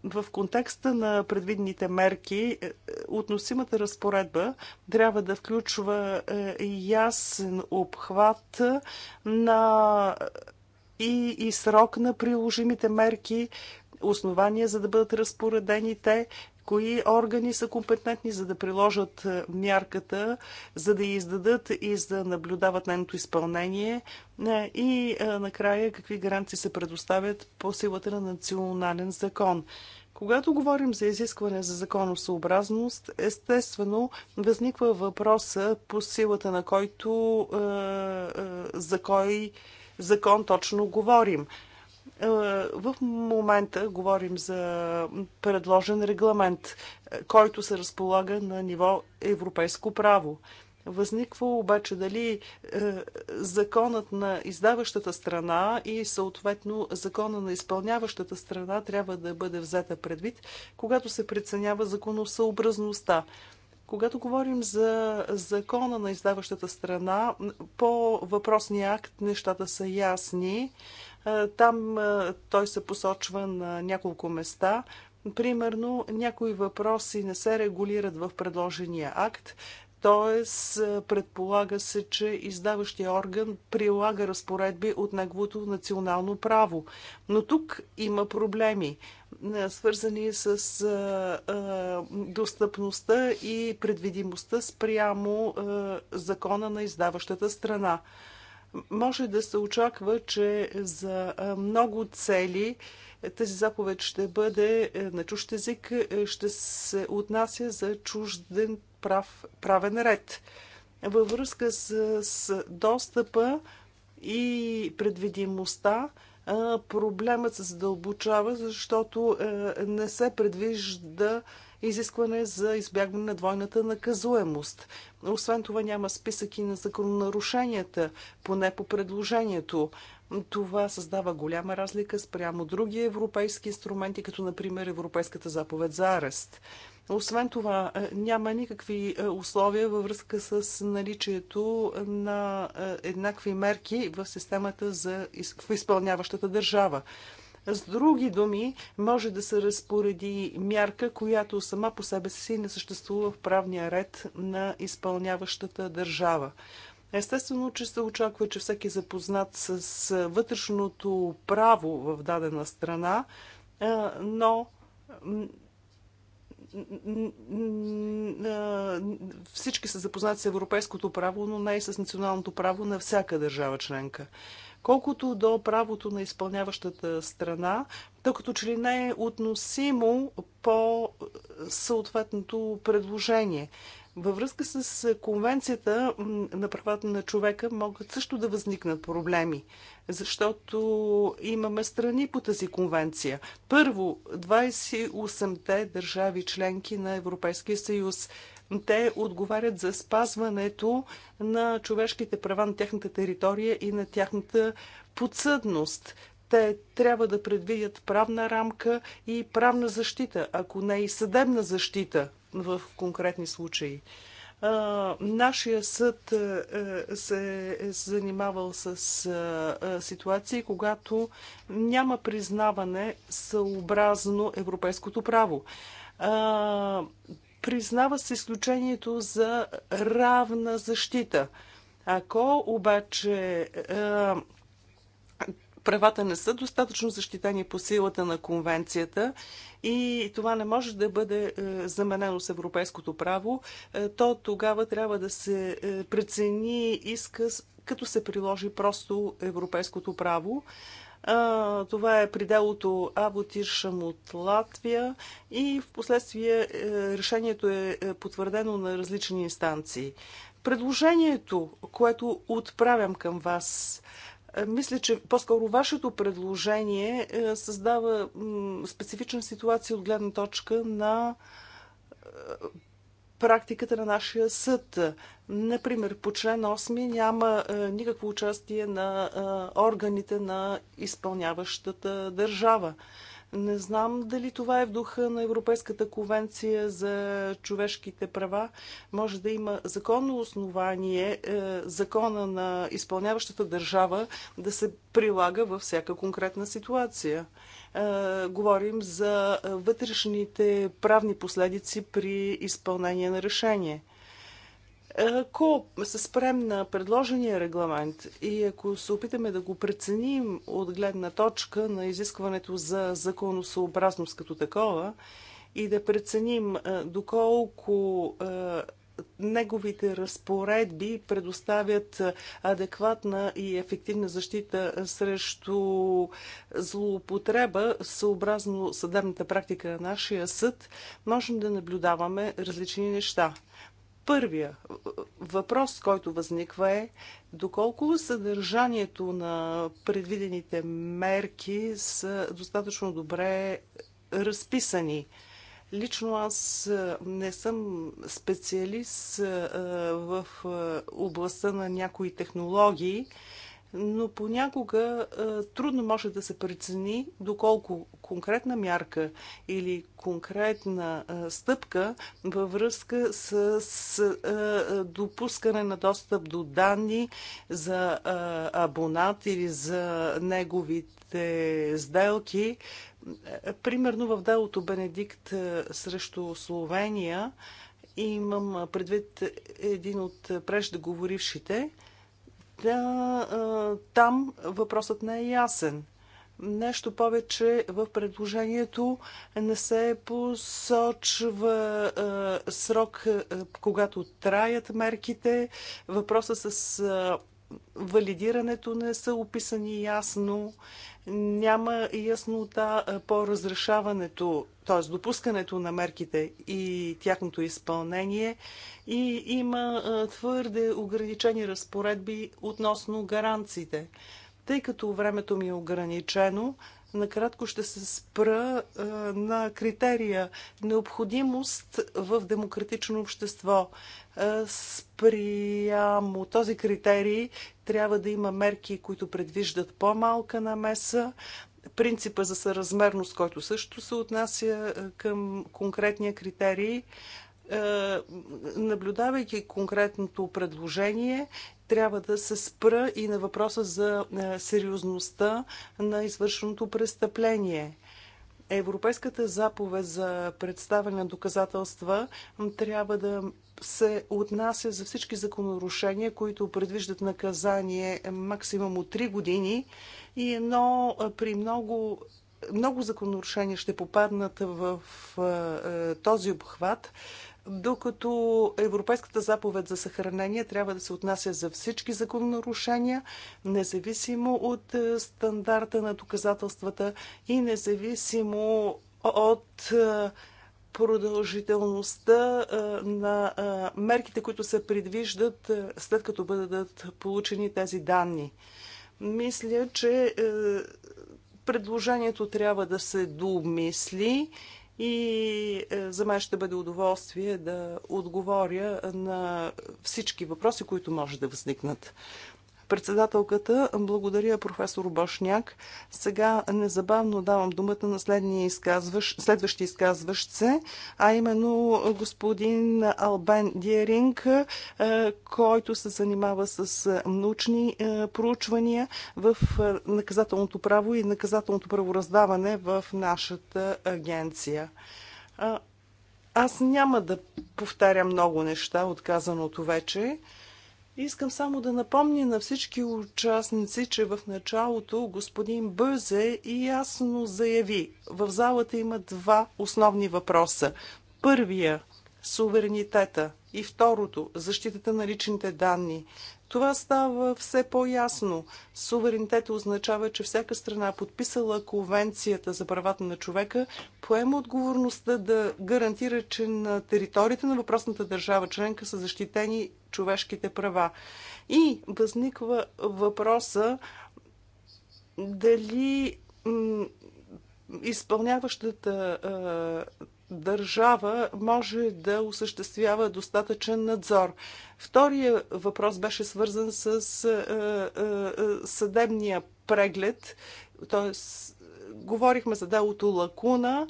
S1: в контекста на предвидните мерки, е, е, относимата разпоредба трябва да включва е, ясен обхват на и, и срок на приложимите мерки, основания за да бъдат разпоредени те, кои органи са компетентни за да приложат е, мярката, за да я издадат и за да наблюдават нейното изпълнение е, и е, накрая какви гаранции се предоставят по силата на национален закон. Когато говорим за изискване за законосъобразност, естествено възниква въпроса по силата на който за кой закон точно говорим. Е, в момента говорим за предложен регламент, който се разполага на ниво европейско право. Възниква обаче дали е, законът на издаващата страна и съответно закона на изпълняващата страна трябва да бъде взета предвид, когато се преценява законосъобразността. Когато говорим за закона на издаващата страна, по въпросния акт нещата са ясни. Е, е, там е, той се посочва на няколко места. Примерно, някои въпроси не се регулират в предложения акт, т.е. предполага се, че издаващия орган прилага разпоредби от неговото национално право. Но тук има проблеми, е, свързани с достъпността и предвидимостта спрямо закона на издаващата страна може да се очаква, че за много цели е, тази заповед ще бъде е, на чужд език, е, ще се отнася за чужден прав, правен ред. Във връзка с, с достъпа и предвидимостта, проблемът се задълбочава, защото не се предвижда изискване за избягване на двойната наказуемост. Освен това няма списък и на закононарушенията, поне по предложението. Това създава голяма разлика спрямо други европейски инструменти, като например Европейската заповед за арест. Освен това, е, няма никакви е, условия във връзка с наличието на е, еднакви мерки в системата за в изпълняващата държава. С други думи, може да се разпореди мярка, която сама по себе си не съществува в правния ред на изпълняващата държава. Естествено, че се очаква, че всеки е запознат с вътрешното право в дадена страна, но всички са запознати с европейското право, но не и с националното право на всяка държава членка. Колкото до правото на изпълняващата страна, тъй като че ли не е относимо по съответното предложение. Във връзка с Конвенцията на правата на човека могат също да възникнат проблеми, защото имаме страни по тази конвенция. Първо, 28-те държави членки на Европейския съюз. Те отговарят за спазването на човешките права на тяхната територия и на тяхната подсъдност. Те трябва да предвидят правна рамка и правна защита, ако не и съдебна защита в конкретни случаи нашия съд се е занимавал с ситуации, когато няма признаване съобразно европейското право признава се изключението за равна защита. Ако обаче е, правата не са достатъчно защитени по силата на конвенцията и това не може да бъде е, заменено с европейското право, е, то тогава трябва да се прецени иска като се приложи просто европейското право. Това е пределото Аботиршам от Латвия и в последствие е, решението е, е потвърдено на различни инстанции. Предложението, което отправям към вас, е, мисля, че по-скоро вашето предложение създава специфична ситуация от гледна точка на практиката на нашия съд. Например, по член 8 няма е, никакво участие на е, органите на изпълняващата държава. Не знам дали това е в духа на Европейската конвенция за човешките права. Може да има законно основание е, закона на изпълняващата държава да се прилага във всяка конкретна ситуация. Е, говорим за вътрешните правни последици при изпълнение на решение. Ако се спрем на предложения регламент и ако се опитаме да го преценим от гледна точка на изискването за законосъобразност като такова и да преценим е, доколко е, неговите разпоредби предоставят адекватна и ефективна защита срещу злоупотреба, съобразно съдебната практика на нашия съд, можем да наблюдаваме различни неща. Първия въпрос, който възниква е доколко съдържанието на предвидените мерки са достатъчно добре разписани – Лично аз не съм специалист в областта на някои технологии, но понякога трудно може да се прецени доколко конкретна мярка или конкретна стъпка във връзка с допускане на достъп до данни за абонат или за неговите сделки Примерно в делото Бенедикт е, срещу Словения имам предвид един от преждеговорившите. Да, е, там въпросът не е ясен. Нещо повече в предложението не се посочва е, срок, когато траят мерките. Въпроса с валидирането не са описани ясно, няма яснота по разрешаването, т.е. допускането на мерките и тяхното изпълнение и има твърде ограничени разпоредби относно гаранциите. Тъй като времето ми е ограничено, Накратко ще се спра а, на критерия необходимост в демократично общество. А, спрямо този критерий трябва да има мерки, които предвиждат по-малка намеса, принципа за съразмерност, който също се отнася към конкретния критерий. Е, наблюдавайки конкретното предложение, трябва да се спра и на въпроса за е, сериозността на извършеното престъпление. Европейската заповед за представяне на доказателства трябва да се отнася за всички законорушения, които предвиждат наказание максимум от 3 години и едно е, при много много законорушения ще попаднат в този обхват, докато Европейската заповед за съхранение трябва да се отнася за всички закононарушения, независимо от е, стандарта на доказателствата и независимо от е, продължителността е, на мерките, които се предвиждат след като бъдат получени тези данни. Мисля, че предложението трябва да се домисли и е, за мен ще бъде удоволствие да отговоря на всички въпроси, които може да възникнат. Председателката, благодаря професор Бошняк. Сега незабавно давам думата на следния изказващ, следващи изказващ се, а именно господин Албен Диеринг, е, който се занимава с е, научни е, проучвания в наказателното право и наказателното правораздаване в нашата агенция. Аз няма да повтарям много неща, отказаното вече. Искам само да напомня на всички участници, че в началото господин Бъзе ясно заяви, в залата има два основни въпроса. Първия – суверенитета и второто – защитата на личните данни. Това става все по-ясно. Суверенитет означава, че всяка страна, подписала Конвенцията за правата на човека, поема отговорността да гарантира, че на територията на въпросната държава членка са защитени човешките права. И възниква въпроса дали изпълняващата държава може да осъществява достатъчен надзор. Втория въпрос беше свързан с е, е, е, съдебния преглед, т.е. говорихме за делото Лакуна,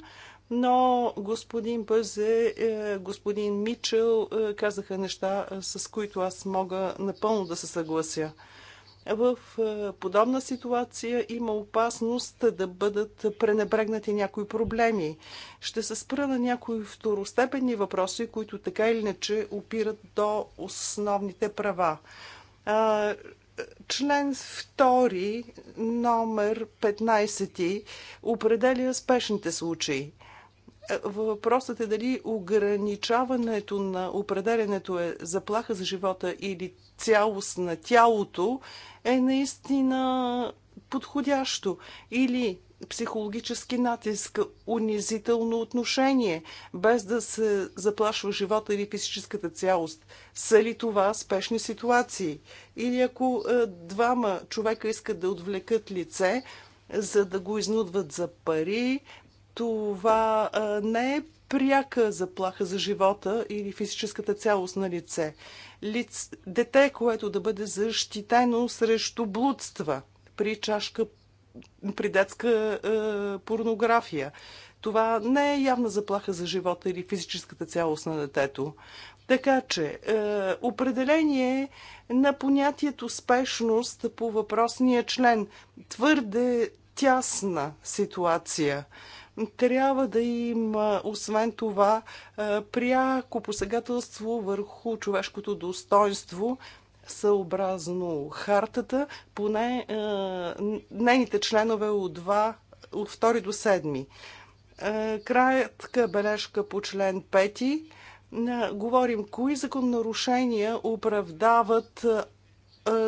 S1: но господин Пъзе, господин Мичел казаха неща, с които аз мога напълно да се съглася в е, подобна ситуация има опасност да бъдат пренебрегнати някои проблеми. Ще се спра на някои второстепенни въпроси, които така или иначе опират до основните права. Член 2, номер 15, определя спешните случаи. Е, въпросът е дали ограничаването на определенето е заплаха за живота или цялост на тялото е наистина подходящо. Или психологически натиск, унизително отношение, без да се заплашва живота или физическата цялост. Са ли това спешни ситуации? Или ако е, двама човека искат да отвлекат лице, за да го изнудват за пари, това не е пряка заплаха за живота или физическата цялост на лице. Лиц... Дете, което да бъде защитено срещу блудства при чашка при детска е, порнография. Това не е явна заплаха за живота или физическата цялост на детето. Така че, е, определение на понятието спешност по въпросния член. Твърде тясна ситуация. Трябва да има, освен това, е, пряко посегателство върху човешкото достоинство, съобразно хартата, поне е, нейните членове от, два, от втори до седми. Е, кратка бележка по член 5. Е, говорим кои закононарушения оправдават е,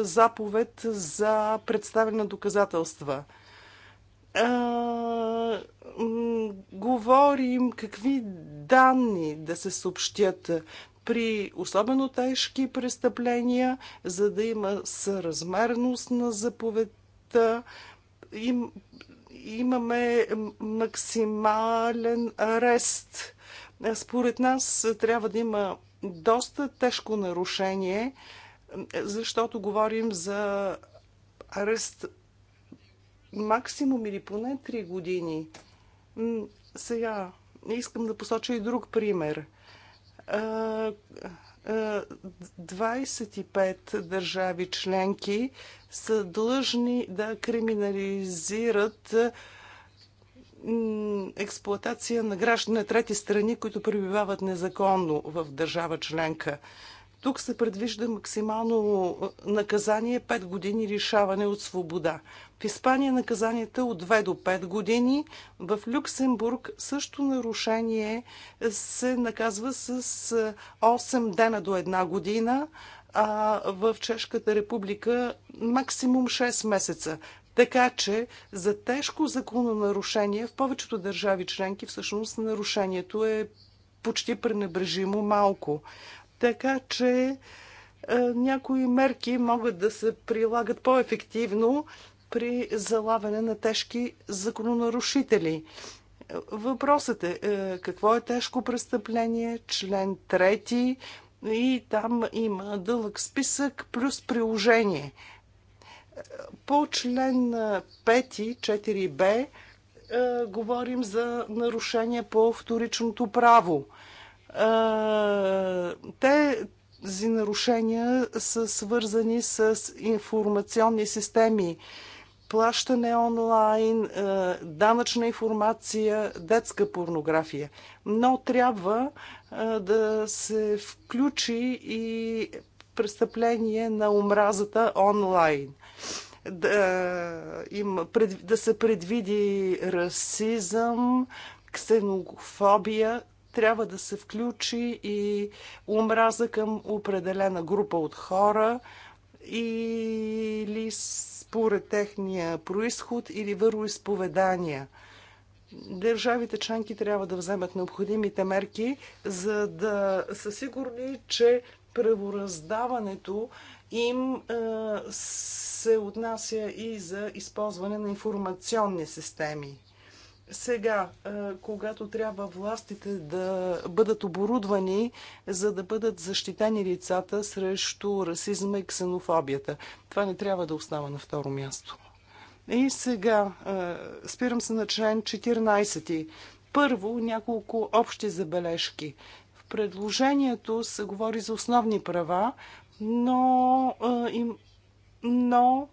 S1: заповед за представяне на доказателства. Е, а, говорим какви данни да се съобщят при особено тежки престъпления, за да има съразмерност на заповедта. Им, имаме максимален арест. Според нас трябва да има доста тежко нарушение, защото говорим за арест максимум или поне 3 години. Сега искам да посоча и друг пример. 25 държави членки са длъжни да криминализират експлоатация на граждани на трети страни, които пребивават незаконно в държава членка. Тук се предвижда максимално наказание 5 години лишаване от свобода. В Испания наказанията от 2 до 5 години. В Люксембург също нарушение се наказва с 8 дена до 1 година, а в Чешката република максимум 6 месеца. Така че за тежко закононарушение в повечето държави членки всъщност нарушението е почти пренебрежимо малко. Така че е, някои мерки могат да се прилагат по-ефективно при залавяне на тежки закононарушители. Въпросът е, е какво е тежко престъпление, член 3 и там има дълъг списък плюс приложение. По член 5, е, 4 б говорим за нарушение по вторичното право те тези нарушения са свързани с информационни системи, плащане онлайн, данъчна информация, детска порнография. Но трябва да се включи и престъпление на омразата онлайн. Да, им, да се предвиди расизъм, ксенофобия, трябва да се включи и омраза към определена група от хора или според техния происход или вероисповедания. Държавите членки трябва да вземат необходимите мерки, за да са сигурни, че правораздаването им е, се отнася и за използване на информационни системи. Сега, е, когато трябва властите да бъдат оборудвани, за да бъдат защитени лицата срещу расизма и ксенофобията, това не трябва да остава на второ място. И сега е, спирам се на член 14. Първо, няколко общи забележки. В предложението се говори за основни права, но, е, но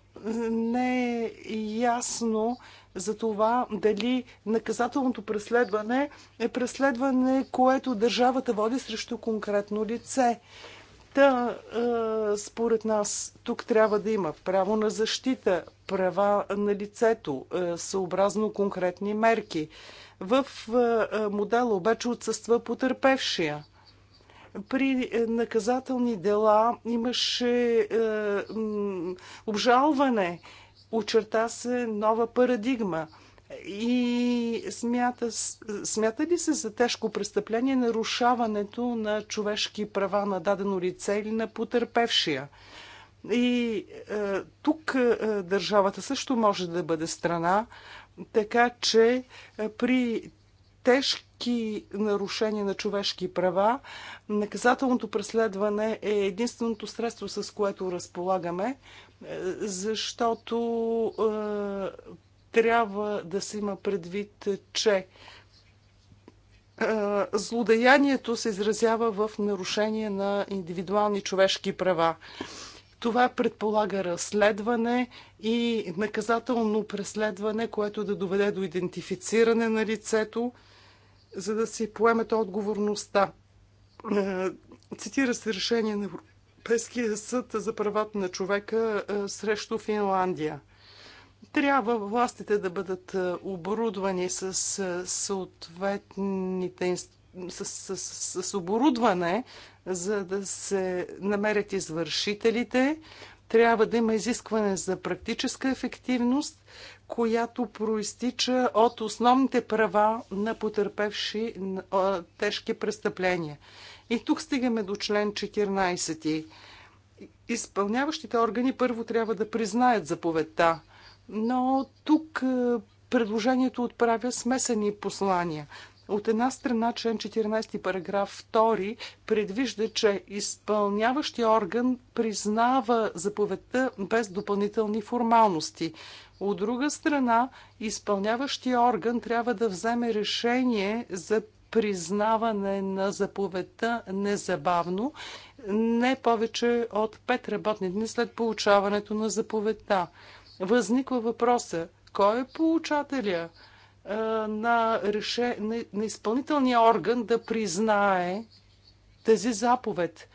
S1: не е ясно за това дали наказателното преследване е преследване, което държавата води срещу конкретно лице. Та, е, според нас, тук трябва да има право на защита, права на лицето, е, съобразно конкретни мерки. В е, е модела обаче отсъства потерпевшия. При е, наказателни дела имаше е, обжалване очерта се нова парадигма. И смята, смята ли се за тежко престъпление нарушаването на човешки права на дадено лице или на потерпевшия? И е, тук е, държавата също може да бъде страна, така че е, при тежки нарушения на човешки права, наказателното преследване е единственото средство, с което разполагаме, защото е, трябва да се има предвид, че е, злодеянието се изразява в нарушение на индивидуални човешки права. Това предполага разследване и наказателно преследване, което да доведе до идентифициране на лицето, за да си поемете отговорността. Е, цитира се решение на Европейския съд за правата на човека е, срещу Финландия. Трябва властите да бъдат е, оборудвани с е, съответните с, с, с, с оборудване, за да се намерят извършителите. Трябва да има изискване за практическа ефективност, която проистича от основните права на потерпевши тежки престъпления. И тук стигаме до член 14. Изпълняващите органи първо трябва да признаят заповедта, но тук е, предложението отправя смесени послания. От една страна, член 14 параграф 2 предвижда, че изпълняващия орган признава заповедта без допълнителни формалности. От друга страна, изпълняващия орган трябва да вземе решение за признаване на заповедта незабавно, не повече от 5 работни дни след получаването на заповедта. Възниква въпроса, кой е получателя на, реше... на изпълнителния орган да признае тази заповед?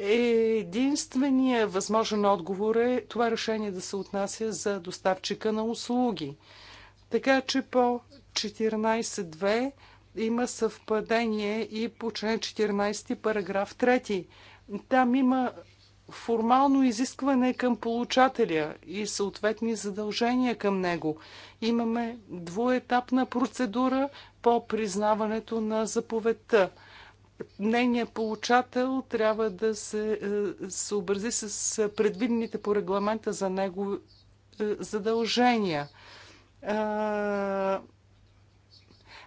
S1: Единственият възможен отговор е това решение да се отнася за доставчика на услуги. Така че по 14.2 има съвпадение и по член 14, параграф 3. Там има формално изискване към получателя и съответни задължения към него. Имаме двуетапна процедура по признаването на заповедта. Нейният получател трябва да се е, съобрази с предвидените по регламента за него е, задължения е,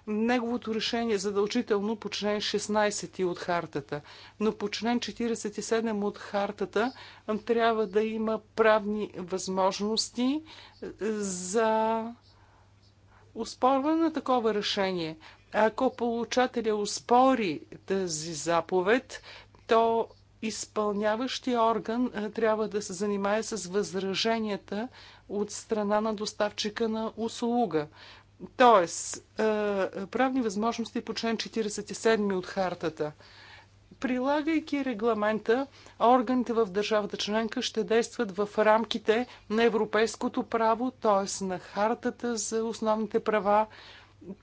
S1: неговото решение е задължително по член 16 от хартата, но по член 47 от хартата трябва да има правни възможности е, за оспорване на такова решение. Ако получателя успори тази заповед, то изпълняващия орган е, трябва да се занимае с възраженията от страна на доставчика на услуга. Тоест, правни възможности по член 47 от хартата. Прилагайки регламента, органите в държавата членка ще действат в рамките на европейското право, т.е. на хартата за основните права,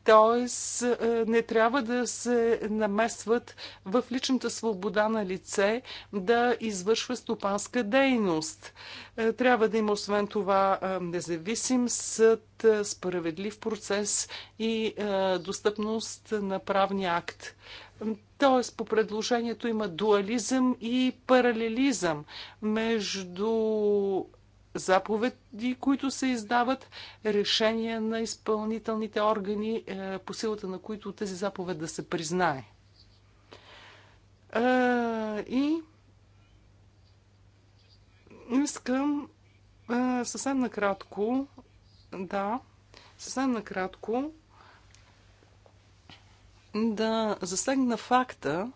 S1: Тоест, е, не трябва да се намесват в личната свобода на лице да извършва стопанска дейност. Е, трябва да има освен това е, независим съд, справедлив процес и достъпност на правния акт. Тоест, по предложението има дуализъм и паралелизъм между заповеди, които се издават, решения на изпълнителните органи, е, по силата на които тези заповед да се признае. Е, и искам е, съвсем накратко, да, съвсем накратко да засегна факта,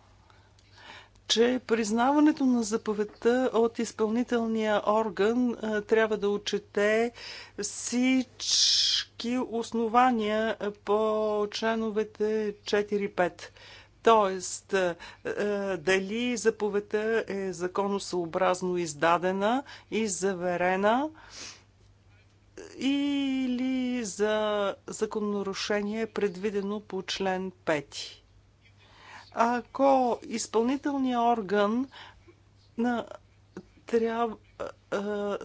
S1: че признаването на заповедта от изпълнителния орган трябва да отчете всички основания по членовете 4-5. Тоест, дали заповедта е законосъобразно издадена и заверена или за закононарушение, предвидено по член 5. Ако изпълнителният орган на, трябва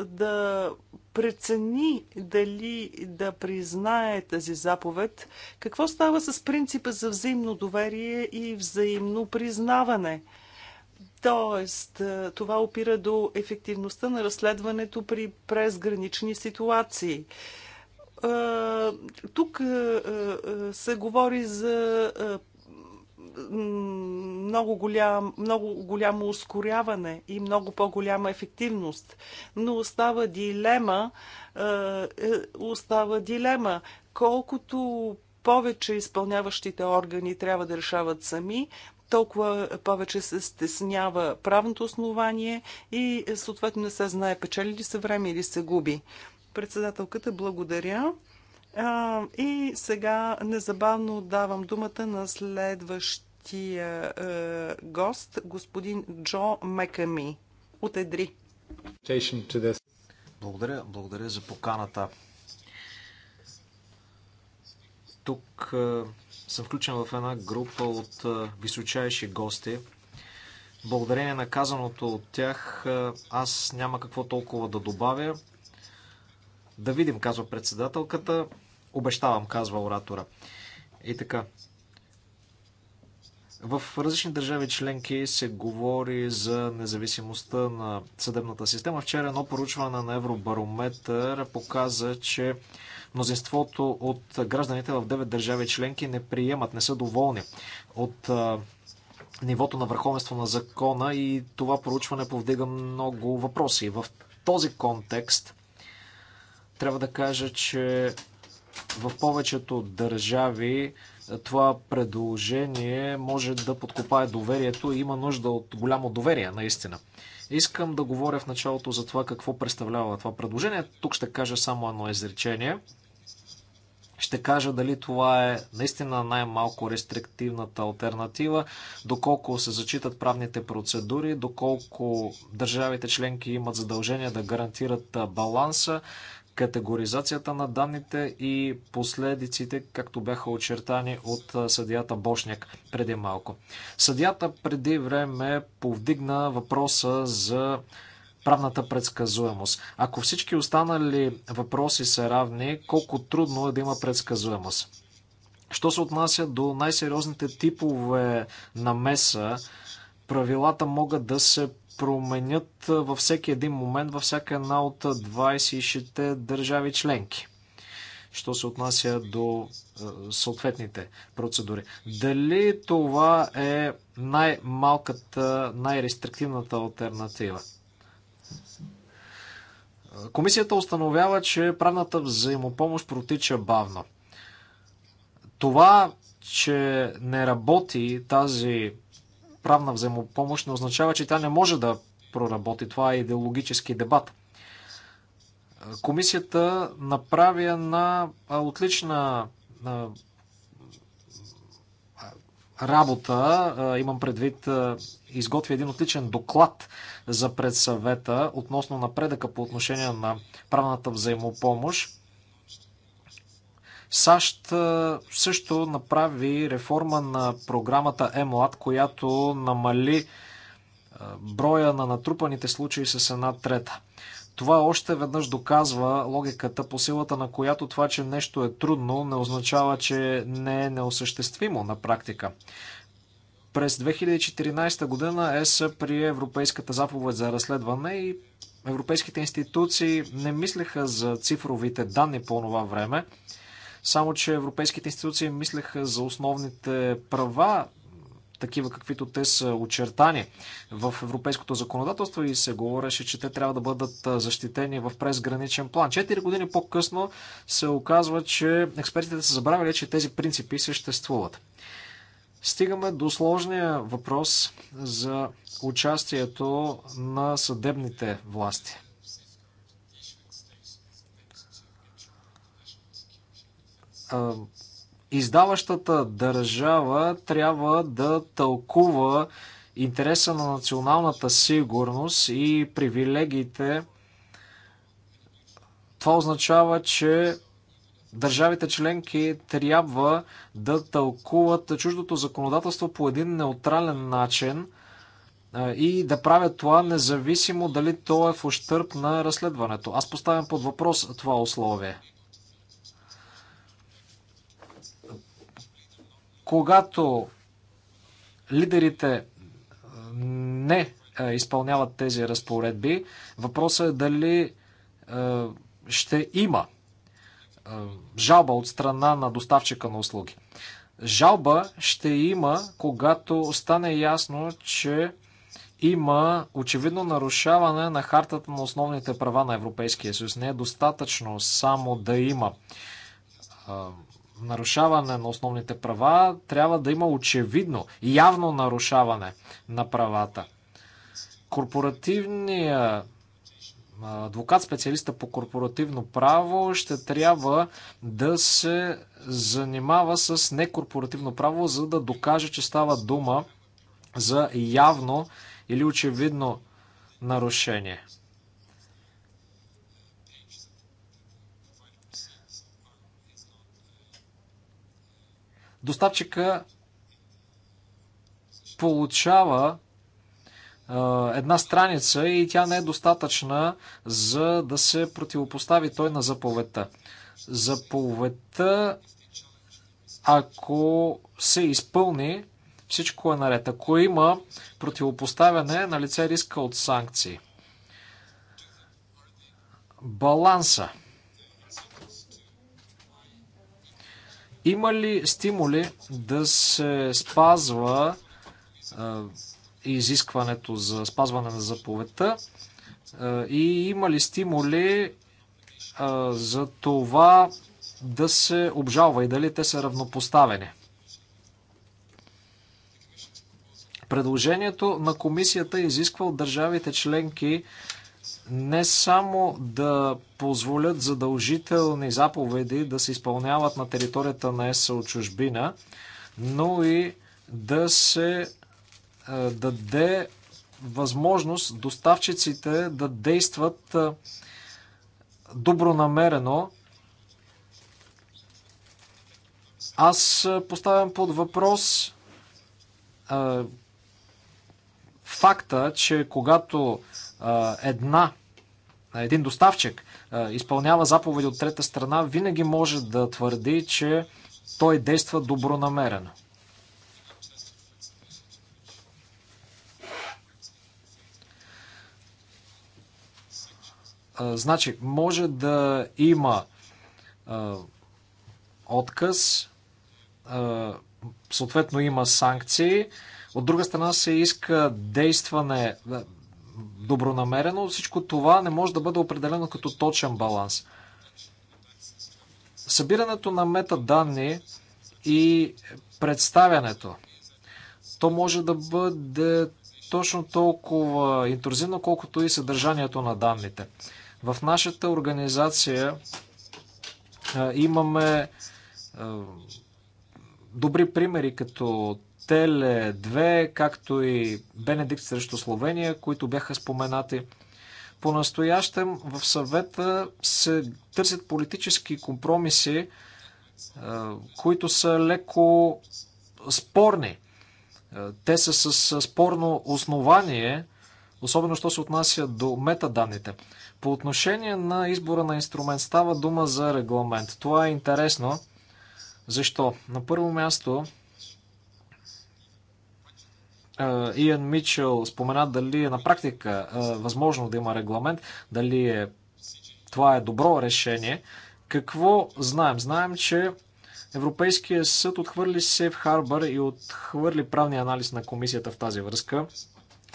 S1: да прецени дали да признае тази заповед, какво става с принципа за взаимно доверие и взаимно признаване? Тоест, това опира до ефективността на разследването при презгранични ситуации. Тук се говори за много, голям, много голямо ускоряване и много по-голяма ефективност. Но остава дилема, е, е, остава дилема. Колкото повече изпълняващите органи трябва да решават сами, толкова повече се стеснява правното основание и е, съответно не се знае печели ли се време или се губи. Председателката, благодаря. И сега незабавно давам думата на следващия третия е, гост, господин Джо Меками от Едри.
S2: Благодаря, благодаря за поканата. Тук е, съм включен в една група от е, височайши гости. Благодарение на казаното от тях, е, аз няма какво толкова да добавя. Да видим, казва председателката. Обещавам, казва оратора. И така, в различни държави членки се говори за независимостта на съдебната система. Вчера едно поручване на Евробарометър показа, че мнозинството от гражданите в 9 държави членки не приемат, не са доволни от нивото на върховенство на закона и това проучване повдига много въпроси. В този контекст трябва да кажа, че в повечето държави това предложение може да подкопае доверието и има нужда от голямо доверие, наистина. Искам да говоря в началото за това какво представлява това предложение. Тук ще кажа само едно изречение. Ще кажа дали това е наистина най-малко рестриктивната альтернатива, доколко се зачитат правните процедури, доколко държавите членки имат задължение да гарантират баланса категоризацията на данните и последиците, както бяха очертани от съдията Бошняк преди малко. Съдията преди време повдигна въпроса за правната предсказуемост. Ако всички останали въпроси са равни, колко трудно е да има предсказуемост. Що се отнася до най-сериозните типове на меса, правилата могат да се променят във всеки един момент, във всяка една от 26-те държави членки, що се отнася до съответните процедури. Дали това е най-малката, най-рестриктивната альтернатива? Комисията установява, че правната взаимопомощ протича бавно. Това, че не работи тази правна взаимопомощ не означава, че тя не може да проработи. Това е идеологически дебат. Комисията направи една отлична работа, имам предвид, изготви един отличен доклад за предсъвета относно напредъка по отношение на правната взаимопомощ. САЩ също направи реформа на програмата ЕМОАД, която намали броя на натрупаните случаи с една трета. Това още веднъж доказва логиката, по силата на която това, че нещо е трудно, не означава, че не е неосъществимо на практика. През 2014 година ЕСА прие Европейската заповед за разследване и европейските институции не мислеха за цифровите данни по това време. Само, че европейските институции мислеха за основните права, такива каквито те са очертани в европейското законодателство и се говореше, че те трябва да бъдат защитени в презграничен план. Четири години по-късно се оказва, че експертите са забравили, че тези принципи съществуват. Стигаме до сложния въпрос за участието на съдебните власти. издаващата държава трябва да тълкува интереса на националната сигурност и привилегиите. Това означава, че държавите членки трябва да тълкуват чуждото законодателство по един неутрален начин и да правят това независимо дали то е в ущърп на разследването. Аз поставям под въпрос това условие. Когато лидерите не изпълняват тези разпоредби, въпросът е дали ще има жалба от страна на доставчика на услуги. Жалба ще има, когато стане ясно, че има очевидно нарушаване на хартата на основните права на Европейския съюз. Не е достатъчно само да има нарушаване на основните права, трябва да има очевидно, явно нарушаване на правата. Корпоративният адвокат, специалиста по корпоративно право, ще трябва да се занимава с некорпоративно право, за да докаже, че става дума за явно или очевидно нарушение. Доставчика получава една страница и тя не е достатъчна за да се противопостави той на заповедта. Заповедта, ако се изпълни, всичко е наред. Ако има противопоставяне, е на лице риска от санкции. Баланса Има ли стимули да се спазва изискването за спазване на заповедта и има ли стимули за това да се обжалва и дали те са равнопоставени? Предложението на комисията изисква от държавите членки не само да позволят задължителни заповеди да се изпълняват на територията на ЕС от чужбина, но и да се е, даде възможност доставчиците да действат е, добронамерено. Аз е, поставям под въпрос факта, че когато една, един доставчик изпълнява заповеди от трета страна, винаги може да твърди, че той действа добронамерено. Значи, може да има отказ, съответно има санкции. От друга страна се иска действане, добронамерено, всичко това не може да бъде определено като точен баланс. Събирането на метаданни и представянето, то може да бъде точно толкова интрузивно, колкото и съдържанието на данните. В нашата организация имаме добри примери, като Теле 2, както и Бенедикт срещу Словения, които бяха споменати. По-настоящем в съвета се търсят политически компромиси, които са леко спорни. Те са с спорно основание, особено що се отнася до метаданните. По отношение на избора на инструмент става дума за регламент. Това е интересно. Защо? На първо място Иан Мичел спомена дали е на практика възможно да има регламент, дали е, това е добро решение. Какво знаем? Знаем, че Европейския съд отхвърли Сейф Харбър и отхвърли правния анализ на комисията в тази връзка.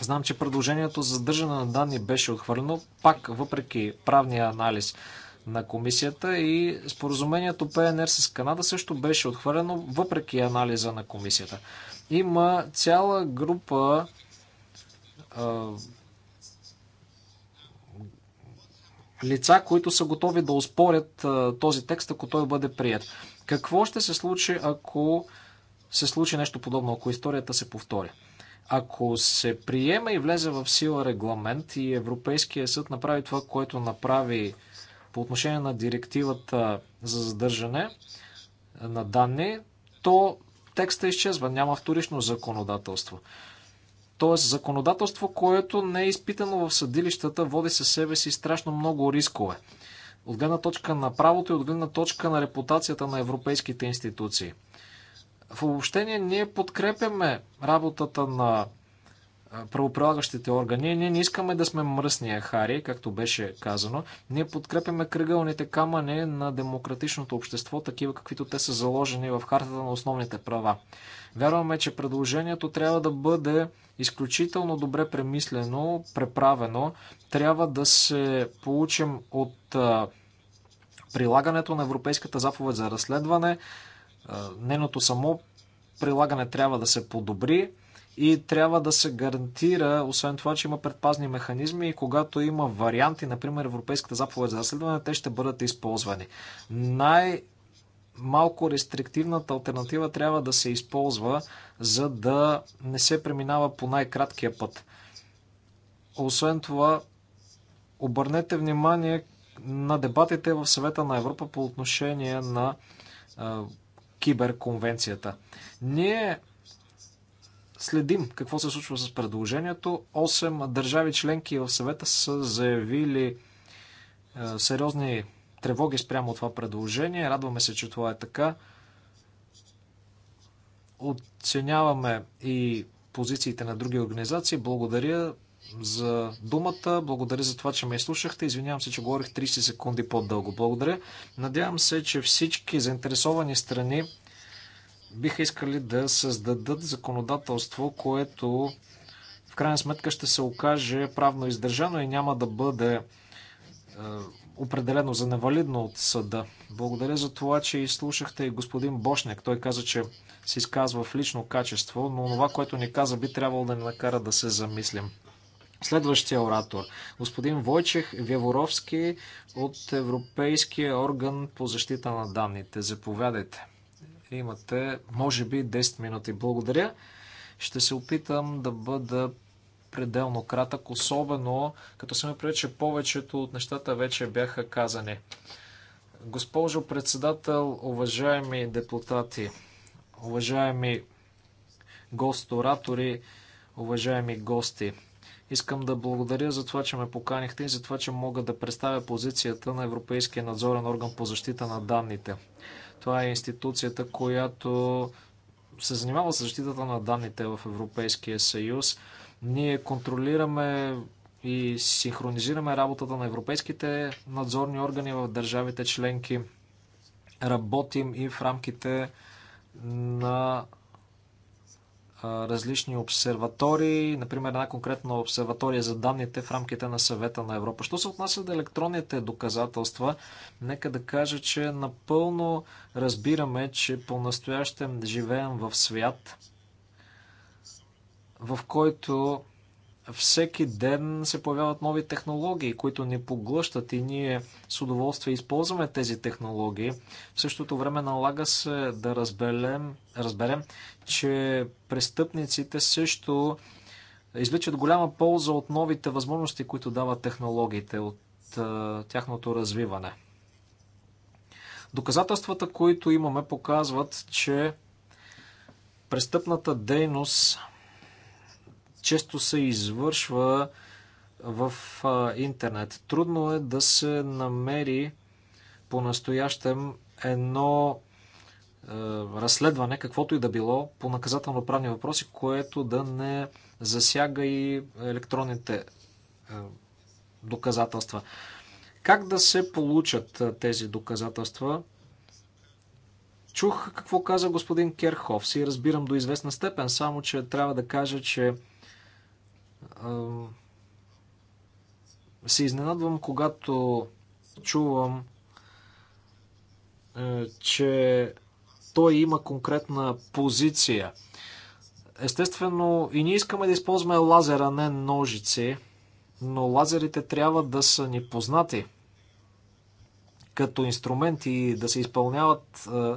S2: Знам, че предложението за задържане на данни беше отхвърлено, пак въпреки правния анализ на комисията и споразумението ПНР с Канада също беше отхвърлено въпреки анализа на комисията. Има цяла група а, лица, които са готови да успорят а, този текст, ако той бъде прият. Какво ще се случи, ако се случи нещо подобно, ако историята се повтори? Ако се приеме и влезе в сила регламент и Европейския съд направи това, което направи по отношение на директивата за задържане на данни, то текста изчезва, няма вторично законодателство. Тоест, законодателство, което не е изпитано в съдилищата, води със себе си страшно много рискове. От гледна точка на правото и от гледна точка на репутацията на европейските институции. В обобщение ние подкрепяме работата на правоприлагащите органи. Ние не искаме да сме мръсния Хари, както беше казано. Ние подкрепяме кръгълните камъни на демократичното общество, такива каквито те са заложени в хартата на основните права. Вярваме, че предложението трябва да бъде изключително добре премислено, преправено. Трябва да се получим от прилагането на Европейската заповед за разследване. Неното само прилагане трябва да се подобри и трябва да се гарантира, освен това, че има предпазни механизми и когато има варианти, например Европейската заповед за разследване, те ще бъдат използвани. Най- малко рестриктивната альтернатива трябва да се използва, за да не се преминава по най-краткия път. Освен това, обърнете внимание на дебатите в съвета на Европа по отношение на киберконвенцията. Ние следим какво се случва с предложението. Осем държави членки в съвета са заявили е, сериозни тревоги спрямо от това предложение. Радваме се, че това е така. Оценяваме и позициите на други организации. Благодаря за думата. Благодаря за това, че ме изслушахте. Извинявам се, че говорих 30 секунди по-дълго. Благодаря. Надявам се, че всички заинтересовани страни биха искали да създадат законодателство, което в крайна сметка ще се окаже правно издържано и няма да бъде е, определено за невалидно от съда. Благодаря за това, че изслушахте и господин Бошняк. Той каза, че се изказва в лично качество, но това, което ни каза, би трябвало да ни накара да се замислим. Следващия оратор. Господин Войчех Веворовски от Европейския орган по защита на данните. Заповядайте. Имате, може би, 10 минути. Благодаря. Ще се опитам да бъда пределно кратък, особено като се напред, че повечето от нещата вече бяха казани. Госпожо председател, уважаеми депутати, уважаеми госторатори, уважаеми гости, искам да благодаря за това, че ме поканихте и за това, че мога да представя позицията на Европейския надзорен орган по защита на данните. Това е институцията, която се занимава с защитата на данните в Европейския съюз. Ние контролираме и синхронизираме работата на европейските надзорни органи в държавите членки. Работим и в рамките на различни обсерватории, например една конкретна обсерватория за данните в рамките на съвета на Европа. Що се отнася до електронните доказателства, нека да кажа, че напълно разбираме, че по-настоящем живеем в свят, в който всеки ден се появяват нови технологии, които ни поглъщат и ние с удоволствие използваме тези технологии. В същото време налага се да разберем, разберем че престъпниците също извличат голяма полза от новите възможности, които дават технологиите, от а, тяхното развиване. Доказателствата, които имаме, показват, че престъпната дейност – често се извършва в интернет. Трудно е да се намери по-настоящем едно разследване, каквото и да било, по наказателно-правни въпроси, което да не засяга и електронните доказателства. Как да се получат тези доказателства? Чух какво каза господин Керхов. Си разбирам до известна степен, само че трябва да кажа, че се изненадвам, когато чувам, е, че той има конкретна позиция. Естествено, и ние искаме да използваме лазера, не ножици, но лазерите трябва да са ни познати като инструмент и да се изпълняват е,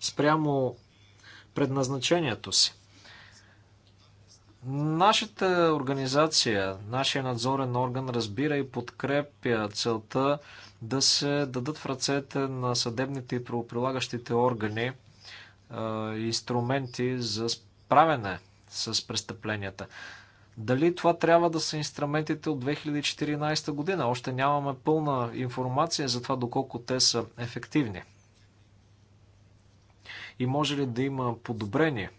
S2: спрямо предназначението си. Нашата организация, нашия надзорен орган разбира и подкрепя целта да се дадат в ръцете на съдебните и правоприлагащите органи инструменти за справяне с престъпленията. Дали това трябва да са инструментите от 2014 година? Още нямаме пълна информация за това доколко те са ефективни. И може ли да има подобрение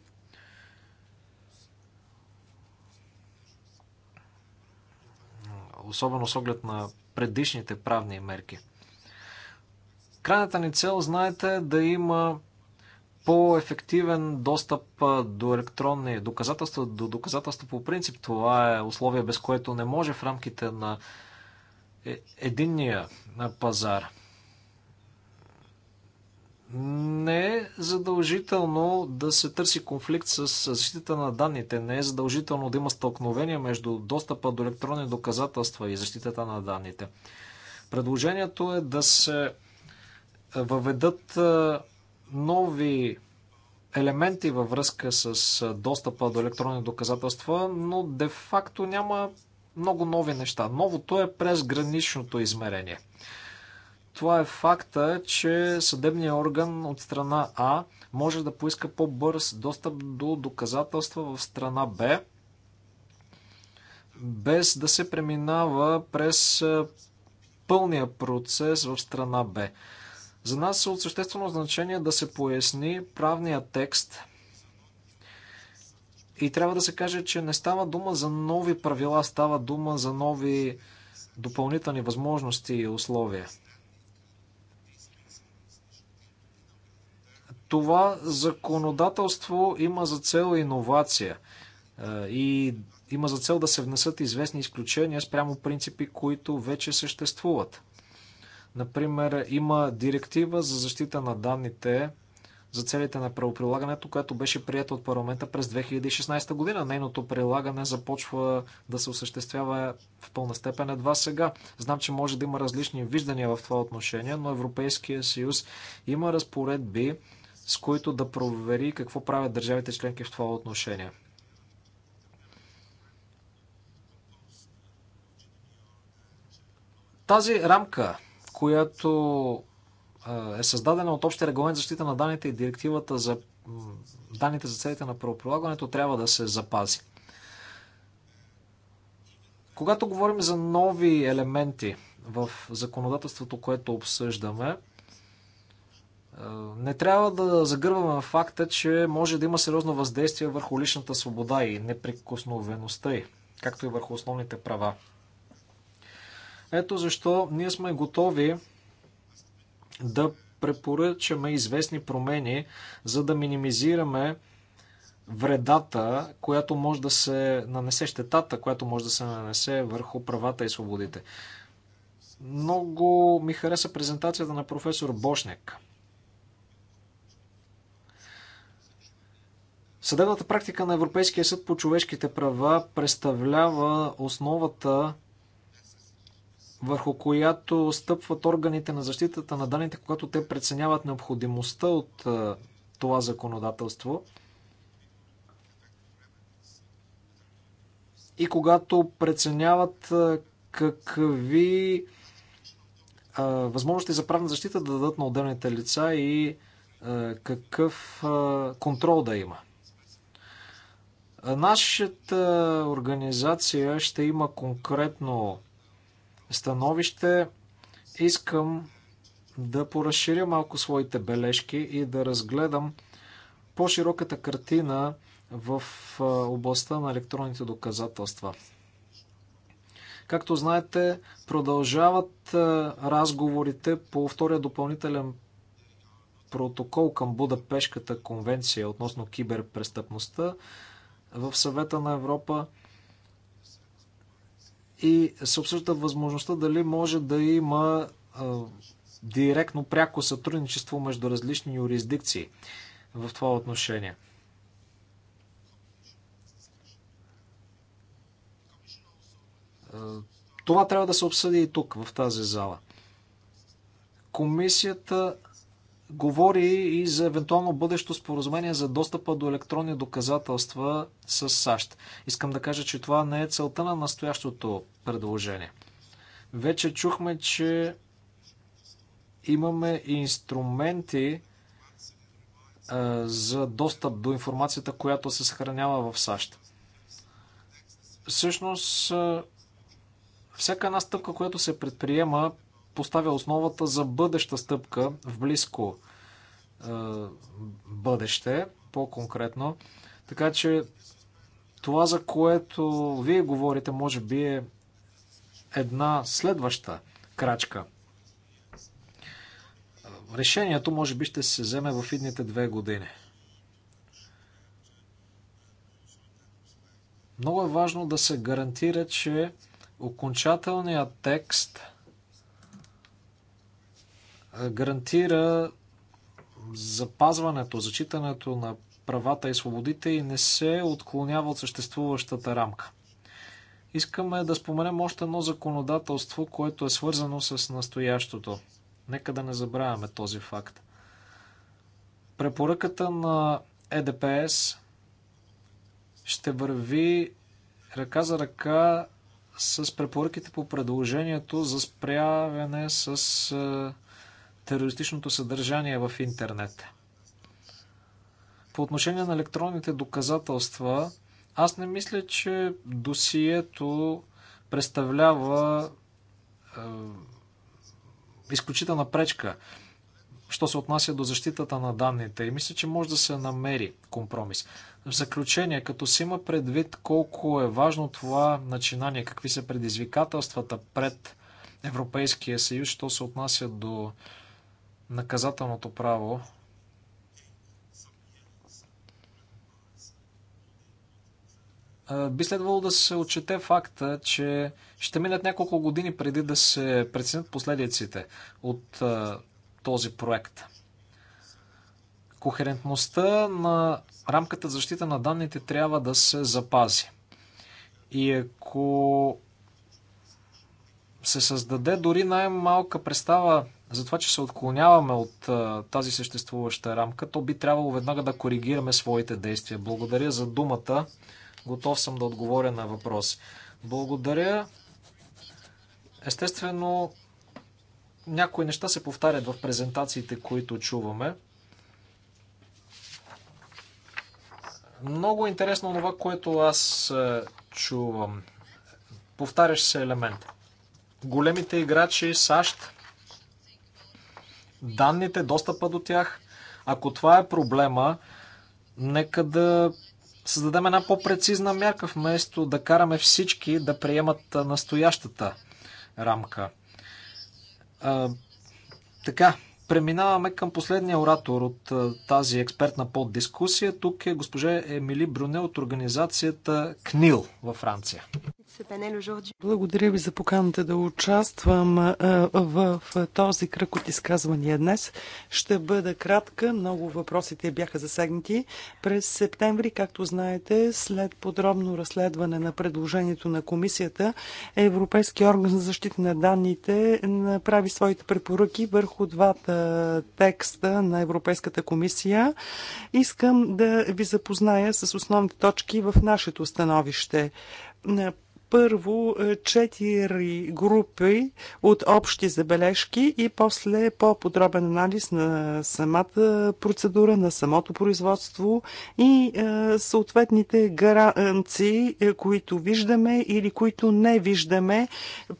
S2: особено с оглед на предишните правни мерки. Крайната ни цел, знаете, е да има по-ефективен достъп до електронни доказателства, до доказателства по принцип. Това е условие, без което не може в рамките на е, единния пазар не е задължително да се търси конфликт с защитата на данните. Не е задължително да има стълкновение между достъпа до електронни доказателства и защитата на данните. Предложението е да се въведат нови елементи във връзка с достъпа до електронни доказателства, но де-факто няма много нови неща. Новото е през граничното измерение това е факта, че съдебният орган от страна А може да поиска по-бърз достъп до доказателства в страна Б, без да се преминава през пълния процес в страна Б. За нас е от съществено значение да се поясни правния текст и трябва да се каже, че не става дума за нови правила, става дума за нови допълнителни възможности и условия. Това законодателство има за цел иновация и има за цел да се внесат известни изключения спрямо принципи, които вече съществуват. Например, има директива за защита на данните за целите на правоприлагането, която беше прията от парламента през 2016 година. Нейното прилагане започва да се осъществява в пълна степен едва сега. Знам, че може да има различни виждания в това отношение, но Европейския съюз има разпоредби, с които да провери какво правят държавите членки в това отношение. Тази рамка, която е създадена от общия регламент за защита на данните и директивата за данните за целите на правоприлагането, трябва да се запази. Когато говорим за нови елементи в законодателството, което обсъждаме, е, не трябва да загърваме факта, че може да има сериозно въздействие върху личната свобода и неприкосновеността й, както и върху основните права. Ето защо ние сме готови да препоръчаме известни промени, за да минимизираме вредата, която може да се нанесе, щетата, която може да се нанесе върху правата и свободите. Много ми хареса презентацията на професор Бошник – Съдебната практика на Европейския съд по човешките права представлява основата върху която стъпват органите на защитата на данните, когато те преценяват необходимостта от е, това законодателство. И когато преценяват е, какви е, възможности за правна защита да дадат на отделните лица и какъв контрол да има. Нашата организация ще има конкретно становище. Искам да поразширя малко своите бележки и да разгледам по-широката картина в областта на електронните доказателства. Както знаете, продължават разговорите по втория допълнителен протокол към Будапешката конвенция относно киберпрестъпността в съвета на Европа и се обсъжда възможността дали може да има директно пряко сътрудничество между различни юрисдикции в това отношение. Това трябва да се обсъди и тук, в тази зала. Комисията говори и за евентуално бъдещо споразумение за достъпа до електронни доказателства с САЩ. Искам да кажа, че това не е целта на настоящото предложение. Вече чухме, че имаме инструменти а, за достъп до информацията, която се съхранява в САЩ. Всъщност, всяка една стъпка, която се предприема, поставя основата за бъдеща стъпка в близко е, бъдеще, по-конкретно. Така че това, за което вие говорите, може би е една следваща крачка. Решението, може би, ще се вземе в идните две години. Много е важно да се гарантира, че окончателният текст – гарантира запазването, зачитането на правата и свободите и не се отклонява от съществуващата рамка. Искаме да споменем още едно законодателство, което е свързано с настоящото. Нека да не забравяме този факт. Препоръката на ЕДПС ще върви ръка за ръка с препоръките по предложението за спряване с е, терористичното съдържание в интернет. По отношение на електронните доказателства, аз не мисля, че досието представлява е, изключителна пречка, що се отнася до защитата на данните. И мисля, че може да се намери компромис. В заключение, като се има предвид колко е важно това начинание, какви са предизвикателствата пред Европейския съюз, що се отнася до наказателното право би следвало да се отчете факта, че ще минат няколко години преди да се преценят последиците от този проект. Кохерентността на рамката защита на данните трябва да се запази. И ако се създаде дори най-малка представа за това, че се отклоняваме от а, тази съществуваща рамка, то би трябвало веднага да коригираме своите действия. Благодаря за думата. Готов съм да отговоря на въпрос. Благодаря. Естествено, някои неща се повтарят в презентациите, които чуваме. Много интересно това, което аз чувам. Повтарящ се елемент. Големите играчи САЩ данните, достъпа до тях. Ако това е проблема, нека да създадем една по-прецизна мярка, вместо да караме всички да приемат настоящата рамка. А, така, преминаваме към последния оратор от тази експертна поддискусия. Тук е госпожа Емили Брюне от организацията КНИЛ във Франция.
S1: Благодаря ви за поканата да участвам в този кръг от изказвания днес. Ще бъда кратка. Много въпросите бяха засегнати. През септември, както знаете, след подробно разследване на предложението на комисията, Европейския орган за защита на данните направи своите препоръки върху двата текста на Европейската комисия. Искам да ви запозная с основните точки в нашето становище първо е, четири групи от общи забележки и после по-подробен анализ на самата процедура, на самото производство и е, съответните гаранции, е, които виждаме или които не виждаме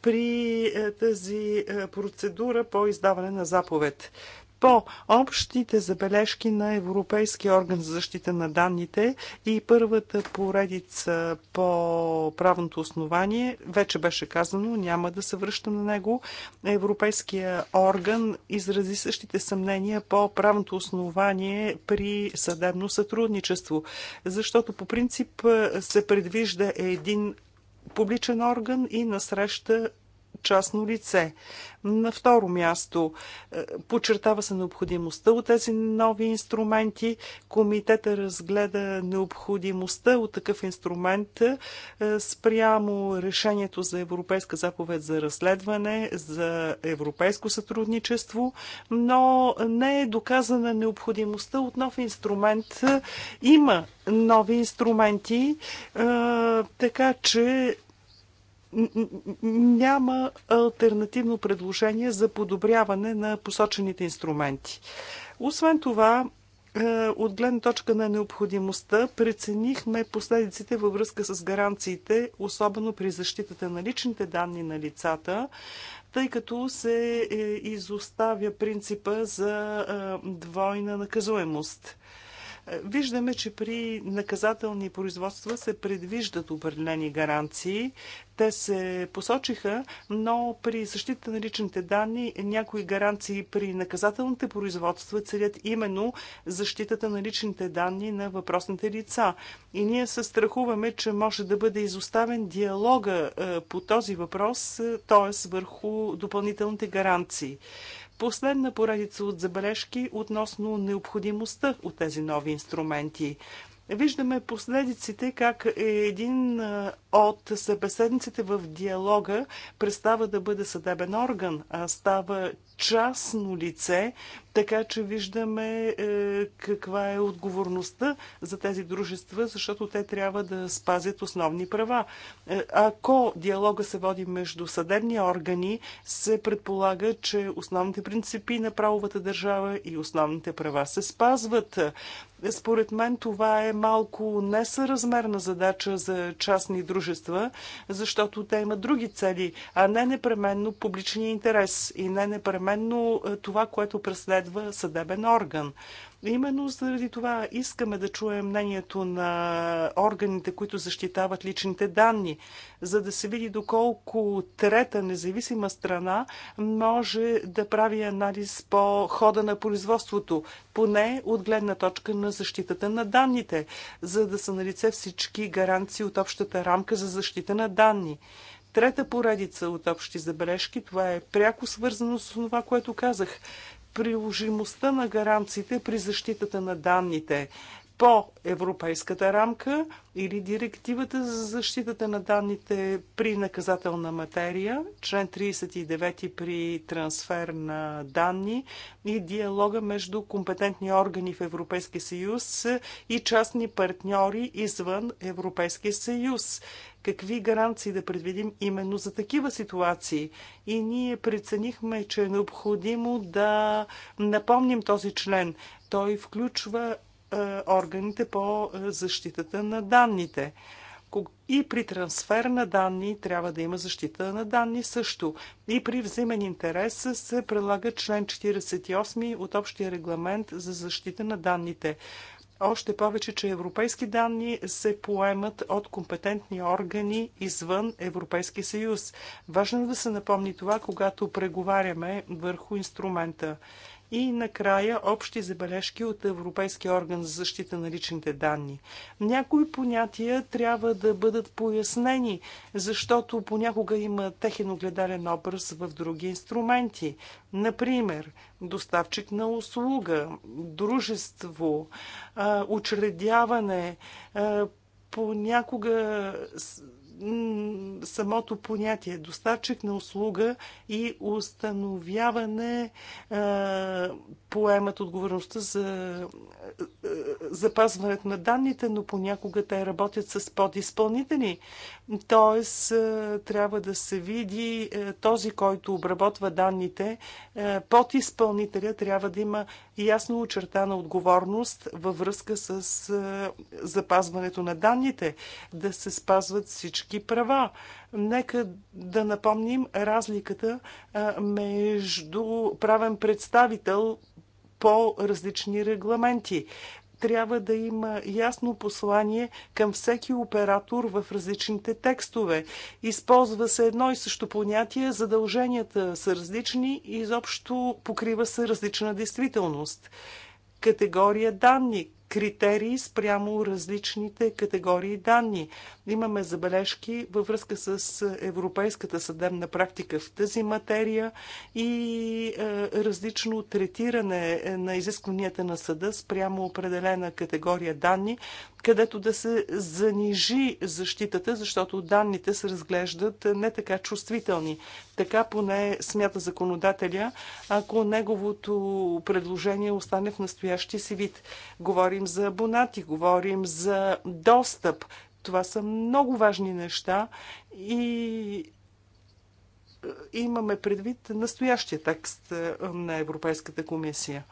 S1: при тази процедура по издаване на заповед по общите забележки на Европейския орган за защита на данните и първата поредица по правното основание, вече беше казано, няма да се връщам на него, Европейския орган изрази същите съмнения по правното основание при съдебно сътрудничество, защото по принцип се предвижда един публичен орган и насреща частно лице. На второ място, е, подчертава се необходимостта от тези нови инструменти. Комитета разгледа необходимостта от такъв инструмент е, спрямо решението за Европейска заповед за разследване, за европейско сътрудничество, но не е доказана необходимостта от нов инструмент. Има нови инструменти, е, така че няма альтернативно предложение за подобряване на посочените инструменти. Освен това, е, от гледна точка на необходимостта, преценихме последиците във връзка с гаранциите, особено при защитата на личните данни на лицата, тъй като се е, изоставя принципа за е, двойна наказуемост. Виждаме, че при наказателни производства се предвиждат определени гаранции. Те се посочиха, но при защита на личните данни някои гаранции при наказателните производства целят именно защитата на личните данни на въпросните лица. И ние се страхуваме, че може да бъде изоставен диалога е, по този въпрос, е, т.е. върху допълнителните гаранции. Последна поредица от забележки относно необходимостта от тези нови инструменти. Виждаме последиците как един от събеседниците в диалога престава да бъде съдебен орган, а става частно лице, така че виждаме е, каква е отговорността за тези дружества, защото те трябва да спазят основни права. Е, ако диалога се води между съдебни органи, се предполага, че основните принципи на правовата държава и основните права се спазват. Според мен това е малко несъразмерна задача за частни дружества, защото те имат други цели, а не непременно публичния интерес и не непременно непременно е, това, което преследва съдебен орган. Именно заради това искаме да чуем мнението на органите, които защитават личните данни, за да се види доколко трета независима страна може да прави анализ по хода на производството, поне от гледна точка на защитата на данните, за да са налице всички гаранции от общата рамка за защита на данни. Трета поредица от общи забележки, това е пряко свързано с това, което казах. Приложимостта на гаранциите при защитата на данните по европейската рамка или директивата за защитата на данните при наказателна материя, член 39 при трансфер на данни и диалога между компетентни органи в Европейския съюз и частни партньори извън Европейския съюз какви гаранции да предвидим именно за такива ситуации. И ние преценихме, че е необходимо да напомним този член. Той включва е, органите по защитата на данните. И при трансфер на данни трябва да има защита на данни също. И при взаимен интерес се прилага член 48 от общия регламент за защита на данните. Още повече, че европейски данни се поемат от компетентни органи извън Европейския съюз. Важно е да се напомни това, когато преговаряме върху инструмента. И накрая общи забележки от Европейския орган за защита на личните данни. Някои понятия трябва да бъдат пояснени, защото понякога има техен огледален образ в други инструменти. Например, доставчик на услуга, дружество, учредяване, понякога самото понятие доставчик на услуга и установяване поемат отговорността за запазването на данните, но понякога те работят с подизпълнители. Тоест, трябва да се види този, който обработва данните, подизпълнителя трябва да има ясно очертана отговорност във връзка с запазването на данните, да се спазват всички човешки права. Нека да напомним разликата между правен представител по различни регламенти. Трябва да има ясно послание към всеки оператор в различните текстове. Използва се едно и също понятие, задълженията са различни и изобщо покрива се различна действителност. Категория данни, критерии спрямо различните категории данни. Имаме забележки във връзка с европейската съдебна практика в тази материя и е, различно третиране на изискванията на съда спрямо определена категория данни, където да се занижи защитата, защото данните се разглеждат не така чувствителни. Така поне смята законодателя, ако неговото предложение остане в настоящия си вид. Говорим за абонати, говорим за достъп. Това са много важни неща и е, имаме предвид настоящия текст е, на Европейската комисия.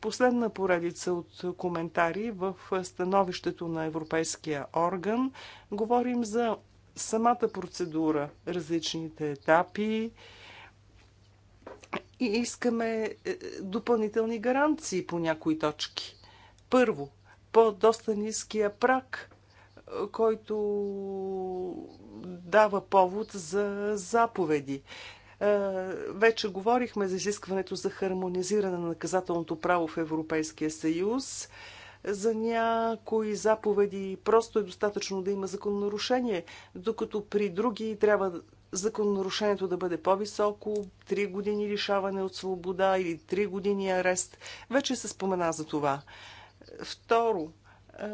S1: Последна поредица от коментари в становището на Европейския орган. Говорим за самата процедура, различните етапи и искаме е, е, допълнителни гаранции по някои точки. Първо, по доста ниския прак, е, който дава повод за заповеди. Е, вече говорихме за изискването за хармонизиране на наказателното право в Европейския съюз за някои заповеди просто е достатъчно да има закононарушение, докато при други трябва закононарушението да бъде по-високо, 3 години лишаване от свобода или 3 години арест. Вече се спомена за това. Второ, е,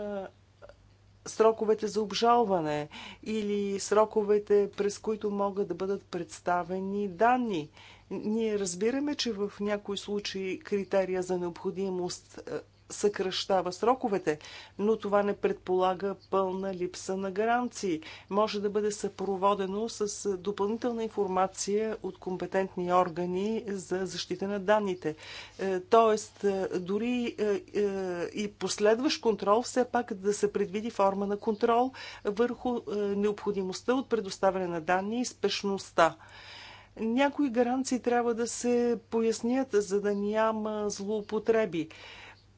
S1: сроковете за обжалване или сроковете, през които могат да бъдат представени данни. Ние разбираме, че в някои случаи критерия за необходимост е, съкръщава сроковете, но това не предполага пълна липса на гаранции. Може да бъде съпроводено с допълнителна информация от компетентни органи за защита на данните. Е, тоест, е, дори е, и последващ контрол все пак да се предвиди форма на контрол върху необходимостта от предоставяне на данни и спешността. Някои гаранции трябва да се пояснят, за да няма злоупотреби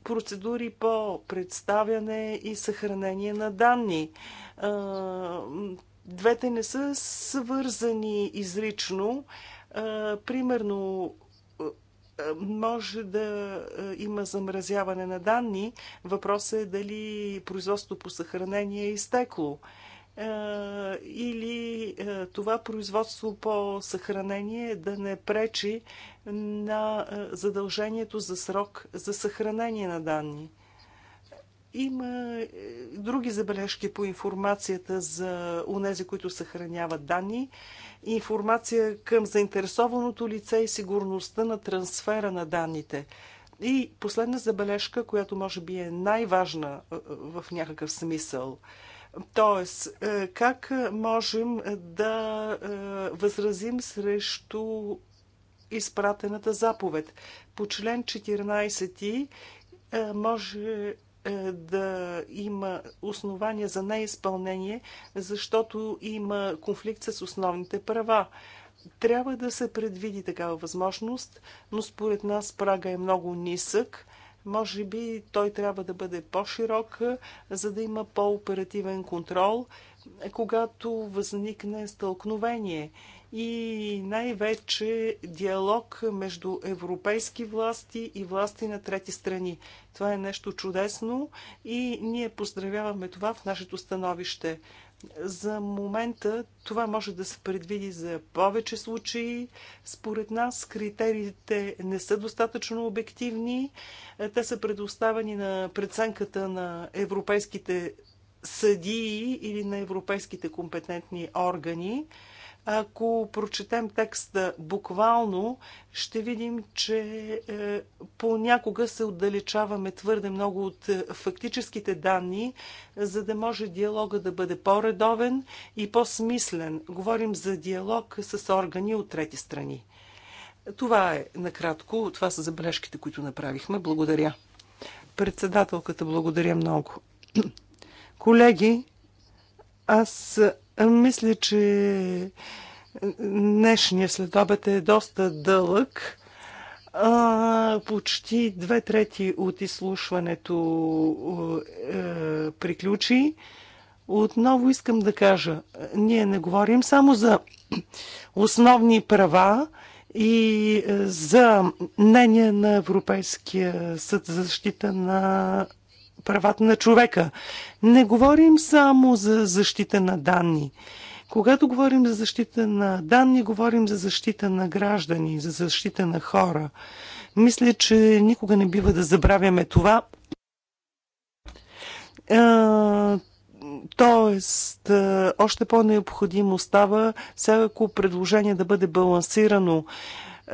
S1: процедури по представяне и съхранение на данни. Двете не са свързани изрично. Примерно, може да има замразяване на данни. Въпросът е дали производството по съхранение е изтекло. Е, или е, това производство по съхранение да не пречи на е, задължението за срок за съхранение на данни. Има други забележки по информацията за унези, които съхраняват данни, информация към заинтересованото лице и сигурността на трансфера на данните. И последна забележка, която може би е най-важна в някакъв смисъл – Тоест, е, как можем да е, възразим срещу изпратената заповед? По член 14 е, може да има основания за неизпълнение, защото има конфликт с основните права. Трябва да се предвиди такава възможност, но според нас прага е много нисък може би той трябва да бъде по-широк, за да има по-оперативен контрол, когато възникне стълкновение и най-вече диалог между европейски власти и власти на трети страни. Това е нещо чудесно и ние поздравяваме това в нашето становище. За момента това може да се предвиди за повече случаи. Според нас критериите не са достатъчно обективни. Те са предоставени на преценката на европейските съдии или на европейските компетентни органи. Ако прочетем текста буквално, ще видим, че е, понякога се отдалечаваме твърде много от е, фактическите данни, за да може диалога да бъде по-редовен и по-смислен. Говорим за диалог с органи от трети страни. Това е накратко. Това са забележките, които направихме. Благодаря. Председателката, благодаря много. Колеги, аз мисля, че днешния следобед е доста дълъг. А, почти две трети от изслушването е, приключи. Отново искам да кажа, ние не говорим само за основни права и е, за мнение на Европейския съд за защита на правата на човека. Не говорим само за защита на данни. Когато говорим за защита на данни, говорим за защита на граждани, за защита на хора. Мисля, че никога не бива да забравяме това. Тоест, още по-необходимо става всяко предложение да бъде балансирано. Е,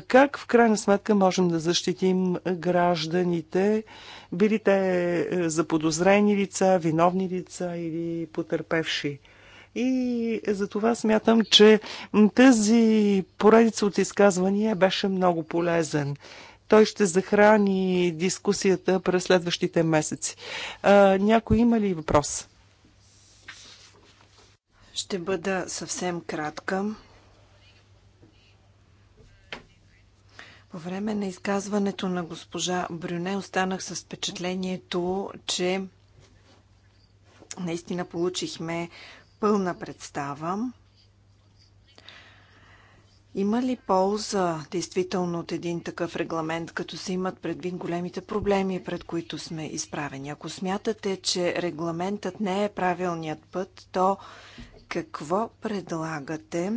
S1: как в крайна сметка можем да защитим гражданите, били те е, заподозрени лица, виновни лица или потерпевши? И за това смятам, че тази поредица от изказвания беше много полезен. Той ще захрани дискусията през следващите месеци. А, е, някой има ли въпрос?
S4: Ще бъда съвсем кратка. По време на изказването на госпожа Брюне останах с впечатлението, че наистина получихме пълна представа. Има ли полза действително от един такъв регламент, като се имат предвид големите проблеми, пред които сме изправени? Ако смятате, че регламентът не е правилният път, то какво предлагате,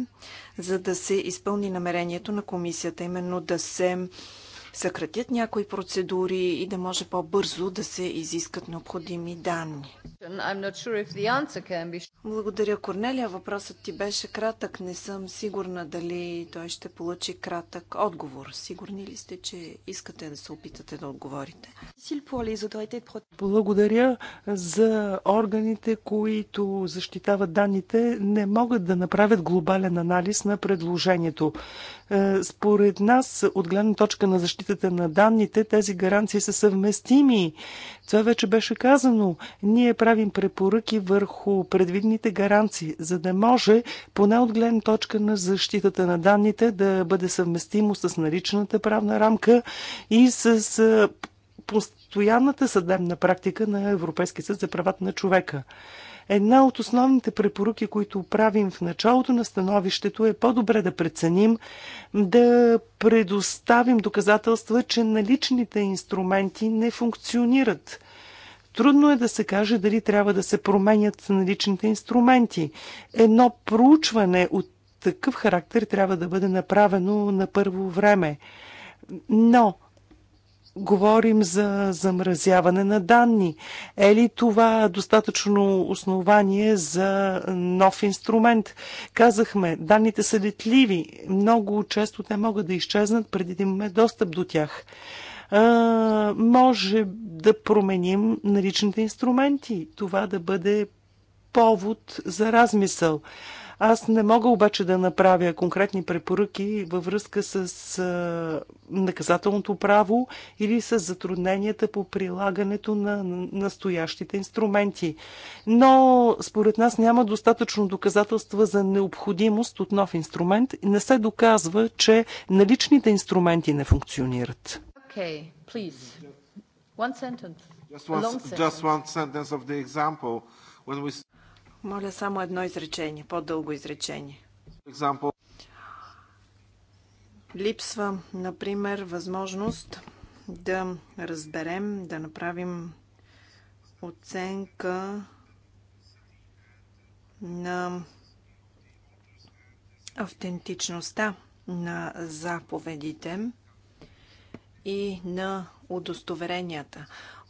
S4: за да се изпълни намерението на комисията, именно да се съкратят някои процедури и да може по-бързо да се изискат необходими данни. Благодаря, Корнелия. Въпросът ти беше кратък. Не съм сигурна дали той ще получи кратък отговор. Сигурни ли сте, че искате да се опитате да отговорите?
S1: Благодаря за органите, които защитават данните, не могат да направят глобален анализ на предложението. Е, според нас, от гледна точка на защитата на данните, тези гаранции са съвместими. Това вече беше казано. Ние правим препоръки върху предвидните гаранции, за да може, поне от гледна точка на защитата на данните, да бъде съвместимо с наличната правна рамка и с е, постоянната съдебна практика на Европейския съд за правата на човека. Една от основните препоръки, които правим в началото на становището е по-добре да преценим, да предоставим доказателства, че наличните инструменти не функционират. Трудно е да се каже дали трябва да се променят наличните инструменти. Едно проучване от такъв характер трябва да бъде направено на първо време. Но говорим за замразяване на данни. Е ли това достатъчно основание за нов инструмент? Казахме, данните са летливи. Много често те могат да изчезнат преди да имаме достъп до тях. А, може да променим наличните инструменти. Това да бъде повод за размисъл. Аз не мога обаче да направя конкретни препоръки във връзка с наказателното право или с затрудненията по прилагането на настоящите инструменти. Но според нас няма достатъчно доказателства за необходимост от нов инструмент. Не се доказва, че наличните инструменти не функционират.
S3: Okay, please. One sentence. Just one, just
S2: one
S1: sentence of the example.
S2: When we
S4: моля само едно изречение, по-дълго изречение. Example. Липсва, например, възможност да разберем, да направим оценка на автентичността на заповедите и на удостоверенията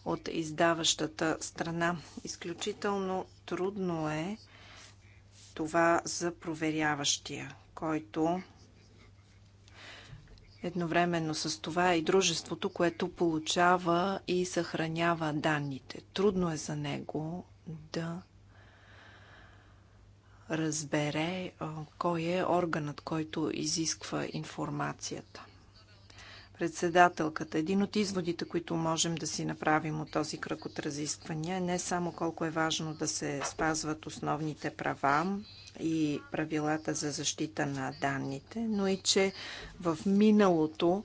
S4: от издаващата страна. Изключително трудно е това за проверяващия, който едновременно с това е и дружеството, което получава и съхранява данните. Трудно е за него да разбере кой е органът, който изисква информацията. Председателката, един от изводите, които можем да си направим от този кръг от разисквания, е не само колко е важно да се спазват основните права и правилата за защита на данните, но и че в миналото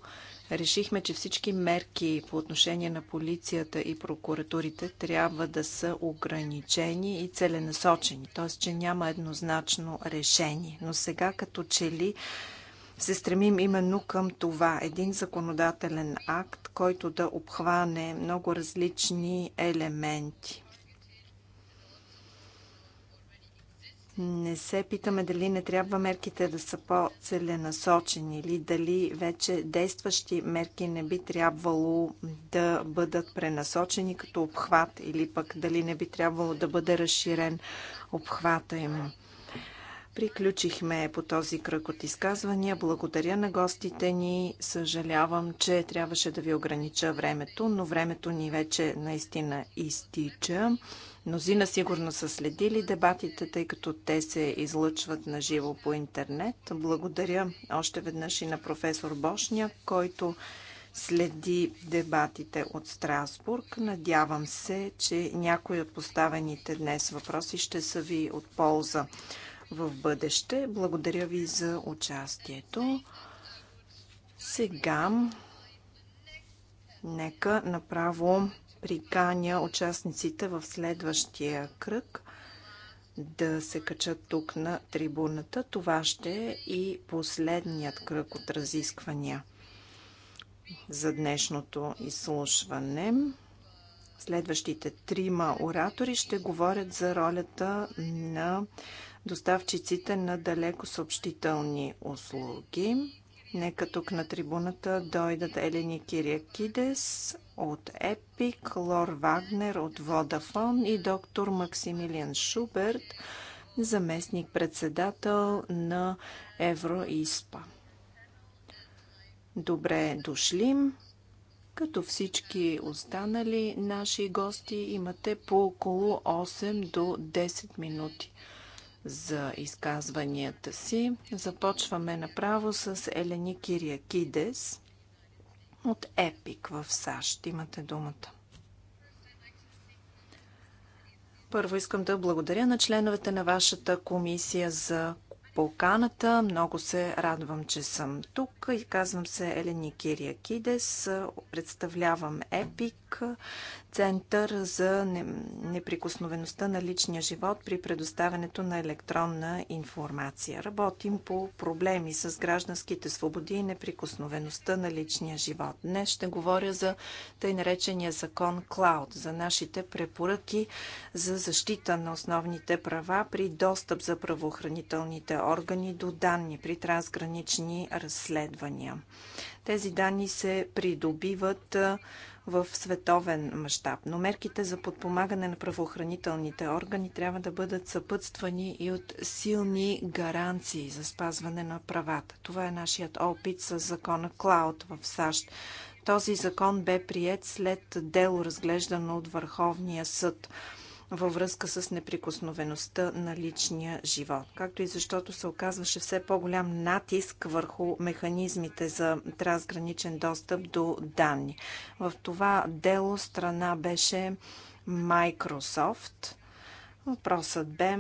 S4: решихме, че всички мерки по отношение на полицията и прокуратурите трябва да са ограничени и целенасочени, т.е. че няма еднозначно решение. Но сега като че ли се стремим именно към това. Един законодателен акт, който да обхване много различни елементи. Не се питаме дали не трябва мерките да са по-целенасочени или дали вече действащи мерки не би трябвало да бъдат пренасочени като обхват или пък дали не би трябвало да бъде разширен обхвата им. Приключихме по този кръг от изказвания. Благодаря на гостите ни. Съжалявам, че трябваше да ви огранича времето, но времето ни вече наистина изтича. Мнозина сигурно са следили дебатите, тъй като те се излъчват на живо по интернет. Благодаря още веднъж и на професор Бошня, който следи дебатите от Страсбург. Надявам се, че някои от поставените днес въпроси ще са ви от полза в бъдеще. Благодаря ви за участието. Сега нека направо приканя участниците в следващия кръг да се качат тук на трибуната. Това ще е и последният кръг от разисквания за днешното изслушване. Следващите трима оратори ще говорят за ролята на доставчиците на далеко съобщителни услуги. Нека тук на трибуната дойдат Елени Кириакидес от Epic, Лор Вагнер от Vodafone и доктор Максимилиан Шуберт, заместник-председател на Евроиспа. Добре дошли! Като всички останали наши гости имате по около 8 до 10 минути – за изказванията си. Започваме направо с Елени Кириакидес от ЕПИК в САЩ. Имате думата. Първо искам да благодаря на членовете на вашата комисия за поканата. Много се радвам, че съм тук. И казвам се Елени Кириакидес. Представлявам ЕПИК, Център за неприкосновеността на личния живот при предоставянето на електронна информация. Работим по проблеми с гражданските свободи и неприкосновеността на личния живот. Днес ще говоря за тъй наречения закон Клауд, за нашите препоръки за защита на основните права при достъп за правоохранителните органи до данни при трансгранични разследвания. Тези данни се придобиват в световен мащаб. Но мерките за подпомагане на правоохранителните органи трябва да бъдат съпътствани и от силни гаранции за спазване на правата. Това е нашият опит с закона Клауд в САЩ. Този закон бе прият след дело, разглеждано от Върховния съд във връзка с неприкосновеността на личния живот, както и защото се оказваше все по-голям натиск върху механизмите за трансграничен достъп до данни. В това дело страна беше Microsoft. Въпросът бе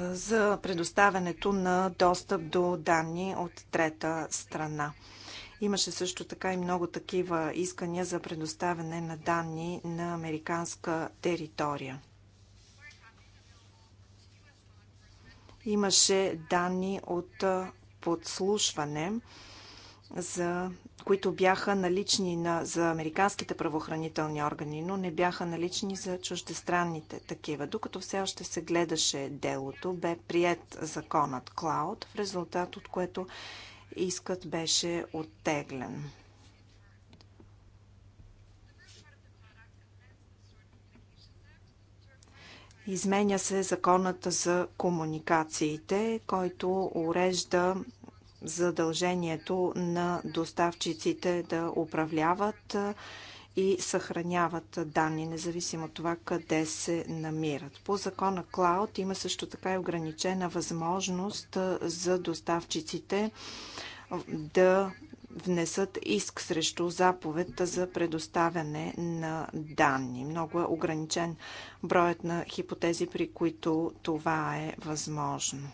S4: за предоставянето на достъп до данни от трета страна. Имаше също така и много такива искания за предоставяне на данни на американска територия. Имаше данни от подслушване, за, които бяха налични на, за американските правоохранителни органи, но не бяха налични за чуждестранните такива. Докато все още се гледаше делото, бе прият законът Клауд, в резултат от което Искът беше оттеглен. Изменя се законът за комуникациите, който урежда задължението на доставчиците да управляват и съхраняват данни, независимо от това къде се намират. По закона Клауд има също така и ограничена възможност за доставчиците да внесат иск срещу заповед за предоставяне на данни. Много е ограничен броят на хипотези, при които това е възможно.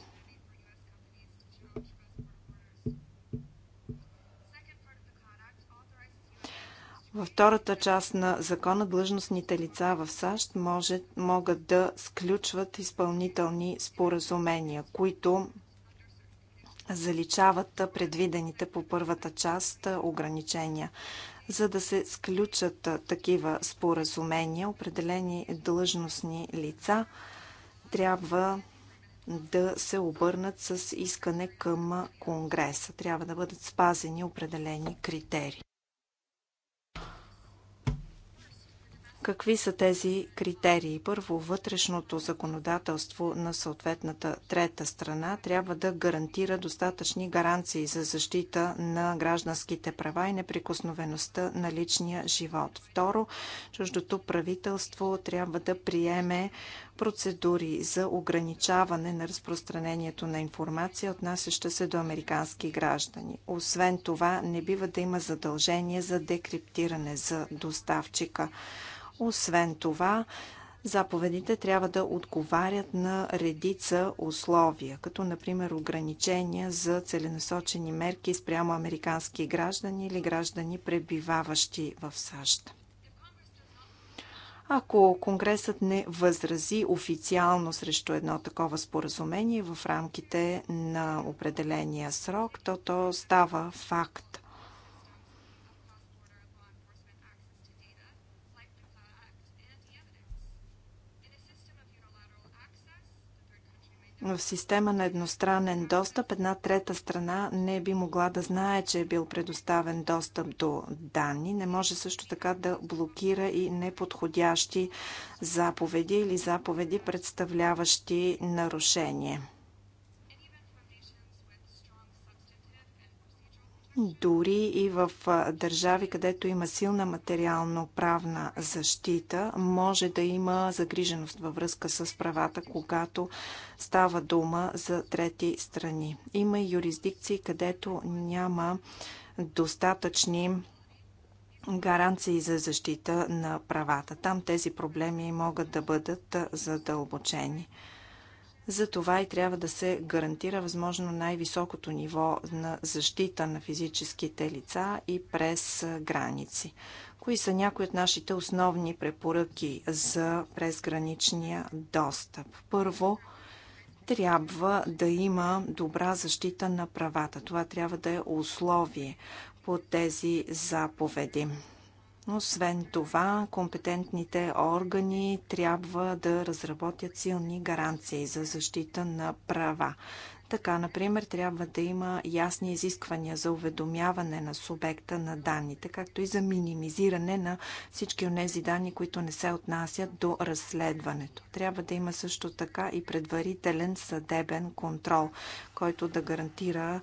S4: Във втората част на закона длъжностните лица в САЩ може, могат да сключват изпълнителни споразумения, които заличават предвидените по първата част ограничения. За да се сключат такива споразумения, определени длъжностни лица трябва да се обърнат с искане към Конгреса. Трябва да бъдат спазени определени критерии. Какви са тези критерии? Първо, вътрешното законодателство на съответната трета страна трябва да гарантира достатъчни гаранции за защита на гражданските права и неприкосновеността на личния живот. Второ, чуждото правителство трябва да приеме процедури за ограничаване на разпространението на информация, отнасяща се до американски граждани. Освен това, не бива да има задължение за декриптиране за доставчика. Освен това, заповедите трябва да отговарят на редица условия, като например ограничения за целенасочени мерки спрямо американски граждани или граждани пребиваващи в САЩ. Ако Конгресът не възрази официално срещу едно такова споразумение в рамките на определения срок, то то става факт. в система на едностранен достъп една трета страна не би могла да знае, че е бил предоставен достъп до данни. Не може също така да блокира и неподходящи заповеди или заповеди, представляващи нарушение. Дори и в държави, където има силна материално-правна защита, може да има загриженост във връзка с правата, когато става дума за трети страни. Има и юрисдикции, където няма достатъчни гаранции за защита на правата. Там тези проблеми могат да бъдат задълбочени. За това и трябва да се гарантира възможно най-високото ниво на защита на физическите лица и през граници. Кои са някои от нашите основни препоръки за презграничния достъп? Първо, трябва да има добра защита на правата. Това трябва да е условие по тези заповеди. Освен това, компетентните органи трябва да разработят силни гаранции за защита на права. Така, например, трябва да има ясни изисквания за уведомяване на субекта на данните, както и за минимизиране на всички от тези данни, които не се отнасят до разследването. Трябва да има също така и предварителен съдебен контрол, който да гарантира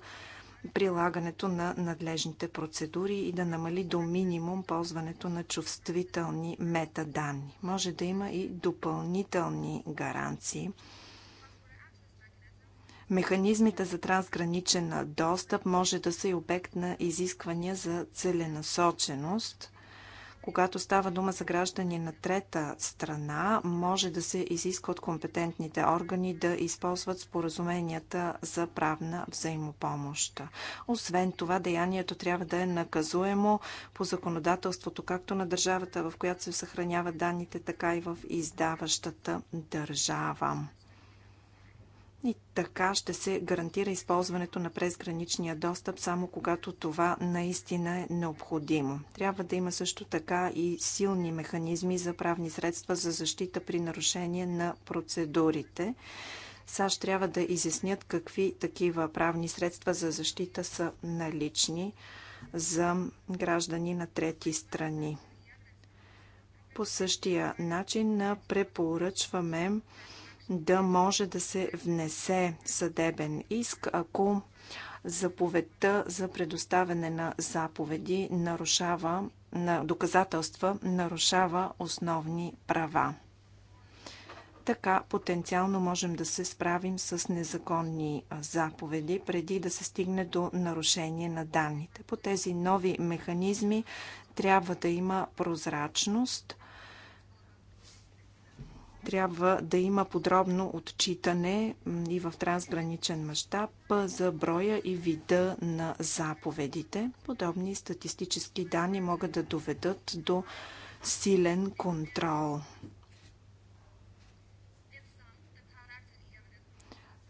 S4: прилагането на надлежните процедури и да намали до минимум ползването на чувствителни метаданни. Може да има и допълнителни гаранции. Механизмите за трансграничен достъп може да са и обект на изисквания за целенасоченост когато става дума за граждани на трета страна, може да се изиска от компетентните органи да използват споразуменията за правна взаимопомощ. Освен това, деянието трябва да е наказуемо по законодателството както на държавата, в която се съхраняват данните, така и в издаващата държава. И така ще се гарантира използването на презграничния достъп само когато това наистина е необходимо. Трябва да има също така и силни механизми за правни средства за защита при нарушение на процедурите. САЩ трябва да изяснят какви такива правни средства за защита са налични за граждани на трети страни. По същия начин препоръчваме да може да се внесе съдебен иск, ако заповедта за предоставяне на заповеди нарушава, на доказателства нарушава основни права. Така потенциално можем да се справим с незаконни заповеди, преди да се стигне до нарушение на данните. По тези нови механизми трябва да има прозрачност – трябва да има подробно отчитане и в трансграничен мащаб за броя и вида на заповедите. Подобни статистически данни могат да доведат до силен контрол.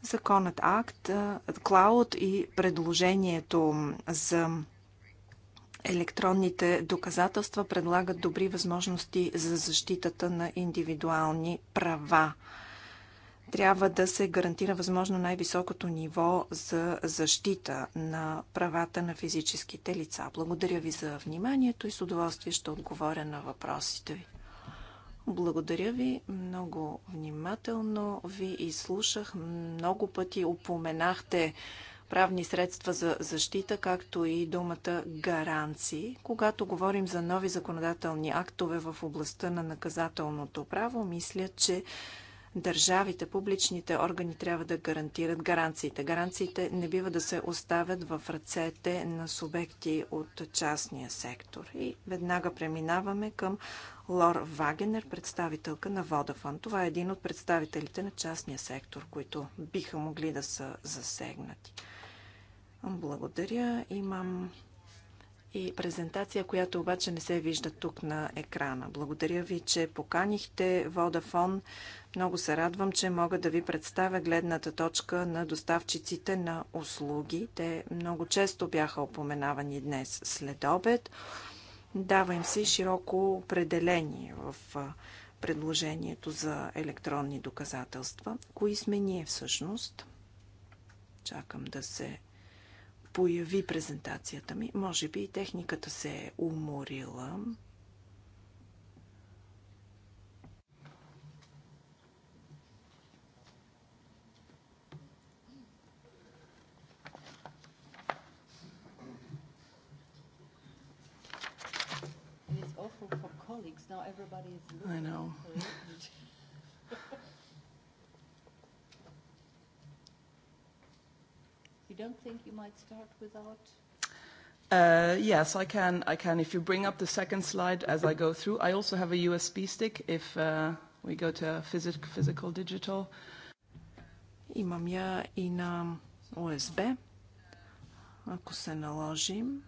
S4: Законът акт, клауд и предложението за електронните доказателства предлагат добри възможности за защитата на индивидуални права. Трябва да се гарантира възможно най-високото ниво за защита на правата на физическите лица. Благодаря ви за вниманието и с удоволствие ще отговоря на въпросите ви. Благодаря ви. Много внимателно ви изслушах. Много пъти упоменахте правни средства за защита, както и думата гаранции. Когато говорим за нови законодателни актове в областта на наказателното право, мисля, че държавите, публичните органи трябва да гарантират гаранциите. Гаранциите не бива да се оставят в ръцете на субекти от частния сектор. И веднага преминаваме към Лор Вагенер, представителка на Водафон. Това е един от представителите на частния сектор, които биха могли да са засегнати. Благодаря. Имам и презентация, която обаче не се вижда тук на екрана. Благодаря ви, че поканихте Vodafone. Много се радвам, че мога да ви представя гледната точка на доставчиците на услуги. Те много често бяха опоменавани днес след обед. Дава им се широко определение в предложението за електронни доказателства. Кои сме ние всъщност? Чакам да се появи презентацията ми. Може би и техниката се е уморила.
S3: I know. don't think you might start without
S1: yes, I can. I can. If you bring up the second slide as I go through, I also have a USB stick. If uh,
S4: we go to physic, physical digital, имам я и на USB. Ако се наложим.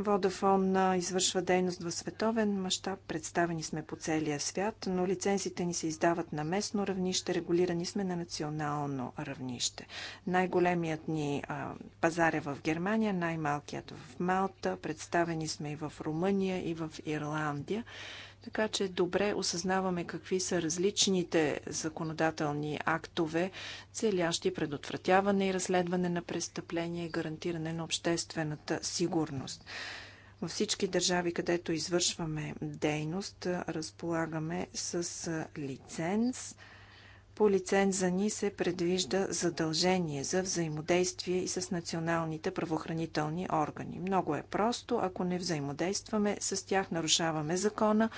S4: Водафон извършва дейност в световен мащаб, представени сме по целия свят, но лицензите ни се издават на местно равнище, регулирани сме на национално равнище. Най-големият ни а, пазар е в Германия, най-малкият в Малта, представени сме и в Румъния, и в Ирландия. Така че добре осъзнаваме какви са различните законодателни актове, целящи предотвратяване и разследване на престъпления и гарантиране на обществената сигурност. Във всички държави, където извършваме дейност, разполагаме с лиценз – по лиценза ни се предвижда задължение за взаимодействие и с националните правоохранителни органи. Много е просто. Ако не взаимодействаме с тях, нарушаваме закона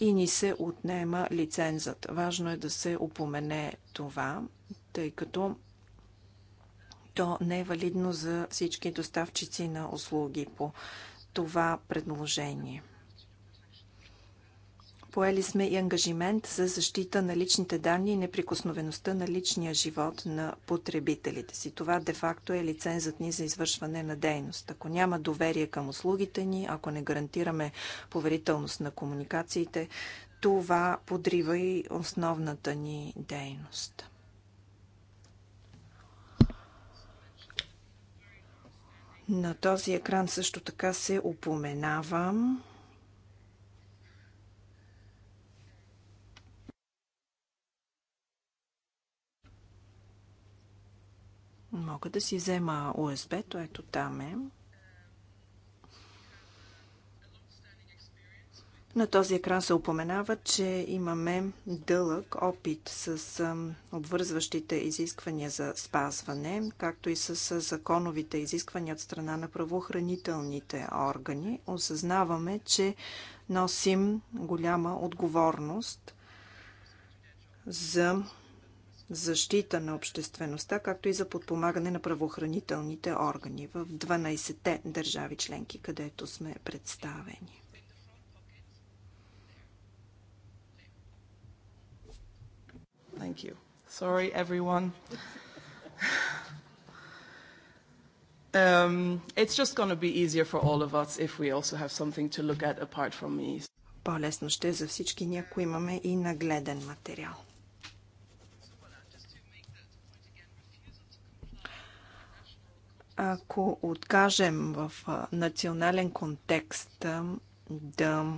S4: и ни се отнема лицензът. Важно е да се упомене това, тъй като то не е валидно за всички доставчици на услуги по това предложение. Поели сме и ангажимент за защита на личните данни и неприкосновеността на личния живот на потребителите си. Това де-факто е лицензът ни за извършване на дейност. Ако няма доверие към услугите ни, ако не гарантираме поверителност на комуникациите, това подрива и основната ни дейност. На този екран също така се упоменавам Мога да си взема USB-то, ето там е. На този екран се упоменава, че имаме дълъг опит с обвързващите изисквания за спазване, както и с законовите изисквания от страна на правоохранителните органи. Осъзнаваме, че носим голяма отговорност за защита на обществеността, както и за подпомагане на правоохранителните органи в 12-те държави членки, където сме представени.
S1: Thank you. Sorry, everyone. Um, it's just going to be easier for all of us if we also have something to look at apart from me.
S4: По-лесно ще е за всички ние, ако имаме и нагледен материал. ако откажем в национален контекст да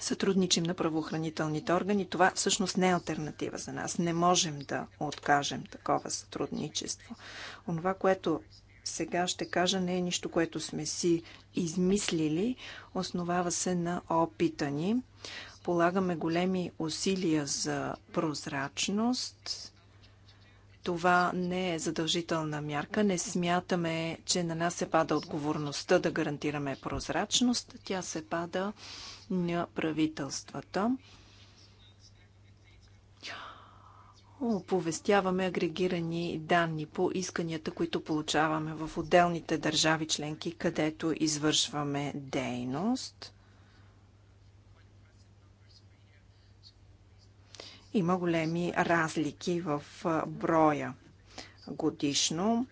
S4: сътрудничим на правоохранителните органи, това всъщност не е альтернатива за нас. Не можем да откажем такова сътрудничество. Онова, което сега ще кажа, не е нищо, което сме си измислили. Основава се на опита ни. Полагаме големи усилия за прозрачност, това не е задължителна мярка. Не смятаме, че на нас се пада отговорността да гарантираме прозрачност. Тя се пада на правителствата. оповестяваме агрегирани данни по исканията, които получаваме в отделните държави членки, където извършваме дейност. Има големи разлики в броя годишно.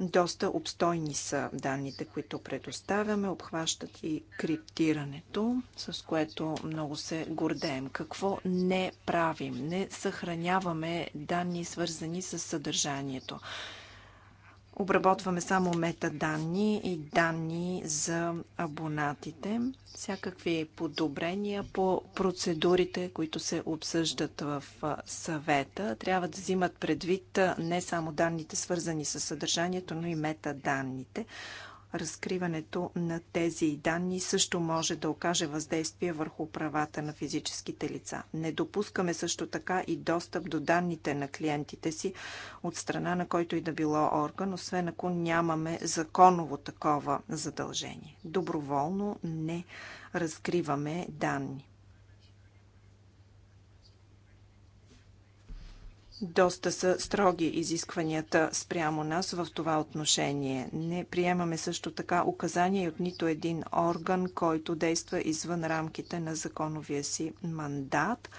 S4: Доста обстойни са данните, които предоставяме, обхващат и криптирането, с което много се гордеем. Какво не правим? Не съхраняваме данни, свързани с съдържанието. Обработваме само метаданни и данни за абонатите. Всякакви подобрения по процедурите, които се обсъждат в съвета, трябва да взимат предвид не само данните свързани с съдържанието, но и метаданните разкриването на тези данни също може да окаже въздействие върху правата на физическите лица. Не допускаме също така и достъп до данните на клиентите си от страна на който и да било орган, освен ако нямаме законово такова задължение. Доброволно не разкриваме данни. Доста са строги изискванията спрямо нас в това отношение. Не приемаме също така указания от нито един орган, който действа извън рамките на законовия си мандат.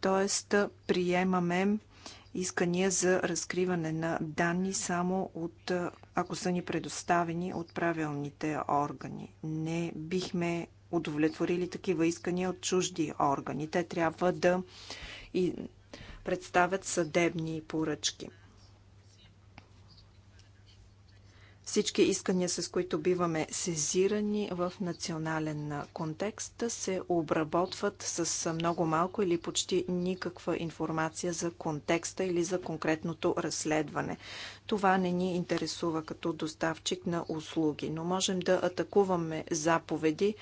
S4: Тоест, приемаме искания за разкриване на данни само от, ако са ни предоставени от правилните органи. Не бихме удовлетворили такива искания от чужди органи. Те трябва да и представят съдебни поръчки. Всички искания, с които биваме сезирани в национален контекст, се обработват с много малко или почти никаква информация за контекста или за конкретното разследване. Това не ни интересува като доставчик на услуги, но можем да атакуваме заповеди,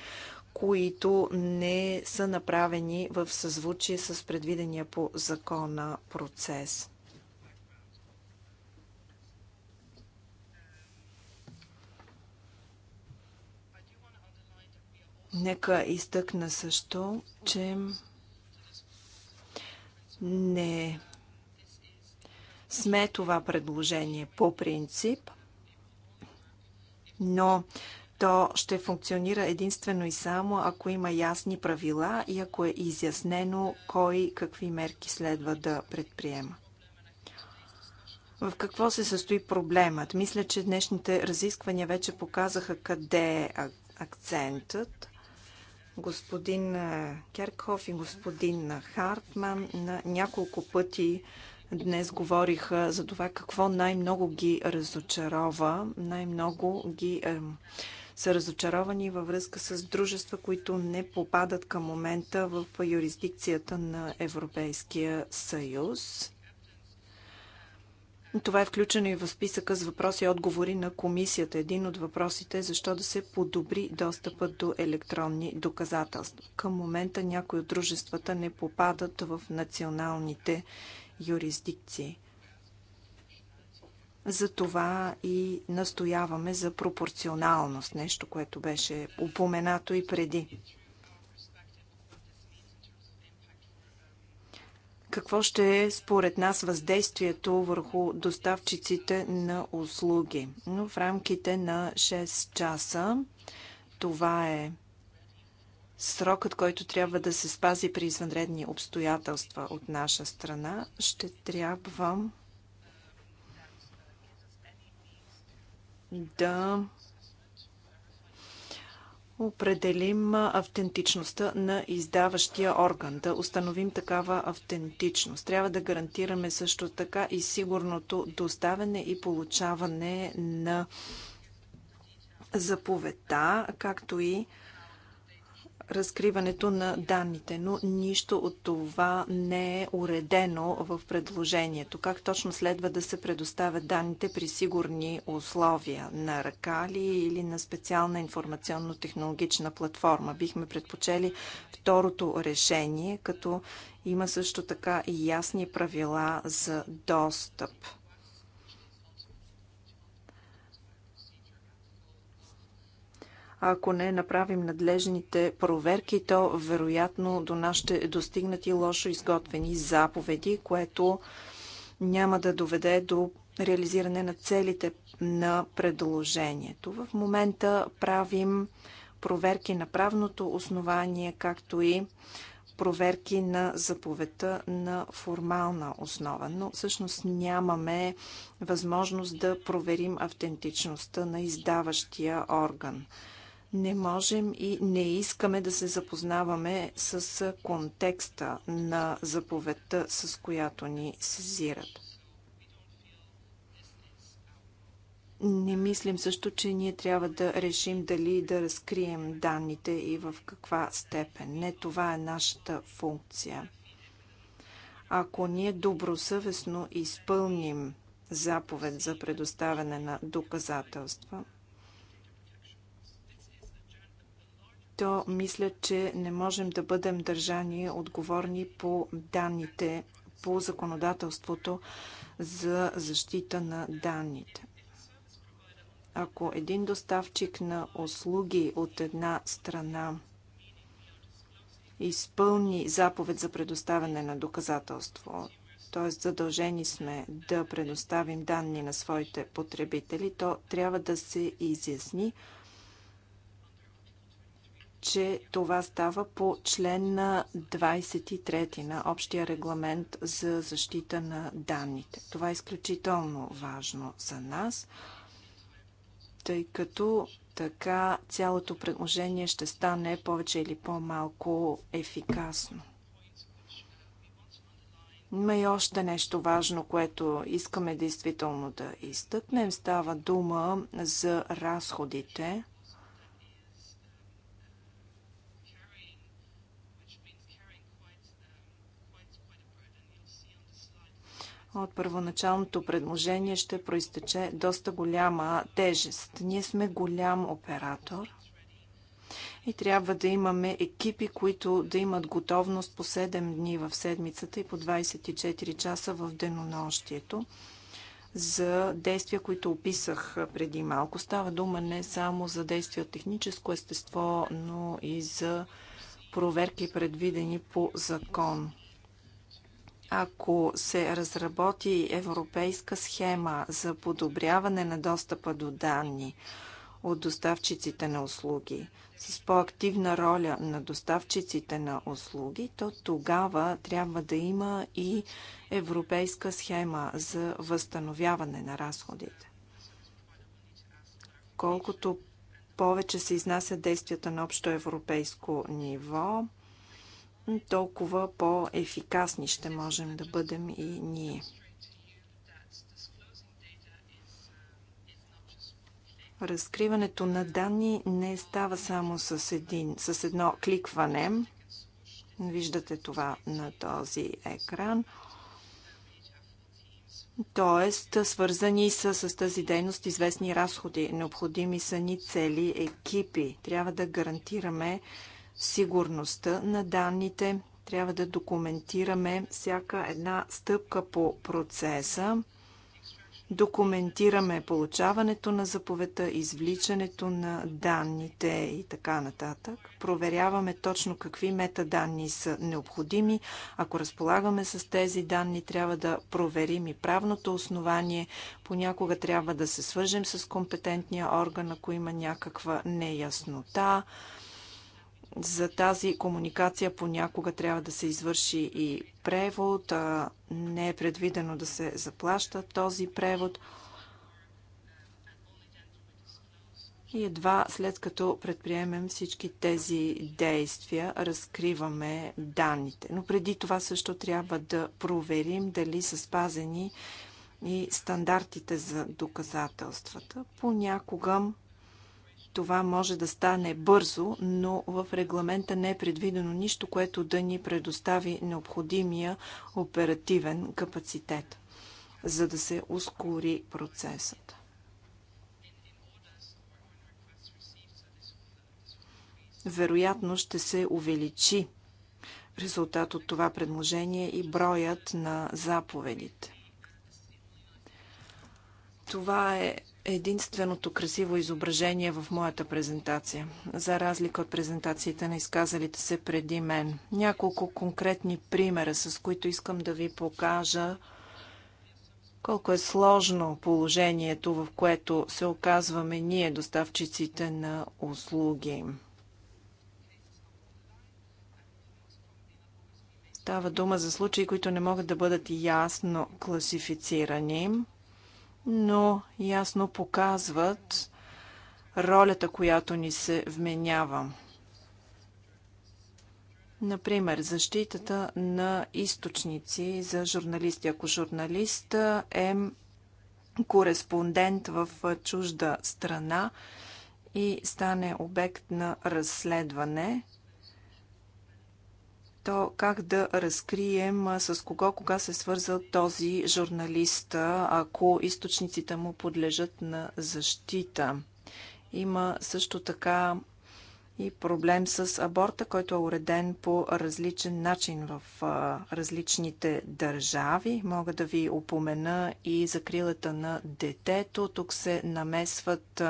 S4: които не са направени в съзвучие с предвидения по закона процес. Нека изтъкна също, че не сме това предложение по принцип, но то ще функционира единствено и само ако има ясни правила и ако е изяснено кой какви мерки следва да предприема. В какво се състои проблемът? Мисля, че днешните разисквания вече показаха къде е акцентът. Господин Керкхоф и господин Хартман на няколко пъти днес говориха за това какво най-много ги разочарова, най-много ги е, са разочаровани във връзка с дружества, които не попадат към момента в юрисдикцията на Европейския съюз. Това е включено и в списъка с въпроси и отговори на комисията. Един от въпросите е защо да се подобри достъпът до електронни доказателства. Към момента някои от дружествата не попадат в националните юрисдикции. За това и настояваме за пропорционалност, нещо, което беше упоменато и преди. Какво ще е според нас въздействието върху доставчиците на услуги? Но в рамките на 6 часа това е срокът, който трябва да се спази при извънредни обстоятелства от наша страна. Ще трябва да определим автентичността на издаващия орган, да установим такава автентичност. Трябва да гарантираме също така и сигурното доставяне и получаване на заповедта, както и разкриването на данните, но нищо от това не е уредено в предложението. Как точно следва да се предоставят данните при сигурни условия? На ръка ли или на специална информационно-технологична платформа? Бихме предпочели второто решение, като има също така и ясни правила за достъп Ако не направим надлежните проверки, то вероятно до нас ще достигнат и лошо изготвени заповеди, което няма да доведе до реализиране на целите на предложението. В момента правим проверки на правното основание, както и проверки на заповедта на формална основа, но всъщност нямаме възможност да проверим автентичността на издаващия орган не можем и не искаме да се запознаваме с контекста на заповедта, с която ни сезират. Не мислим също, че ние трябва да решим дали да разкрием данните и в каква степен. Не, това е нашата функция. Ако ние добросъвестно изпълним заповед за предоставяне на доказателства, то мисля, че не можем да бъдем държани отговорни по данните, по законодателството за защита на данните. Ако един доставчик на услуги от една страна изпълни заповед за предоставяне на доказателство, т.е. задължени сме да предоставим данни на своите потребители, то трябва да се изясни че това става по член на 23 на общия регламент за защита на данните. Това е изключително важно за нас, тъй като така цялото предложение ще стане повече или по-малко ефикасно. Има и още нещо важно, което искаме действително да изтъкнем. Става дума за разходите. от първоначалното предложение ще проистече доста голяма тежест. Ние сме голям оператор и трябва да имаме екипи, които да имат готовност по 7 дни в седмицата и по 24 часа в денонощието за действия, които описах преди малко. Става дума не само за действия от техническо естество, но и за проверки, предвидени по закон. Ако се разработи европейска схема за подобряване на достъпа до данни от доставчиците на услуги, с по-активна роля на доставчиците на услуги, то тогава трябва да има и европейска схема за възстановяване на разходите. Колкото повече се изнасят действията на общо европейско ниво, толкова по-ефикасни ще можем да бъдем и ние. Разкриването на данни не става само с, един, с едно кликване. Виждате това на този екран. Тоест, свързани са с тази дейност известни разходи. Необходими са ни цели екипи. Трябва да гарантираме сигурността на данните. Трябва да документираме всяка една стъпка по процеса. Документираме получаването на заповедта, извличането на данните и така нататък. Проверяваме точно какви метаданни са необходими. Ако разполагаме с тези данни, трябва да проверим и правното основание. Понякога трябва да се свържем с компетентния орган, ако има някаква неяснота. За тази комуникация понякога трябва да се извърши и превод. А не е предвидено да се заплаща този превод. И едва след като предприемем всички тези действия, разкриваме данните. Но преди това също трябва да проверим дали са спазени и стандартите за доказателствата. Понякога това може да стане бързо, но в регламента не е предвидено нищо, което да ни предостави необходимия оперативен капацитет, за да се ускори процесът. Вероятно ще се увеличи в резултат от това предложение и броят на заповедите. Това е единственото красиво изображение в моята презентация, за разлика от презентациите на изказалите се преди мен. Няколко конкретни примера, с които искам да ви покажа колко е сложно положението, в което се оказваме ние, доставчиците на услуги. Става дума за случаи, които не могат да бъдат ясно класифицирани но ясно показват ролята, която ни се вменява. Например, защитата на източници за журналисти. Ако журналист е кореспондент в чужда страна и стане обект на разследване, то как да разкрием с кого, кога се свърза този журналист, ако източниците му подлежат на защита. Има също така и проблем с аборта, който е уреден по различен начин в различните държави. Мога да ви упомена и закрилата на детето. Тук се намесват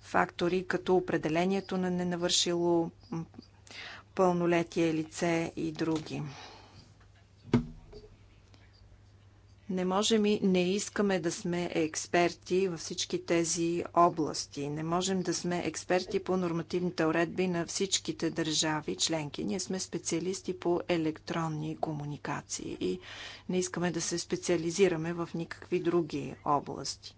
S4: фактори като определението на ненавършило пълнолетие лице и други. Не можем и не искаме да сме експерти във всички тези области. Не можем да сме експерти по нормативните уредби на всичките държави членки. Ние сме специалисти по електронни комуникации и не искаме да се специализираме в никакви други области.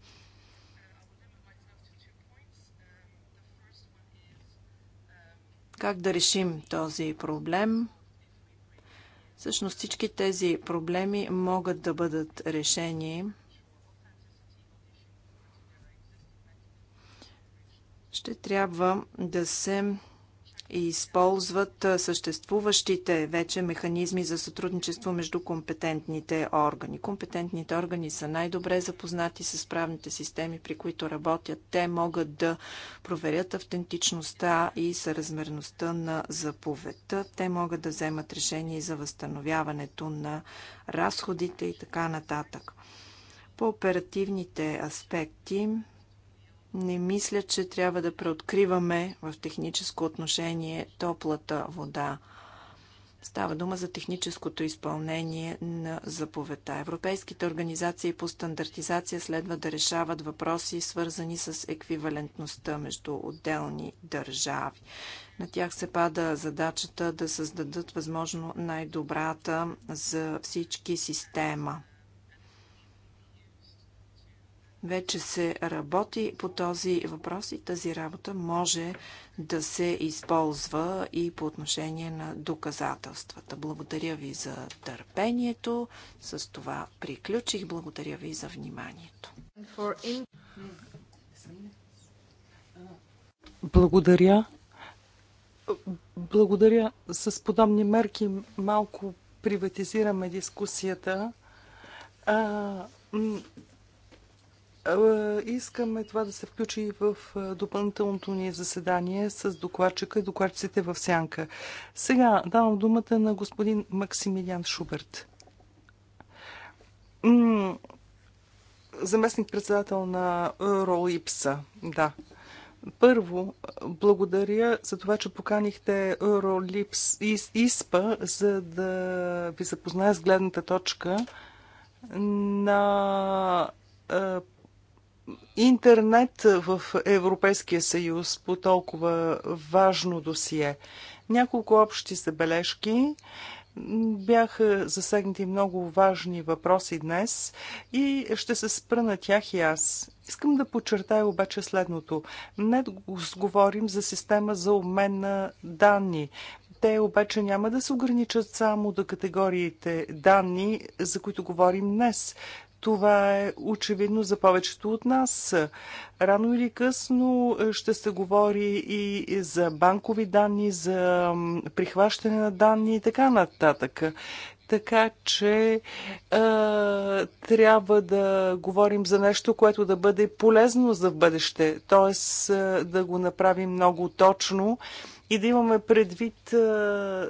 S4: Как да решим този проблем? Всъщност всички тези проблеми могат да бъдат решени. Ще трябва да се използват съществуващите вече механизми за сътрудничество между компетентните органи. Компетентните органи са най-добре запознати с правните системи, при които работят. Те могат да проверят автентичността и съразмерността на заповедта. Те могат да вземат решение за възстановяването на разходите и така нататък. По оперативните аспекти не мисля, че трябва да преоткриваме в техническо отношение топлата вода. Става дума за техническото изпълнение на заповедта. Европейските организации по стандартизация следва да решават въпроси, свързани с еквивалентността между отделни държави. На тях се пада задачата да създадат възможно най-добрата за всички система. Вече се работи по този въпрос и тази работа може да се използва и по отношение на доказателствата. Благодаря ви за търпението. С това приключих. Благодаря ви
S1: за вниманието. Благодаря. Благодаря. С подобни мерки малко приватизираме дискусията. А, е, искаме това да се включи в е, допълнителното ни заседание с докладчика и докладчиците в Сянка. Сега давам думата на господин Максимилиан Шуберт. Заместник-председател на е, Ролипса. Да. Първо, благодаря за това, че поканихте Ролипс из ИСПА, за да ви запозная с гледната точка на интернет в Европейския съюз по толкова важно досие. Няколко общи забележки. Бяха засегнати много важни въпроси днес и ще се спра на тях и аз. Искам да подчертая обаче следното. Не говорим за система за обмен на данни. Те обаче няма да се ограничат само до категориите данни, за които говорим днес. Това е очевидно за повечето от нас. Рано или късно е, ще се говори и за банкови данни, за прихващане на данни и така нататък. Така че е, трябва да говорим за нещо, което да бъде полезно за в бъдеще, т.е. да го направим много точно и да имаме предвид. Е,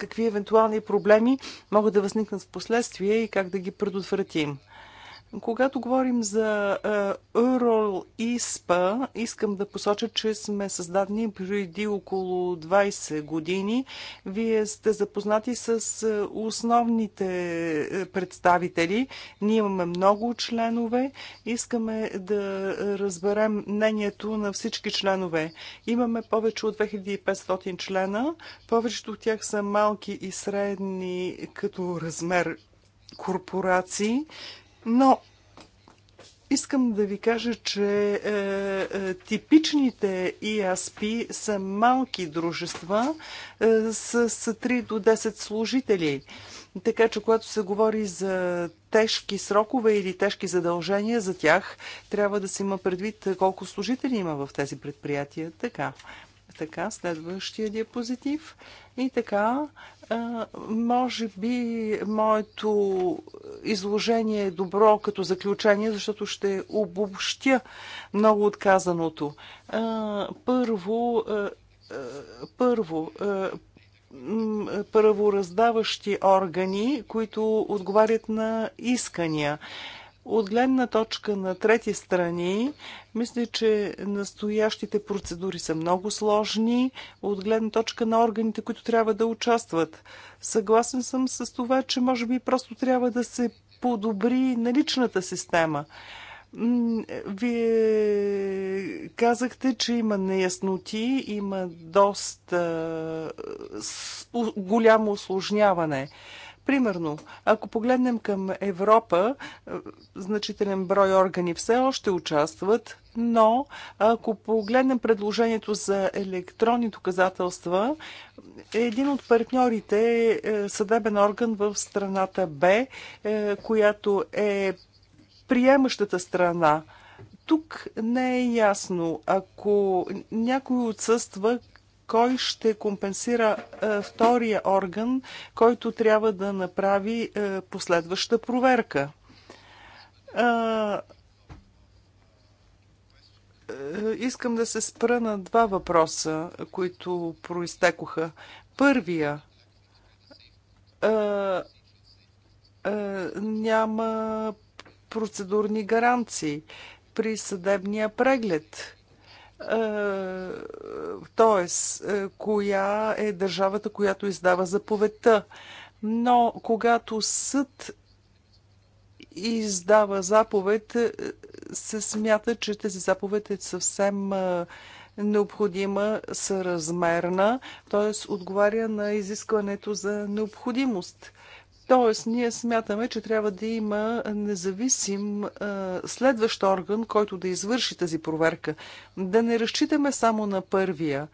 S1: какви евентуални проблеми могат да възникнат в последствие и как да ги предотвратим. Когато говорим за Euro е, ИСПА, искам да посоча, че сме създадени преди около 20 години. Вие сте запознати с е, основните е, представители. Ние имаме много членове. Искаме да разберем мнението на всички членове. Имаме повече от 2500 члена. Повечето от тях са малки и средни като размер корпорации. Но Искам да ви кажа, че е, е, типичните ESP са малки дружества е, с, с 3 до 10 служители. Така че, когато се говори за тежки срокове или тежки задължения за тях, трябва да се има предвид колко служители има в тези предприятия. Така. Така, следващия диапозитив. И така, може би моето изложение е добро като заключение, защото ще обобщя много отказаното. Първо, първо, първораздаващи органи, които отговарят на искания. От гледна точка на трети страни, мисля, че настоящите процедури са много сложни от гледна точка на органите, които трябва да участват. Съгласен съм с това, че може би просто трябва да се подобри наличната система. Вие казахте, че има неясноти, има доста голямо осложняване. Примерно, ако погледнем към Европа, е, значителен брой органи все още участват, но ако погледнем предложението за електронни доказателства, един от партньорите е съдебен орган в страната Б, е, която е приемащата страна тук не е ясно, ако някой отсъства, кой ще компенсира е, втория орган, който трябва да направи е, последваща проверка е, искам да се спра на два въпроса, които проистекоха. Първия. А, а, няма процедурни гаранции при съдебния преглед. Е, тоест, е, коя е държавата, която издава заповедта. Но когато съд издава заповед, е, се смята, че тази заповед е съвсем необходима, съразмерна, т.е. отговаря на изискването за необходимост. Тоест, ние смятаме, че трябва да има независим следващ орган, който да извърши тази проверка. Да не разчитаме само на първия.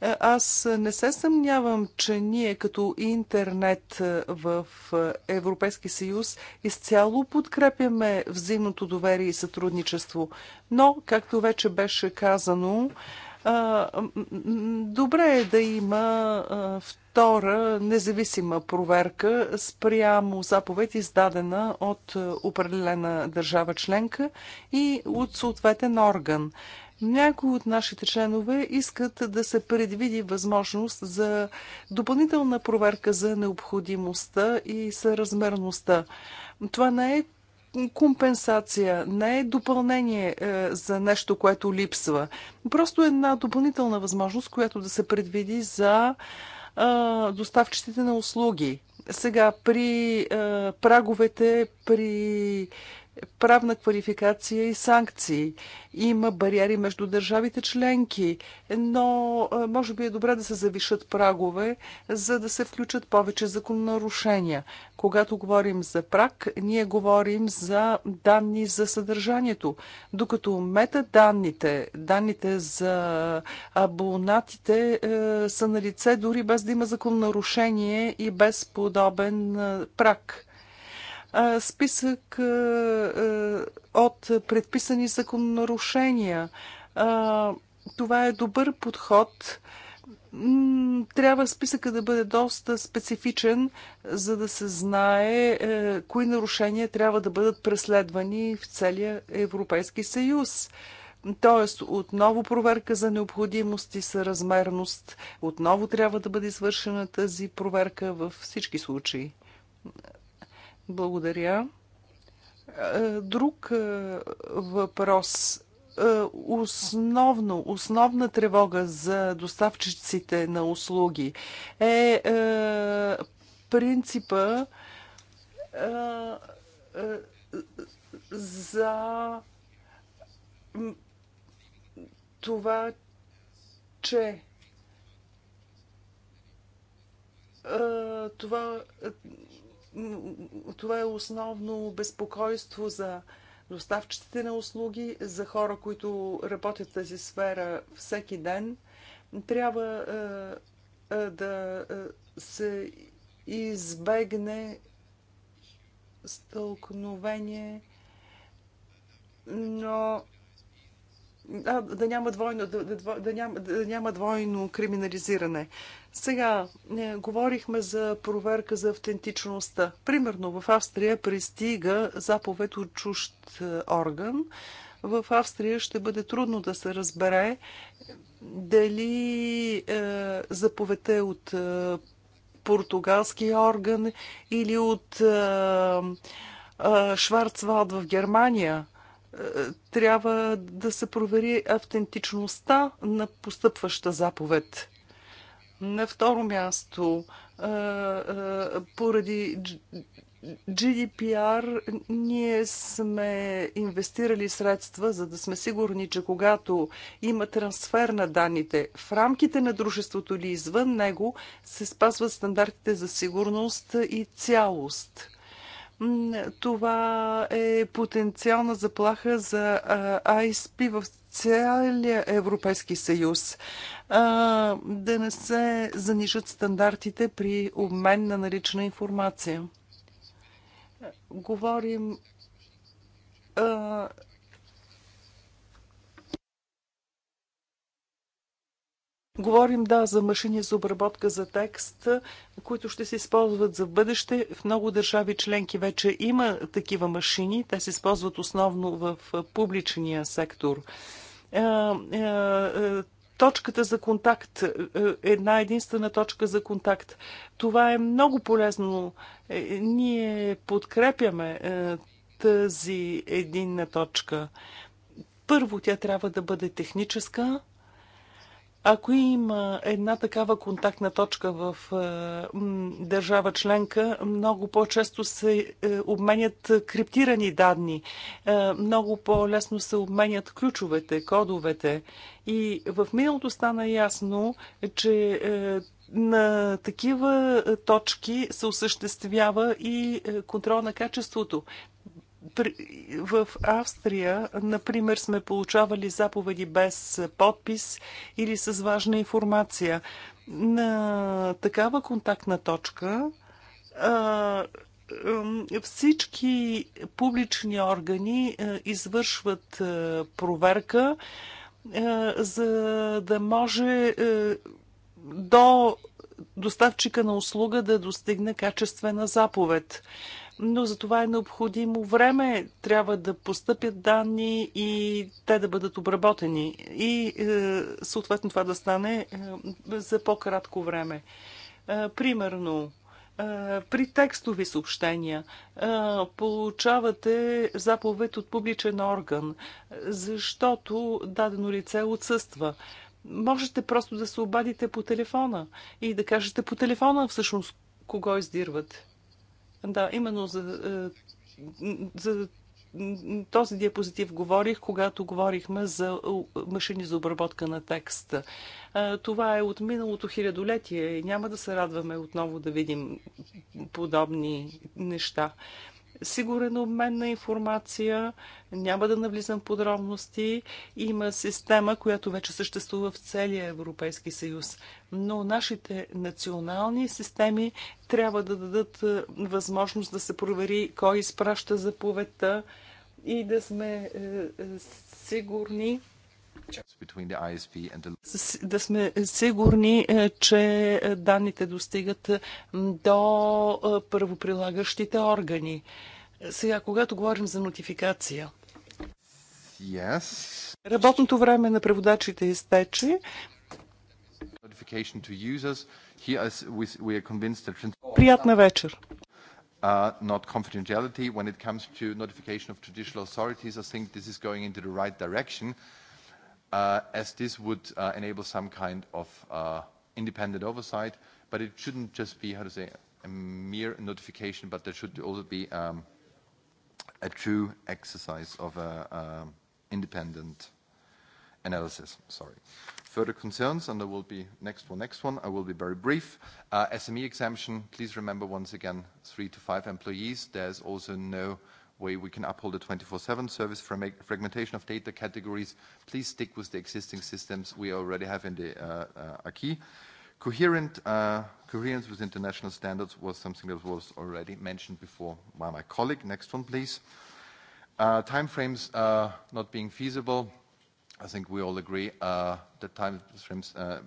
S1: Е, аз не се съмнявам, че ние като интернет е, в е, Европейски съюз изцяло подкрепяме взаимното доверие и сътрудничество. Но, както вече беше казано, Добре е да има втора независима проверка спрямо заповед, издадена от определена държава членка и от съответен орган. Някои от нашите членове искат да се предвиди възможност за допълнителна проверка за необходимостта и съразмерността. Това не е компенсация, не е допълнение е, за нещо, което липсва. Просто е една допълнителна възможност, която да се предвиди за е, доставчиците на услуги. Сега при праговете, при правна квалификация и санкции. Има бариери между държавите членки, но може би е добре да се завишат прагове, за да се включат повече закононарушения. Когато говорим за праг, ние говорим за данни за съдържанието, докато метаданните, данните за абонатите е, са на лице дори без да има закононарушение и без подобен е, праг списък от предписани закононарушения. Това е добър подход. Трябва списъка да бъде доста специфичен, за да се знае е, кои нарушения трябва да бъдат преследвани в целия Европейски съюз. Тоест, отново проверка за необходимост и съразмерност. Отново трябва да бъде извършена тази проверка във всички случаи. Благодаря. Е, друг е, въпрос. Е, основно, основна тревога за доставчиците на услуги е принципа за това, че това това е основно безпокойство за доставчиците на услуги, за хора, които работят в тази сфера всеки ден. Трябва е, е, да е, се избегне стълкновение, но да, да, няма двойно, да, да, да, няма, да няма двойно криминализиране. Сега, не, говорихме за проверка за автентичността. Примерно в Австрия пристига заповед от чужд е, орган. В Австрия ще бъде трудно да се разбере е, дали е, заповедта е от е, португалски орган или от е, е, Шварцвалд в Германия трябва да се провери автентичността на постъпваща заповед. На второ място, поради GDPR ние сме инвестирали средства, за да сме сигурни, че когато има трансфер на данните в рамките на дружеството или извън него, се спазват стандартите за сигурност и цялост. Това е потенциална заплаха за ISP в целия Европейски съюз. Да не се занижат стандартите при обмен на налична информация. Говорим Говорим, да, за машини за обработка за текст, които ще се използват за бъдеще. В много държави членки вече има такива машини. Те се използват основно в публичния сектор. Е, е, е, точката за контакт, една единствена точка за контакт. Това е много полезно. Ние подкрепяме тази единна точка. Първо, тя трябва да бъде техническа, ако има една такава контактна точка в е, държава членка, много по-често се е, обменят криптирани данни, е, много по-лесно се обменят ключовете, кодовете. И в миналото стана ясно, че на такива точки се осъществява и контрол на качеството в Австрия, например, сме получавали заповеди без подпис или с важна информация. На такава контактна точка всички публични органи извършват проверка, за да може до доставчика на услуга да достигне качествена заповед но за това е необходимо време. Трябва да постъпят данни и те да бъдат обработени. И е, съответно това да стане е, за по-кратко време. Е, примерно, при текстови съобщения получавате заповед от публичен орган, защото дадено лице отсъства. Можете просто да се обадите по телефона и да кажете по телефона всъщност кого издирват. Да, именно за, е, за този диапозитив говорих, когато говорихме за машини за обработка на текста. Е, това е от миналото хилядолетие и няма да се радваме отново да видим подобни неща сигурен обмен на информация, няма да навлизам подробности. Има система, която вече съществува в целия Европейски съюз. Но нашите национални системи трябва да дадат е, възможност да се провери кой изпраща заповедта и да сме е, е, сигурни, да сме сигурни, че данните достигат до правоприлагащите органи. Сега, когато говорим за нотификация,
S5: yes.
S1: работното време на преводачите изтече.
S5: Приятна вечер! Uh, not confidentiality when it comes to notification of judicial authorities. I think this is going into the right direction, uh, as this would uh, enable some kind of uh, independent oversight. But it shouldn't just be, how to say, a mere notification, but there should also be um, a true exercise of a independent analysis. Sorry. Further concerns, and there will be next one, next one. I will be very brief. SME exemption, please remember once again, three to five employees. There's also no way we can uphold a 24/7 service fragmentation of data categories. Please stick with the existing systems we already have in the acquis. Coherent, uh, coherence with international standards was something that was already mentioned before by my colleague. Next one, please. Uh, frames uh, not being feasible. I think we all agree uh, that frames uh,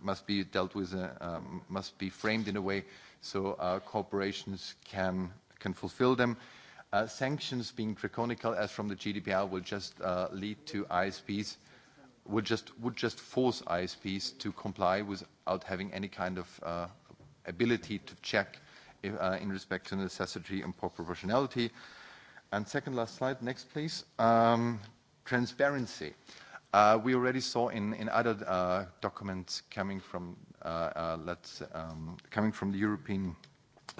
S5: must be dealt with, uh, um, must be framed in a way so uh, corporations can, can fulfill them. Uh, sanctions being draconical as from the GDPR will just uh, lead to ISPs uh, would just force ISPs to comply without having any kind of ability to check in respect to necessity and proportionality. And second last slide. Next, please. Transparency. We already saw in other documents coming from let's coming from the European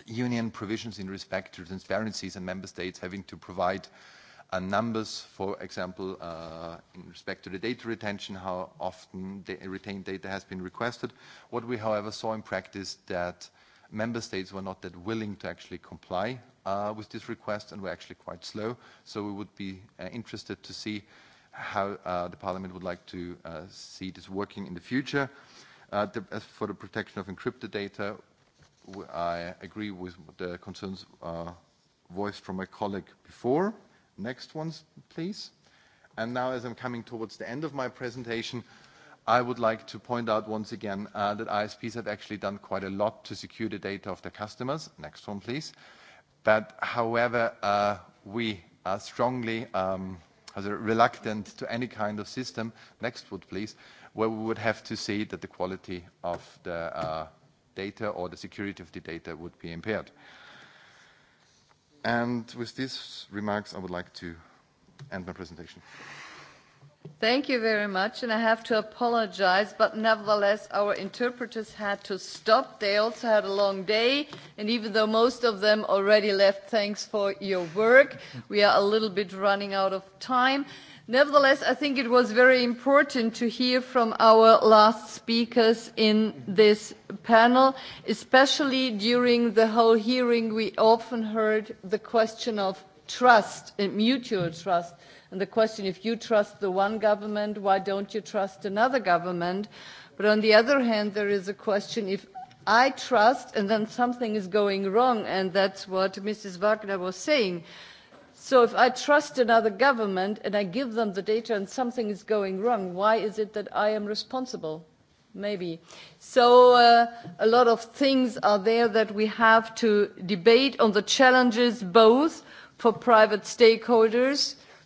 S5: Union provisions in respect to transparencies and member states having to provide uh, numbers, for example, uh, in respect to the data retention, how often the retained data has been requested. What we, however, saw in practice that member states were not that willing to actually comply uh, with this request and were actually quite slow. So we would be uh, interested to see how uh, the Parliament would like to uh, see this working in the future. Uh, the, as for the protection of encrypted data, I agree with the concerns uh, voiced from my colleague before. Next ones, please. And Now, as I'm coming towards the end of my presentation, I would like to point out once again uh that ISPs have actually done quite a lot to secure the data of their customers. Next one, please. But However, uh we are strongly um reluctant to any kind of system, next one, please, where we would have to see that the quality of the uh data or the security of the data would be impaired. And with these remarks, I would like to end my presentation.
S3: Thank you very much, and I have to apologize, but nevertheless, our interpreters had to stop. They also had a long day, and even though most of them already left, thanks for your work. We are a little bit running out of time. Nevertheless, I think it was very important to hear from our last speakers in this panel, especially during the whole hearing, we often heard the question of trust, and mutual trust, and the question if you trust the one government, why don't you trust another government? But on the other hand, there is a question if I trust and then something is going wrong, and that's what Mrs. Wagner was saying So if I trust another government and I give them the data and something is going wrong, why is it that I am responsible? Maybe. So uh, a lot of things are there that we have to debate on the challenges both for private stakeholders –